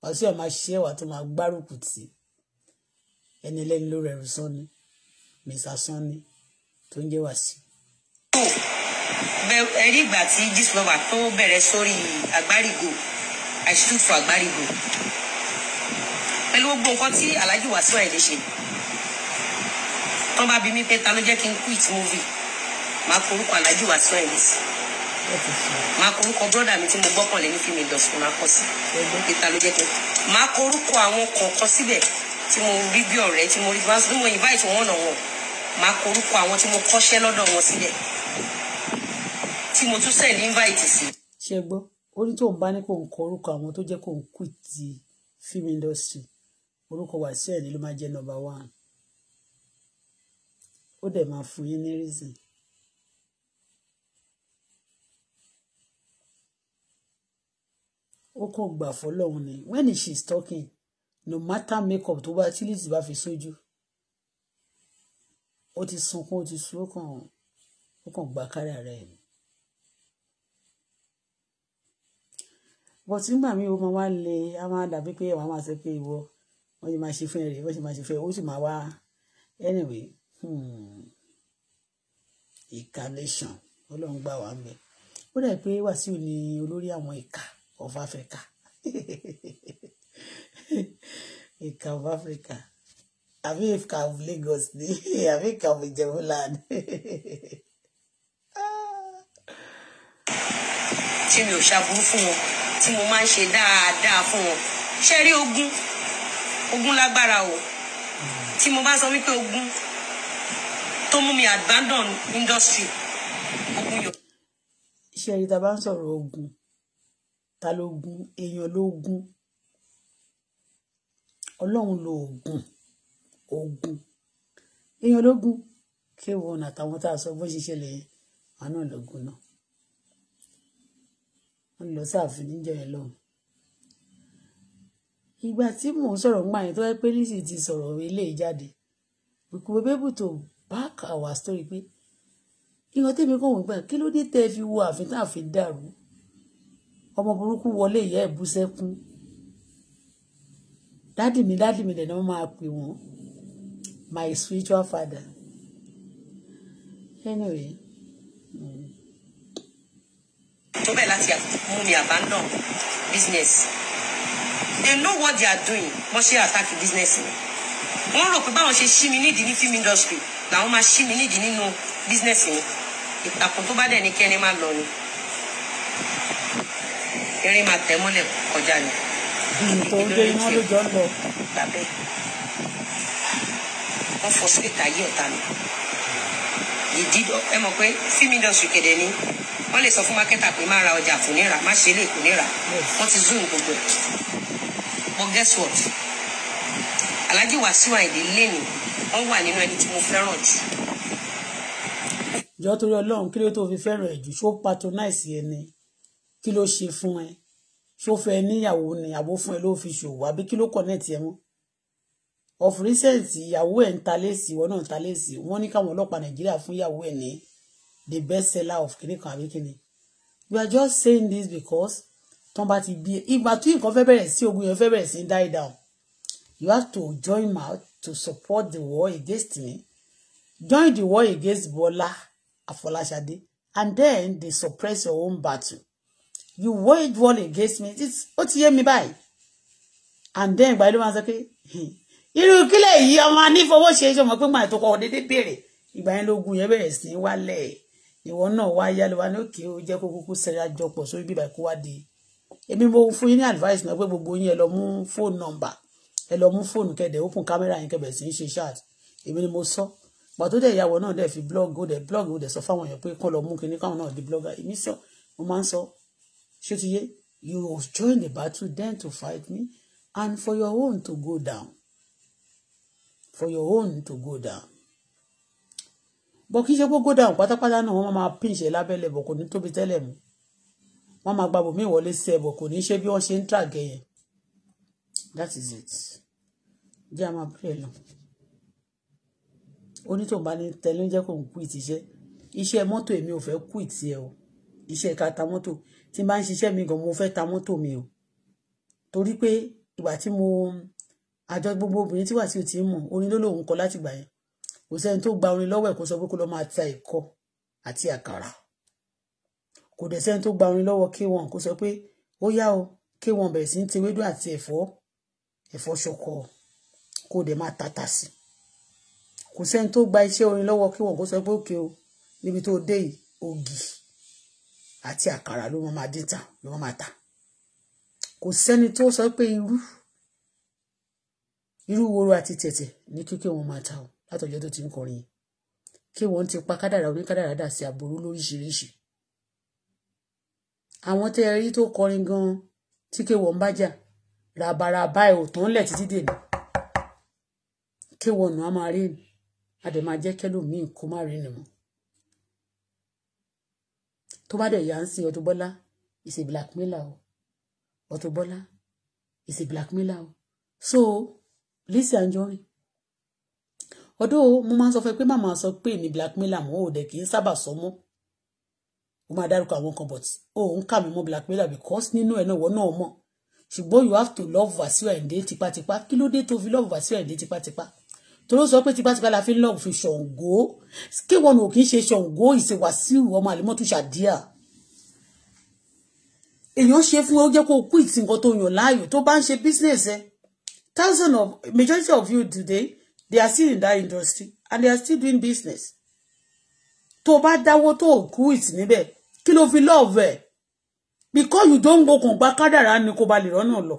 wàá sí wàá máa ṣe é wàá tún máa gbárùkù tì ẹni ẹlẹ́ni ló rẹ̀rù sọ́ni mẹ́sà sọ́ni tó ń jẹ́ Wàsíù. ẹ̀rí ìgbà tí jesus lọ́wọ́ tó bẹ̀rẹ̀ sórí àgbárígò I stood for àgbárígò pẹ̀lú gbogbo nǹkan tí Alhaji Wasiu Ayinde ṣe tọ́ bá bí mi pé ta ló jẹ́ kí n quit movie máa korúkọ alájú wa sọ ẹ̀yìn sí máa korúkọ bọ́dà mi tí mo gbọ́kànlé ní fíìmù ìdọ̀sùn máa kọ sí ìta ló jẹ́ pé máa korúkọ àwọn kọ̀ọ̀kan síbẹ̀ tí mo rí bí ọ̀rẹ́ tí mo rí bá sọ́dún mo invite wọn náà wọn máa korúkọ àwọn tí mo kọ́ṣẹ́ lọ́dọ̀ wọn síbẹ̀ tí mo tún send invite sí. ṣe gbọ́ ó ní tóun bá ní kó ń kọ àwọn tó jẹ́ kó ń quit the film industry orúkọ Wasiu Ayinde ló máa jẹ́ number one ó dẹ̀ máa fún yín ní reason. ó kàn gbà fọ́lọ́run ni when she is talking no matter makeup tó bá tí lizzy bá fi sójú ó ti sunkún ó ti sun ó kàn ó kàn gba kára rẹ̀ ni. bọ́tí nígbà míì ó máa wá le a máa dàbí pé àwọn máa sọ pé ìwọ wọ́n ti máa ṣe fún ẹ̀rẹ̀ wọ́n ti máa ṣe fún ẹ̀ ó sì máa wá anyway hmm, ìkàlẹ́sàn ọlọ́run gbà wá ń bẹ̀ ó dà pé wàsíù ni olórí àwọn ìka of Africa. ìka of Africa. Àbí ìka of Lagos ni, àbí ìka of Ìjẹ̀bú-Land. Tí mi ò ṣàbùrú fún wọn, tí mo máa ń ṣe dáadáa fún wọn. Ṣé rí ogun? Ogun lágbára o. Tí mo bá sọ wípé ogun tó mú mi abandon industry, ogun yọ. Ṣé rí ta bá ń sọ̀rọ̀ ogun? ta ló gún èèyàn ló gún ọlọ́run lo oògùn oògùn èèyàn ló gún kéwọn àtàwọn tá a sọ bó ṣe ṣẹlẹ̀ yẹn àwọn náà ló gún náà wọ́n lọ sáàfin níjọ yẹn lọ́hùn ìgbà tí mò ń sọ̀rọ̀ nípa yẹn tó yẹ pé nísì ti sọ̀rọ̀ ilé jáde we could be able to back our story pé ìhàn tèmi kò wọ́n gbà kí ló dé tẹ́ fi wo àfin tá a fi dàrú ọmọ burúkú wọlé ìyá ẹ̀ bú sẹ́kún dádì mi dádì mi lẹ̀ ni wọ́n máa pè wọ́n my spiritual father anyway. Mm. tó bẹ́ẹ̀ láti mú mi abandon business they know what they are doing wọ́n ṣe attack business mi wọ́n rò pé báwọn ṣe ṣí mi nídìí ní film industry làwọn máa ṣí mi nídìí nínú business mi ìtàkùn tó bá dẹ̀ ní kẹ́ni máa lọ ni irin máa tẹ̀ mọ́lẹ̀ kọjá ni. nítorí jẹ́ iná ló jọ ń lọ. gbàgbẹ́ wọ́n fọ síta ayé ọ̀tá mi ìdí ẹ mọ̀ pé fíìmù indọ́sítì kéde ni wọ́n lè sọ fún mákẹ́tà pé má ra ọjà kò ní rà má ṣe lè kò ní rà wọ́n ti zoom gbogbo ẹ̀ but guess what Alhaji Wasiu Ayinde lẹ́nu wọ́n wà nínú ẹni tí mo fẹ́ràn jù jọ torí Ọlọ́run kí ló tó fi fẹ́ràn ẹ jù ṣó patronize yẹn ni kí ló ṣe fún ẹ ṣó fẹ́ níyàwó ni àbó fún ẹ ló fi ṣòwò àbí kí ló connect ẹ mọ́ of recent ìyàwó ẹ̀ ń ta léèsì ìwọ náà ń ta léèsì wọ́n ní káwọn ọlọ́pàá nàìjíríà fún ìyàwó ẹ̀ ní the best seller of kìnìún kan àbí kìnìún we are just saying this because tán bá ti bí ìgbà tí nǹkan fẹ́ bẹ̀rẹ̀ sí ogun yẹn fẹ́ bẹ̀rẹ̀ sí die down you have to join mouth to support the war against me join the war against Bola Afolasade and then they suppress your own battle you wage war against me this ó ti yé mi báyìí and then ìgbà ló máa sọ pé hmm. irú kílẹ̀ yìí ọmọ anífowó ṣe é ṣe ọmọ pé màá tó kọ́ ọ déédéé béèrè ìgbà yẹn lógun yẹn bẹ̀rẹ̀ sí í wálẹ̀ ìwọ náà wá yá ló wá ní òkè ó jẹ́ kó kúkú sẹ́ra jọpọ̀ sórí bíbá kó wá di èmi mo fún yín ní advice náà pé gbogbo yín ẹ lọ mú fóònù nọ́mbà ẹ lọ phone fóònù kẹdẹ open camera yín kẹbẹ̀ sí í ṣe ṣáàt èmi ni mo sọ gbà tó dẹ̀ ìyàwó náà dẹ̀ fi blog ó dẹ̀ blog So dẹ̀ sọ fáwọn èèyàn pé kọ́ lọ mú kinní káwọn náà di blogger èmi sọ mo máa ń ṣé ti you join the battle then to fight me and for your own to go down for your own to go down bọ kí n ṣe pé go down pátápátá náà wọ́n máa pín ìṣe lábẹ́lẹ̀ bọ̀ kò ní tóbi tẹ́lẹ̀ mu wọ́n máa gbàgbọ́ mí wọlé sí ẹbọ kò ní ṣe bí wọ́n ṣe ń tàgẹ̀ yẹn that is it jẹ́ àmà pray lọ onítòǹba ní tẹ́lẹ̀ ń jẹ́ kó ń quit iṣẹ́ iṣẹ́ mọ́tò èmi ò fẹ́ quit ẹ o iṣẹ́ ká ta mọ́tò tí n bá ń ṣiṣẹ́ mi gan mo fẹ́ ta mọ́tò mi o torí pé ìgbà tí mo àjọ gbogbo obìnrin tí wà tí ò tí ń mọ̀ orin ló lòun kọ láti gbà yẹn kò sẹ́ni tó gba orin lọ́wọ́ ẹ̀ kó sọ pé kó lọ máa ta ẹ̀kọ àti àkàrà kò dẹ̀ sẹ́ni tó gba orin lọ́wọ́ K1 kó sọ pé ó yá o K1 bẹ̀rẹ̀ sí ń ti ewédú àti ẹ̀fọ́ ẹ̀fọ́ ṣọkọ kó dẹ̀ máa tata sí kò sẹ́ni tó gba iṣẹ́ orin lọ́wọ́ K1 kó sọ pé òkè o níbi tó dé ògì àti àkàrà ló wọ́n máa dín tà ló wọ́n máa tà kò sẹ́ni tó sọ pé irú irú woro àti tẹ̀tẹ̀ ní kíkẹ́ wọn máa ta o látọjọ́ tó ti ń kọrin yìí kí wọ́n ti pa kádàrà oníkádàrà dà sí aburú lóríṣiríṣi àwọn tẹ́ ẹ tó kọrin gan tí kí wọ́n bá jà làbàràbà ẹ̀ ò tán lẹ̀ títí dènà kí wọ́n nù á máa rí ni a dẹ̀ máa jẹ́ kẹ́lòmíì kó má rí ni mọ́ tó bá dẹ̀ yà ń sin Auto Bola is a blackmailer o Auto Bola is a blackmailer o so Lizzy Anjorin ọdọ mo máa ń sọ fún ẹ pé màmá sọ pé èmi blackmailer mọ o kì í sábà sọ mọ ó máa dárúkọ àwọn kan but òun kà mí mọ blackmailer because nínú ẹ náà wọn náà mọ ṣùgbọ́n you have to love Wasiu Ayinde tipátipá kí ló dé tó fi love Wasiu Ayinde tipátipá torí ó sọ pé tipátipá la fi ń lọ́ọ̀gù fi ṣọ̀ǹgó kéwọn ò kì í ṣe ṣọ̀ǹgó ìṣèwàsíù ọmọ àlímọ́tò ṣàdíà èèyàn ṣe fún ó jẹ́ kó kú ìtì nǹkan tó yàn láàyò tó bá ń ṣe business ẹ thousand of majority of you today they are still in that industry and they are still doing business tó bá dáwó tó kú ìtì níbẹ̀ kí ló fi love. ẹ̀ because you don't go kàn gba kádàrá ni kó ba lè rọ́nà lọ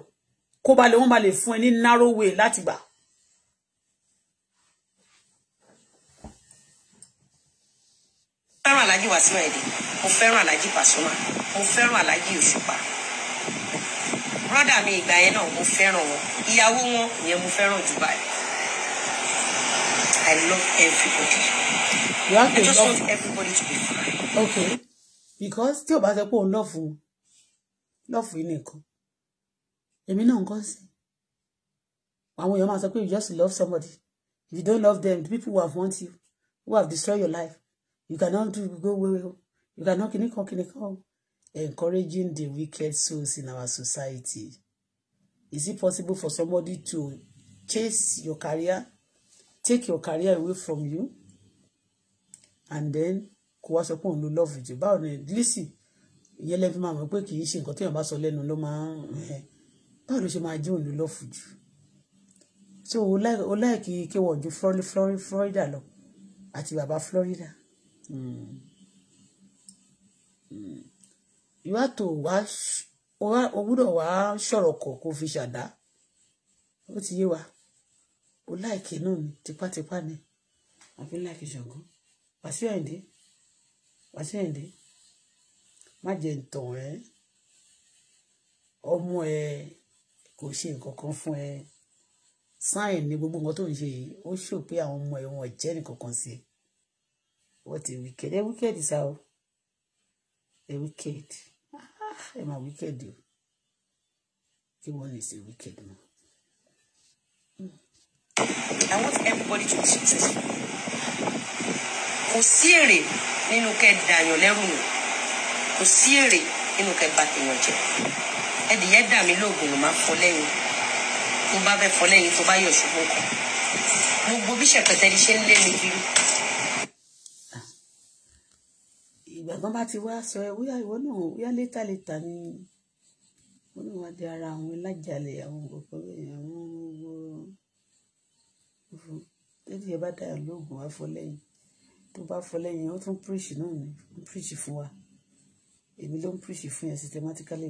kó ba lè wọ́n ba lè fún ẹ ní narrow way láti gbà fẹ́ràn aláàjì Wasiu Ayinde mo fẹ́ràn aláàjì Pasuma mo fẹ́ràn aláàjì Òṣùpá brọ́dà mi ìgbà yẹn náà mo fẹ́ràn wọn ìyàwó wọn ìyẹn mo fẹ́ràn jù báyìí I love everybody you have to I just love want everybody to be fine. okay because tí o bá sọ pé òun lọ́ọ̀fù lọ́ọ̀fù yìí nìkan èmi náà ń kọ́ sí àwọn èèyàn máa sọ pé you just love somebody if you don't love them the people who have want you who have destroyed your life you cannot do go well you cannot kinikan kinikan encouraging the wicked souls in our society is it possible for somebody to chase your career take your career away from you and then kó wá sọ pé òun ló love you? báwo ni lisi ìyẹn lẹ́bi máa mọ̀ pé kì í ṣe nǹkan téèyàn bá sọ lẹ́nu ló máa ń ẹ̀ eh, báwo ló ṣe máa jẹ́ òun ló love jù so o láìkí kéwọ̀n ju Florida lọ àti bàbá Florida. Mm. Mm. You have to wá o gbúdọ̀ wá sọ̀rọ̀ kọ̀ kó fi ṣàdá. Ó ti yé wa. O láìkì náà ni tipátipá ni. Àfi láìkì ṣọ̀gán. Wàsíù Àyìndé. Wàsíù Àyìndé. Má jẹ ntàn ẹ́. Ọmọ ẹ kò ṣe nǹkan kan fún ẹ. Sáìn ni gbogbo nǹkan tó ń ṣe yìí. Ó ṣò pé àwọn ọmọ ẹ wọn jẹ́ nǹkan kan sí i what a wicked A wicked is how A wicked ẹ máa wicked o The one is a wicked náà. I want everybody to be successful. Kò sí èrè nínú kẹ́ dàyàn lẹ́rù nù. Kò sí èrè nínú kẹ́ bá tèèyàn jẹ. Ẹ̀dì yẹn dà mí lóògùn ló máa fọ lẹ́yìn. Tó bá fẹ́ fọ lẹ́yìn tó bá yọ̀ ṣubú kan. Gbogbo bí ṣẹ̀pẹ̀tẹ̀ ṣe ń lé mi kiri. ìgbà kan bá ti wá sọ ẹ wíyá ìwọ náà wíyá létà létà ni wọn náà wá di ara àwọn alájàlẹ àwọn gbogbo èèyàn àwọn gbogbo tẹ́lẹ̀ yẹn bá dàrú lóògùn àfọlẹ́yìn tó bá fọlẹ́yìn ó tún píríṣì náà ni ó píríṣì fún wa èmi ló ń píríṣì fún yẹn systematically.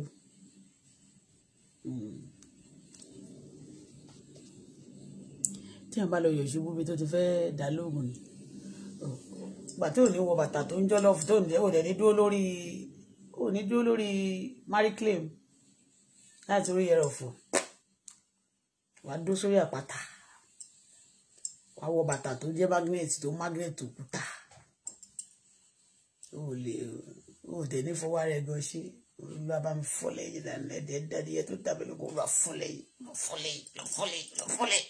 Hmm. tí wọn bá lọ yọ̀ṣubú bí tó ti fẹ́ dá lóògùn ni ìgbà tí ò ní wọ bàtà tó ń jọlọf tó ń jẹ ò ní dúró lórí ò ní dúró lórí marie claim láti orí ẹrọ̀fọ̀ wàá dúró sórí àpáta wàá wọ bàtà tó jẹ́ magnet tó magnet òkúta ò lè ò tẹ̀ ní fọwọ́ rẹ̀ gan ṣe olúwa bá ń fọ́ lẹ́yìn lánàá ẹ̀dẹ̀ dáadéyẹ tó tàbí lóko bá fọ́ lẹ́yìn lọ fọ́ lẹ́yìn lọ fọ́ lẹ́yìn lọ fọ́ lẹ́yìn.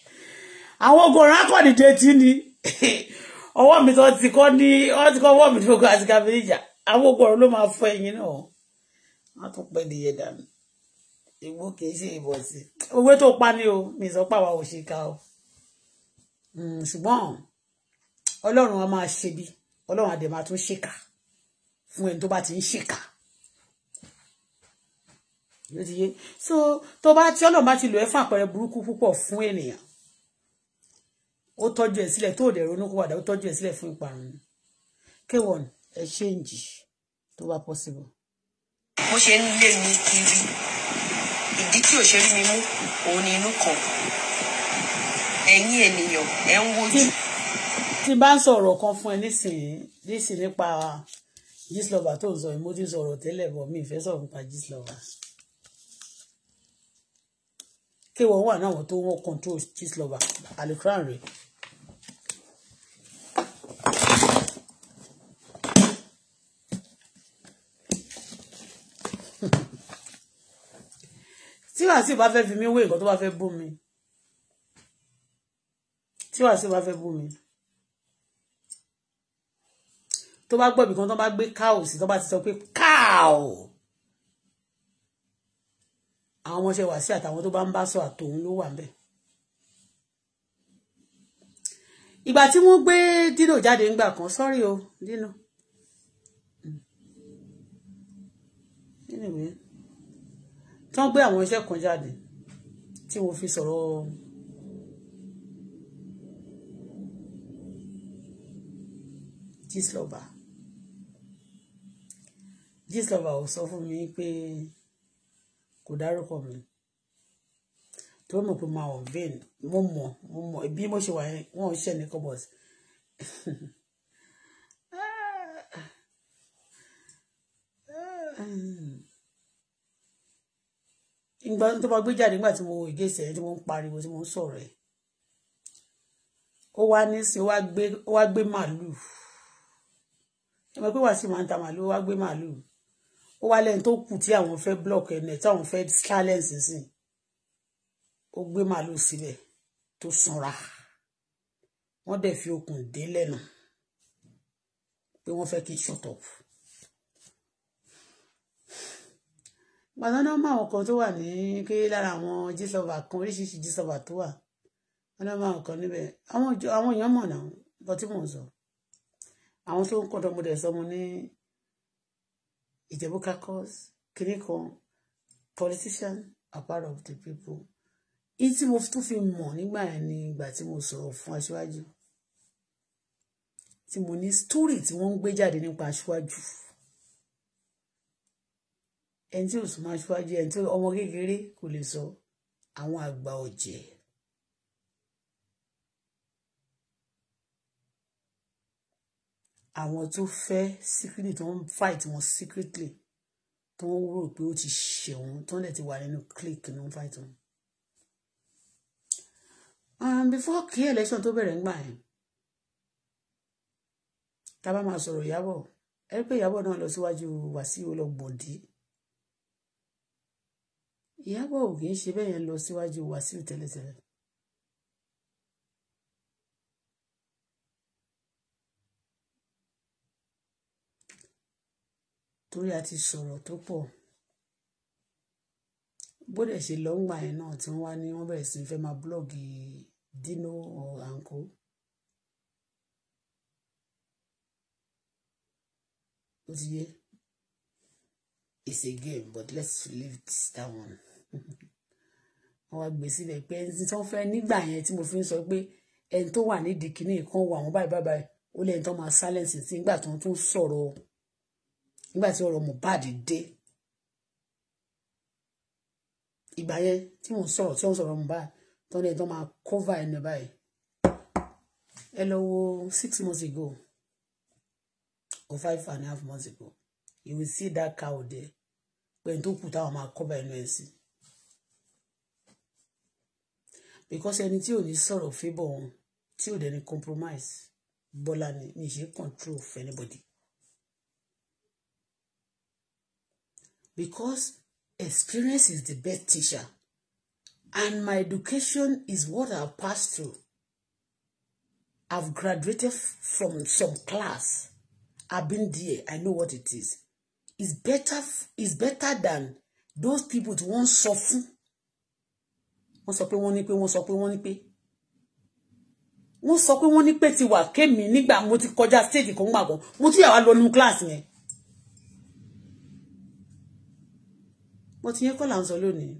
àwọn ogun ọ̀rá kọ̀ dìde tí ni ọwọ́ mi tó ti kọ́ ní ọwọ́ ti kọ́ ọwọ́ mi tó kọ́ àti kàbíyèjà àwọn òkú ọ̀rọ̀ ló máa fọ ẹ̀yìn náà wọ́n tún pẹ́ di yẹn dànù ìgbó kì í ṣe ìbọ̀sí owó tó pa ní o mi sọ pàwọ́ òṣìkà o hmm, ṣùgbọ́n ọlọ́run a máa ṣe bí ọlọ́run àdè máa tún ṣèkà fún ẹni tó bá ti ń ṣèkà so tó bá tí ọlọ́run bá ti lò ẹ́ fún àpẹẹrẹ burúkú púpọ̀ fún ènìyàn ó tọ́jú ẹ̀ sílẹ̀ tó òdẹ̀ ronú ó tọ́jú ẹ̀ sílẹ̀ fún ìparun ni k1 exchange ṣéǹjì tó bá possible. mo ṣe ń lé mi kiri ìdí tí òṣèré mi mú òun ni inú kan ẹ̀yin ènìyàn ẹ̀ ń wojú. tí bá ń sọ̀rọ̀ kan fún ẹ nísìnyí nísìnyí nípa gíslọ́bà tó ń sọ yìí mo ti sọ̀rọ̀ tẹ́lẹ̀ bọ̀ mi ìfẹ́ sọ̀rọ̀ nípa gíslọ́bà kí wà náà wọ́n tó wọ́n control gíslọ́bà àlùkò rẹ̀. Wàsíù bá fẹ́ fi mí wé nǹkan tó bá fẹ́ bú mi tí Wàsíù bá fẹ́ bú mi tó bá gbọ́ ibìkan tó bá gbé cow sí tó bá ti sọ pé cow àwọn ọmọọṣẹ́ Wàsíù àtàwọn tó bá ń bá sọ àtòun ló wà ńbẹ̀ ìgbà tí wọ́n gbé Dino jáde ńgbà kan sọ́rí o Dino. Hmm. Anyway tí wọ́n gbé àwọn iṣẹ́ kan jáde tí mo fi sọ̀rọ̀ Gistlover Gistlover ò sọ fún mi pé kò dárúkọ mi tó mọ̀ pé máa wọ̀n vein mo mọ̀ mo mọ̀ bí mo ṣe wà yẹn wọ́n ń ṣe ní cobos um ìgbà tó bá gbé jáde nígbà tí mo ìgèsè tí mo ń pariwo tí mo ń sọ̀rọ̀ ẹ̀ ó wá nísìn ó wá gbé màálù ẹ mọ̀ pé wà sí máa ń ta màálù ó wá gbé màálù ó wá lẹ́yìn tó kù tí àwọn fẹ́ block ẹ̀ nẹ̀ táwọn fẹ́ silence sí ó gbé màálù síbẹ̀ tó sanra wọ́n dẹ̀ fi okùn dé lẹ́nu pé wọ́n fẹ́ kí shut up. gbàdánù mọ àwọn kan tó wà ní kí lára àwọn jísọba kan oríṣiríṣi jísọba tó wà gbàdánù mọ àwọn kan níbẹ̀ àwọn èèyàn mọ̀ náà bọ tí mò ń sọ àwọn tó ń kọ́ tọmọdé sọmọ ní Ìjẹ̀bú caucus kìnnì kan politician a part of the people èyí tí mo tún fi mọ̀ nígbà yẹn ni ìgbà tí mo sọ̀rọ̀ fún aṣíwájú tí mo ní story tí wọ́n ń gbé jáde nípa aṣíwájú ẹni tí ò sún máa ṣíwájú ẹni tí ọmọ kékeré kò lè sọ àwọn àgbà ọ̀jẹ̀. àwọn tó fẹ́ secretly tó ń fight wọn secretly tó ń rò pé ó ti ṣẹ̀wọ̀n tó ń dẹ̀ ti wà nínú click ló fight wọn. Um, before kí election tó bẹ̀rẹ̀ ńgbà yẹn tá a bá máa sọ̀rọ̀ Ìyábọ̀ ẹ rí pé Ìyábọ̀ náà lọ síwájú Wàsíù lọ gbòdì. Ìyábọ̀ ò kì í ṣe bẹ́ẹ̀ yẹn lọ síwájú Wàsíù tẹ́lẹ̀tẹ́lẹ̀. torí a ti sọ̀rọ̀ tó pọ̀ bóde ṣe lọ ń gbà yẹn náà tí wọ́n wá ní wọ́n bẹ̀rẹ̀ sí fẹ́ máa búlọ́ọ̀gì Dino àǹkó. ó ti yé it's a game but let's leave this that one wọ́n wá gbé síbẹ̀ pé ẹni tó fẹ́ nígbà yẹn tí mo fi ń sọ pé ẹni tó wà nídìí kìíní kan wà wọ́n báyìí báyìí ó lẹ́yìn tó máa silence sí nígbà tó ń tún sọ̀rọ̀ nígbà tí ọ̀rọ̀ Mohbad dé ìgbà yẹn tí mo sọ̀rọ̀ tí ó ń sọ̀rọ̀ Mohbad tó lẹ́yìn tó máa cover ẹni báyìí ẹ lọ wo six months ago or five and a half months ago you will see that cow there pẹ̀lú tó kù táwọn máa kọ́ bá ẹnu ẹ̀ sí because ẹni tí ò ní sọ̀rọ̀ favour wọn tí ò dẹni compromise bọ́lá ni mi ṣe control for anybody because experience is the best teacher and my education is what I passed through I've graduated from some class I've been there I know what it is is better is better than those people tí wọ́n ń sọ fún wọ́n sọ pé wọ́n ní pé wọ́n sọ pé wọ́n ní pé wọ́n sọ pé wọ́n ní pé ti wà kémi nígbà mo ti kọjá stage kan gbà kan mo ti yàwá lọ nínú class yẹn mo ti yẹn kọ́ là ń sọ lónìí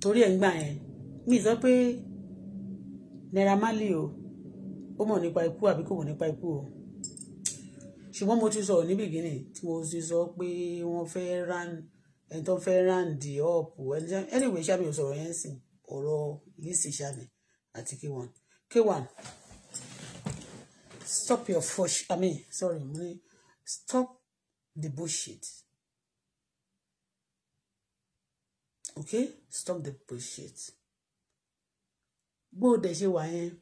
torí ẹ̀ ń gbà yẹn mi sọ pé Naira Marley o ó mọ̀ nípa ikú àbí kò mọ̀ nípa ikú o ṣùgbọ́n mo ti sọ̀rọ̀ ní bìgínì tí mo ti sọ pé wọ́n fẹ́ rán ẹni tó fẹ́ rán di ọ̀pù anyway ṣáà mi ò sọ̀rọ̀ yẹn sìn ọ̀rọ̀ Lizzy ṣáà mi àti K1 K1 stop your fush I mean sorry mo stop the bullshit okay stop the bullshit bó o dẹ̀ ṣe wà yẹn.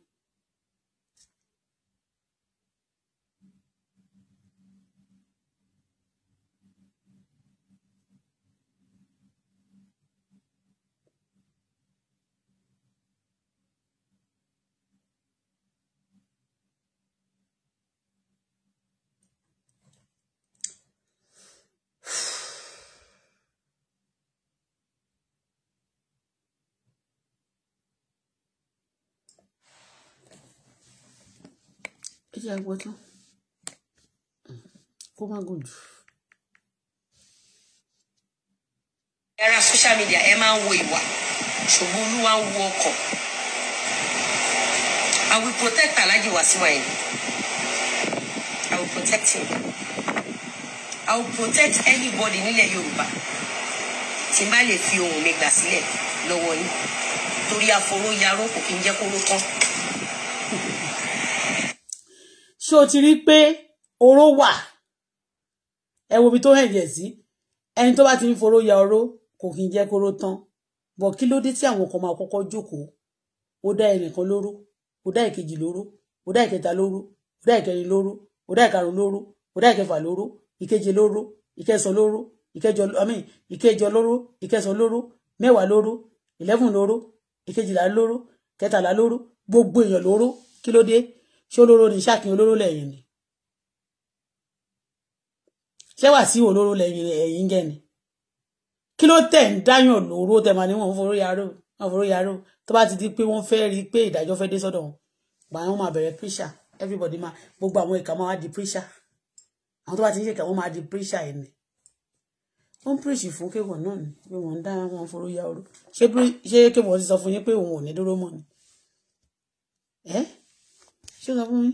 sí agbo tán kó má gùn jù. ara social media ẹ máa ń wo ìwà ṣùgbọ́n olúwa ń wo ọkọ̀ I will protect Alhaji Wasiu Ayinde I will protect him I will protect anybody nílẹ̀ Yorùbá tí n bá lè fi ohun mi gbà sílẹ̀ lọ́wọ́ yín torí àforó yarọ́ kò kí n jẹ́ kó ló tán tí o ti rí pé oró wà ẹ wo ibi tó hẹ̀yẹ sí ẹni tó bá ti ń foró ya oró kò kí ń jẹ́ kóró tán bọ̀ kí ló dé tí àwọn kan máa kọ́kọ́ jókòó ó dá ẹnìkan lóró ó dá ìkejì lóró ó dá ìkẹta lóró ó dá ìkẹrin lóró ó dá ìkarùn lóró ó dá ìkẹfà lóró ìkeje lóró ìkẹsàn lóró ìkẹjọ àmì ìkẹjọ lóró ìkẹsàn lóró mẹ́wàá lóró eleven lóró ìkejìlá lóró kẹtàlá lóró gbogbo èèyàn lóró kí ló dé ṣé olóró ni ṣáàkì olóró lẹ́yìn ni ṣé wà sí olóró lẹ́yìn ẹ̀yìn gẹ́ ni kí ló tẹ̀ ń dáyàn lóró tẹ̀ máa ní wọ́n foró yarò wọ́n foró yarò tó bá ti di pé wọ́n fẹ́ rí i pé ìdájọ́ fẹ́ dé sọ́dọ̀ wọn gbà wọn máa bẹ̀rẹ̀ píṣà everybody máa gbogbo àwọn ìka máa wá di píṣà àwọn tó bá ti ń ṣèkà wọn máa di píṣà ẹ̀ ni wọ́n píríṣì fún kéwọ̀n náà ni pé wọ́n ń dá wọn foró yarò ṣé kéwọ̀n ti sọ fún yín pé òun ò ní dúró mọ́ ni eh? ṣé o sọ fún mi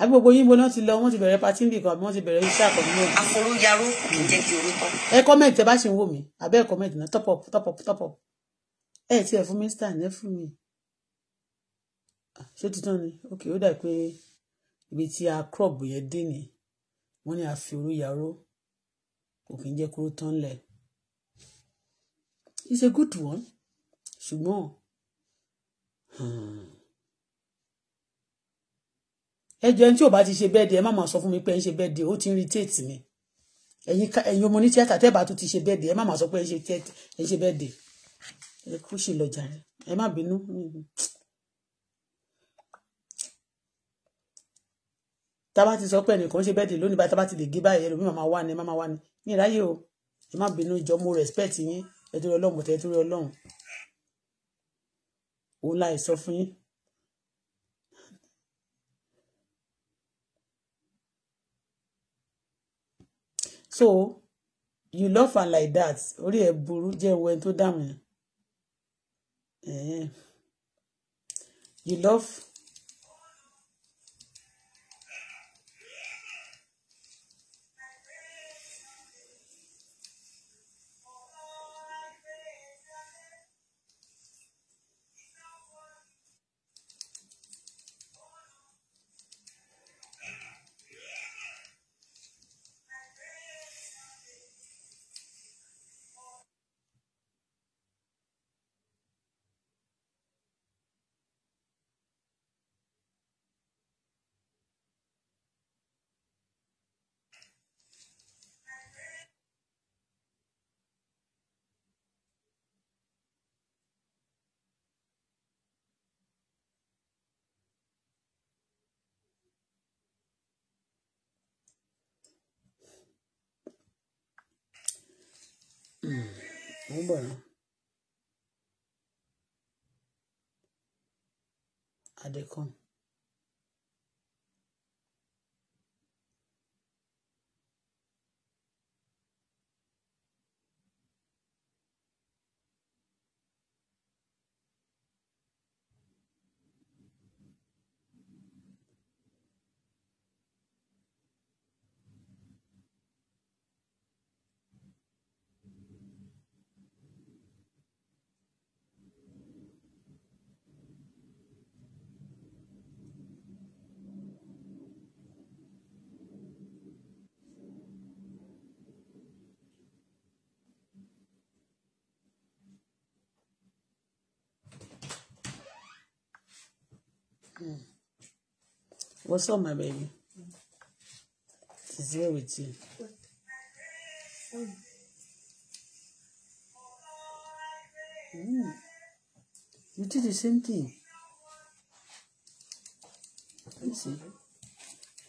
àbí gbogbo yín bo náà ti lọ wọ́n ti bẹ̀rẹ̀ patí nbì kan àbí wọ́n ti bẹ̀rẹ̀ iṣẹ́ àkànní náà. àforóyaró kì í jẹ́ kí orí tán. ẹ kọ́mẹ̀tì ẹ bá ṣe ń wò mí àbẹ́ ẹ kọ́mẹ̀tì náà top up top up top up ẹ tiẹ̀ fún mi star ẹ fún mi. ṣé titun ni ok ó dà pé ibi tí a crop yẹn dé ni wọ́n ní àforóyaró kò kì í jẹ́ kúrò tán lẹ̀. it's a good one ṣùgbọ́n. Hmm ẹjọ ẹni tí ò bá ti ṣe birthday ẹ má máa sọ fún mi pé ẹ ń ṣe birthday ó ti ń irritate mi ẹ̀yin ẹ̀yin ọmọ onítíátà tẹ́ bá tún ti ṣe birthday ẹ má máa sọ pé ẹ ń ṣe birthday ẹ kú sí lọ jàre ẹ má bínú. tá a bá ti sọ pé ẹnìkan ṣe birthday lónìí bá tá a bá ti lè gé báyìí ẹlòmíì máa wá ni ẹ má máa wá ni ní ìráyè o ẹ má bínú ìjọ mo respect yín ẹ dúró ọlọ́run tẹ́ ẹ dúró ọlọ́run òun láì sọ fún yín. so you love am like that orí ẹ burú jẹ́ ìwọ ẹni tó dáhùn yẹn you love. Vamos embora. Adecon. Mm. What's up, my baby? Mm. It's with you. Mm. Mm. You did the same thing. Let me see.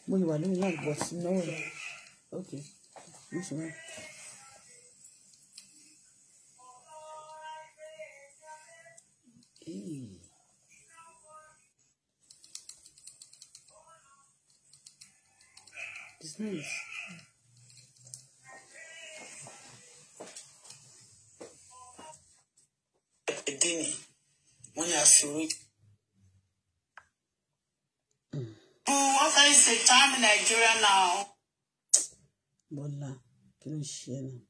Well, you are doing that, but no. Okay. Which one? Please. ẹdẹ yà fi orí. What is the time in Nigeria now? Bọ́lá kí ló ṣe náà?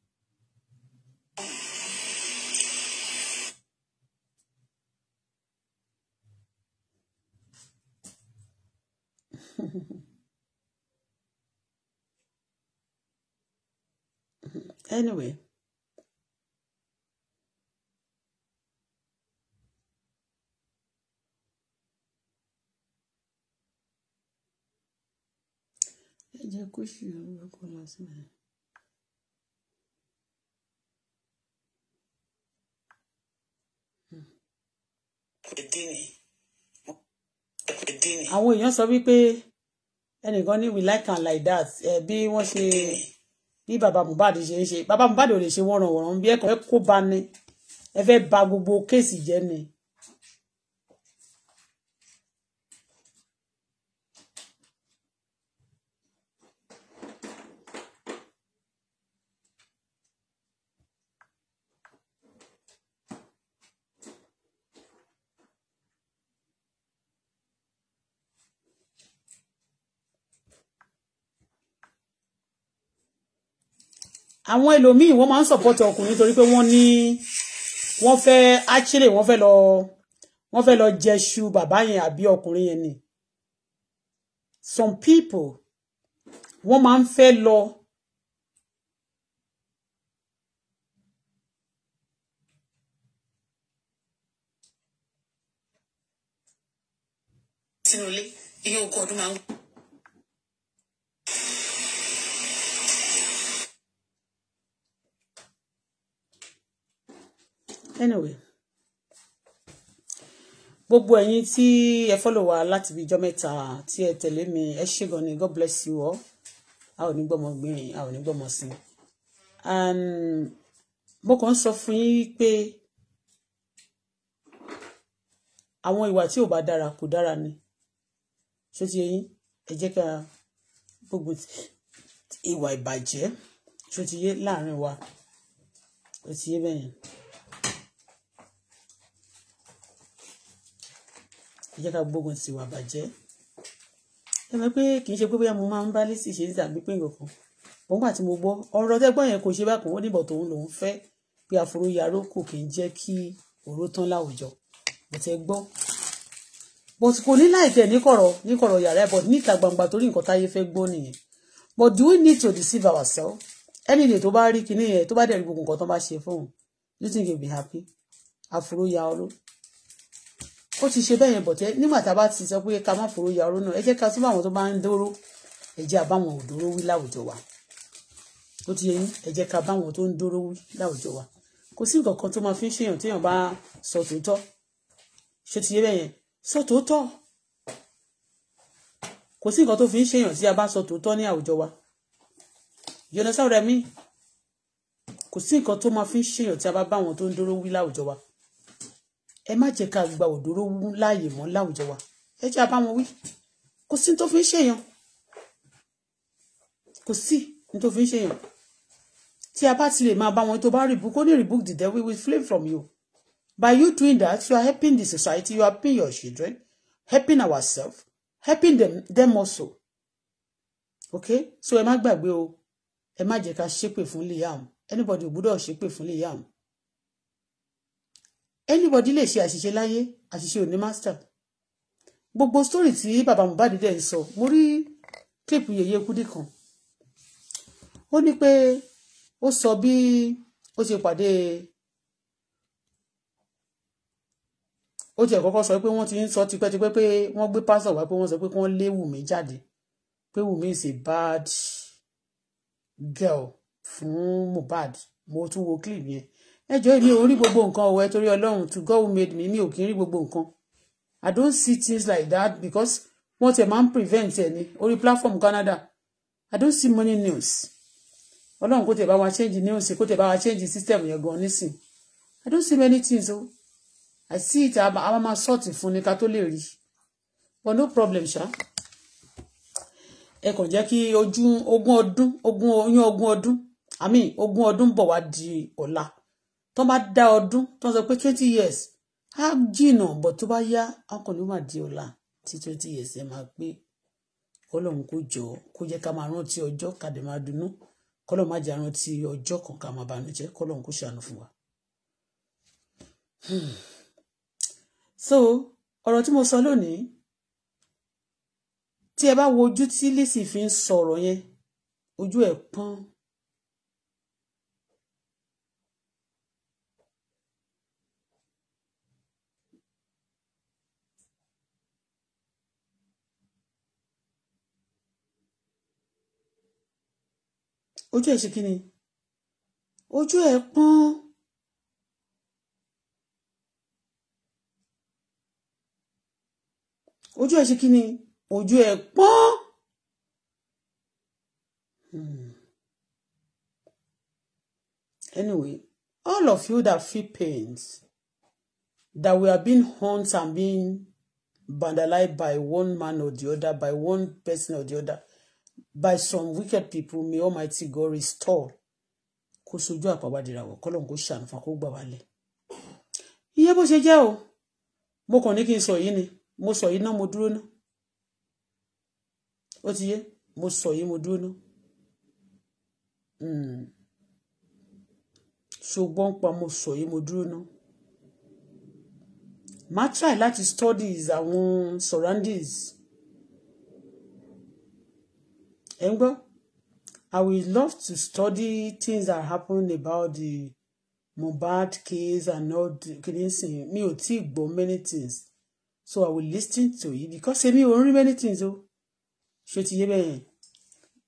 Anyway. ẹ jẹ́ kó ṣì orúkọ lọ síbẹ̀. àwọn èèyàn sọ wípé ẹnìkan ní we like am like that ẹ bí wọ́n ṣe bí bàbá Mohbad ṣe ń ṣe bàbá Mohbad ò lè ṣe wọ́nranwọ̀nran bí ẹ̀kọ́ ẹ̀ kó bá ní ẹ fẹ́ bà gbogbo kéèsì jẹ́ ni àwọn ẹlòmíì wọ́n máa ń support ọkùnrin torí pé wọ́n ní wọ́n fẹ́ actually wọ́n fẹ́ lọ wọ́n fẹ́ lọ jẹṣu bàbá yẹn àbí ọkùnrin yẹn ni some people wọ́n máa ń fẹ́ lọ. sínú ilé iye ogún ọdún máa ń. anyway gbogbo ẹ̀yin tí ẹ fọ́lọ̀ wá láti ibi ijọ́ mẹ́ta tí ẹ tẹ̀lé mi ẹ ṣé gan ni god bless you all a ò ní gbọ́mọ gbìnrín a ò ní gbọ́mọ sí mo kàn ń sọ fún yín pé àwọn ìwà tí ò bá dára kò dára ni ṣó ti yé yín ẹ jẹ́ ká gbogbo ìwà ìbàjẹ́ ṣó ti yé láàrin wa ó ti yé bẹ́yẹn. ẹ jẹ́ ká gbógun tiwa bàjẹ́ ẹ mọ̀ pé kì í ṣe pé bóyá mo máa ń bá lísì ṣe tàbí pé nǹkan kan òun gbà tí mo gbọ́ ọ̀rọ̀ tẹ́gbọ́n yẹn kò ṣe bákan ó níbọ̀ tòun lòún fẹ́ pé àforó yaró kò kì í jẹ́ kí ọ̀rọ̀ tán láwùjọ bó tẹ gbọ́ but kò ní láìpẹ́ níkọ̀rọ̀ níkọ̀rọ̀ yàrá ẹ̀ but níta gbangba torí nǹkan táyé fẹ́ gbọ́ nìyẹn but do we need to deceive ourselves ẹni lè tó bá rí kinní yẹn tó bá dẹ̀ rí gbogbo nǹkan tó bá ṣe fóun you think you be happy àforó yaró ó ti ṣe bẹ́yẹn bọ̀tẹ́ nígbà tá a bá ti sọ pé ká má fòrò ya ọ̀rọ̀ náà ẹ jẹ́ ká súnmọ́ àwọn tó bá ń dóró ẹ jẹ́ àbáwọn ò dóró wí láwùjọ wa ó ti yẹn ẹ jẹ́ ká báwọn tó ń dóró wí láwùjọ wa kò sí nǹkan kan tó máa fi ń ṣèyàn téèyàn bá sọ tòótọ́ ṣé ti yé bẹ́yẹn sọ tòótọ́ kò sí nǹkan tó fi ń ṣèyàn tí a bá sọ tòótọ́ ní àwùjọ wa yọ̀nà sáwùrẹ́ mi kò sí nǹkan tó máa fi ń ṣèyàn tí a bá báwọn tó ń dóró wí láwùjọ wa ẹ má jẹ́ ká gba òdòrò wú láàyè mọ́ láwùjọ wa ẹ jẹ́ abá wọn wí kò sí tó fi ń ṣèyàn kò sí tó fi ń ṣèyàn tí a bá ti lè máa bá wọn tó bá rebuke ó ní rebuke the devil will flee from you by you doing that you are helping the society you are helping your children helping ourselves helping them, them also okay so ẹ má gbàgbé o ẹ má jẹ́ ká ṣépè fún Liam anybody ò gbúdọ̀ ṣépè fún Liam anybody lè ṣe àṣìṣe láyé àṣìṣe ò ní master gbogbo story tí bàbá Mohbad dẹ̀ ń sọ mo rí clip yèyé kúdí kan ó ní pé ó sọ bí ó ṣe pàdé ó tiẹ̀ kọ́kọ́ sọ pé wọ́n ti ń sọ tipẹ́tipẹ́ pé wọ́n gbé pásọ̀ wá pé wọ́n sọ pé wọ́n lé Wùmí jáde pé Wùmí is a bad girl fún Mohbad mo tún wo clip yẹn ẹ jọ̀ọ́ èmi ò rí gbogbo nǹkan ọ̀wẹ́ torí ọlọ́run to God who made me mi ò kí ń rí gbogbo nǹkan I don't see things like that because wọ́n tẹ̀ máa ń prevent ẹ̀ ní orí platform Canada I don't see money news ọlọ́run kò tẹ̀ bá wa change news kò tẹ̀ bá wa change system yẹn gan nísìn I don't see many things o I see it àwọn máa sọ́ọ̀tì fún ni ká tó lè rí but no problem ṣá ẹ kàn jẹ́ kí ojú ogún ọdún ogún oyún ogún ọdún I mean ogún ọdún bọ̀ wá di ọ̀la tó bá dá ọdún tó sọ pé twenty years á jìnà bọ̀ tó bá yá ọkàn ló máa di ọ̀la tí twenty years ẹ máa pé ọlọ́run kò jọ kó jẹ́ ká máa rántí ọjọ́ ká dẹ̀ máa dunnú kọ́lọ́run má jẹ́ rántí ọjọ́ kan ká máa bànújẹ́ kọ́lọ́run kò ṣàánú fún wa. Hmm. so ọ̀rọ̀ tí mo sọ lónìí tí ẹ bá wo ojú tí Lizzy fi ń sọ̀rọ̀ yẹn ojú ẹ̀ pọ́n ojú ẹ̀ ṣe kí ni ojú ẹ̀ pọ́n ojú ẹ̀ ṣe kí ni ojú ẹ̀ pọ́n anyway all of you that feel pains that we are being hunted and being vandalized by one man or the other by one person or the other by some wicked people may Almighty God restore kó sojú àpàwádìràwọ̀ kọ́lọ́n kó ṣàánú fún kó gbà wálẹ̀. iye bó ṣe jẹ́ o mo kàn ní kí n sọ yìí ni mo sọ yìí náà mo dúró ná ó ti yé mo sọ yìí mo dúró ná hmm. ṣùgbọ́n pa mo sọ yìí mo dúró ná máa try láti studies àwọn surroundings ẹ I would love to study things that happen about the Mohbad case and all the kìnìsìn mi ò tí ì gbọ́ many things so I will listen to you because èmi ò ń many things o ṣé ti yé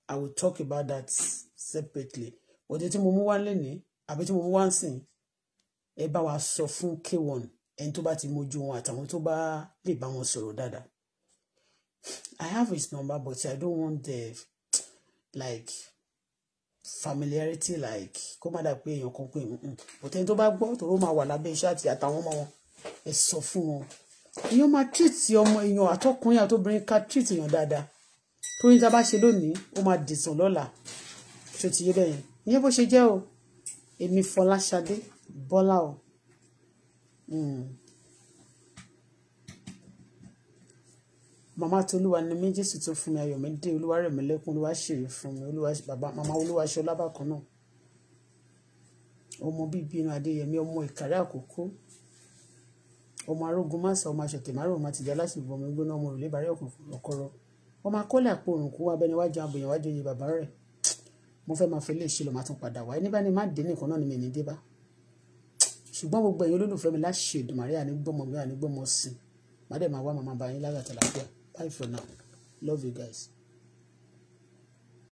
I will talk about that separately òde tí mo mú wá lẹ́nìí àbí tí mo mú wá ń sìn ẹ wa sọ fún K1 ẹni tó bá ti mójú wọn àtàwọn tó bá lè bá I have his number but I don't want the like familiarity like kó má dà pé èèyàn kan pé òtẹ́ tó bá gbọ́ tòró máa wà lábẹ́ iṣẹ́ àti àtàwọn ọmọ wọn ẹ sọ fún wọn èèyàn máa treat ọmọ èèyàn àtọkùnrin àtobìnrin ká treat èèyàn dáadáa torí níta bá ṣe lónìí ó máa dìtàn lọ́la ṣó ti yé bẹ́yẹn ìyẹn bó ṣe jẹ́ o èmi Fọláṣadé Bọ́lá o. Mm. Mama tó olúwa ni mí jésù tó fún mi ayọ̀ mi dé olúwa rẹ̀ mí lẹ́kún olúwa ṣèrè fún mi olúwa bàbá màmá olúwa ṣọlá bákan náà ọmọ bíbí inú adéyẹmí ọmọ ìkàrẹ́ àkókò ọmọ arógun máṣà ọmọ aṣọ̀tẹ̀ márùn-ún máa ti jẹ́ aláṣìbọ̀ ọmọ ìgbóná ọmọ òrùlé bàárẹ̀ ọ̀kọ̀rọ̀ ọmọ akọ́lẹ̀ àpò òrùn kó wá bẹ́ni wájú abòyàn wájú oyè bàbá rẹ̀ mo fẹ́ máa fi ilé ìṣe lọ máa tún padà wá ẹni bá ní má dé nìkan náà ni mi ní dé bá ṣùgbọ́n gbogbo ẹ̀yin olólùfẹ́ mi láṣẹ Èdùmàrè àní gbọ́mọ mi àní gbọ́mọ sí i má Bye for now. Love you guys.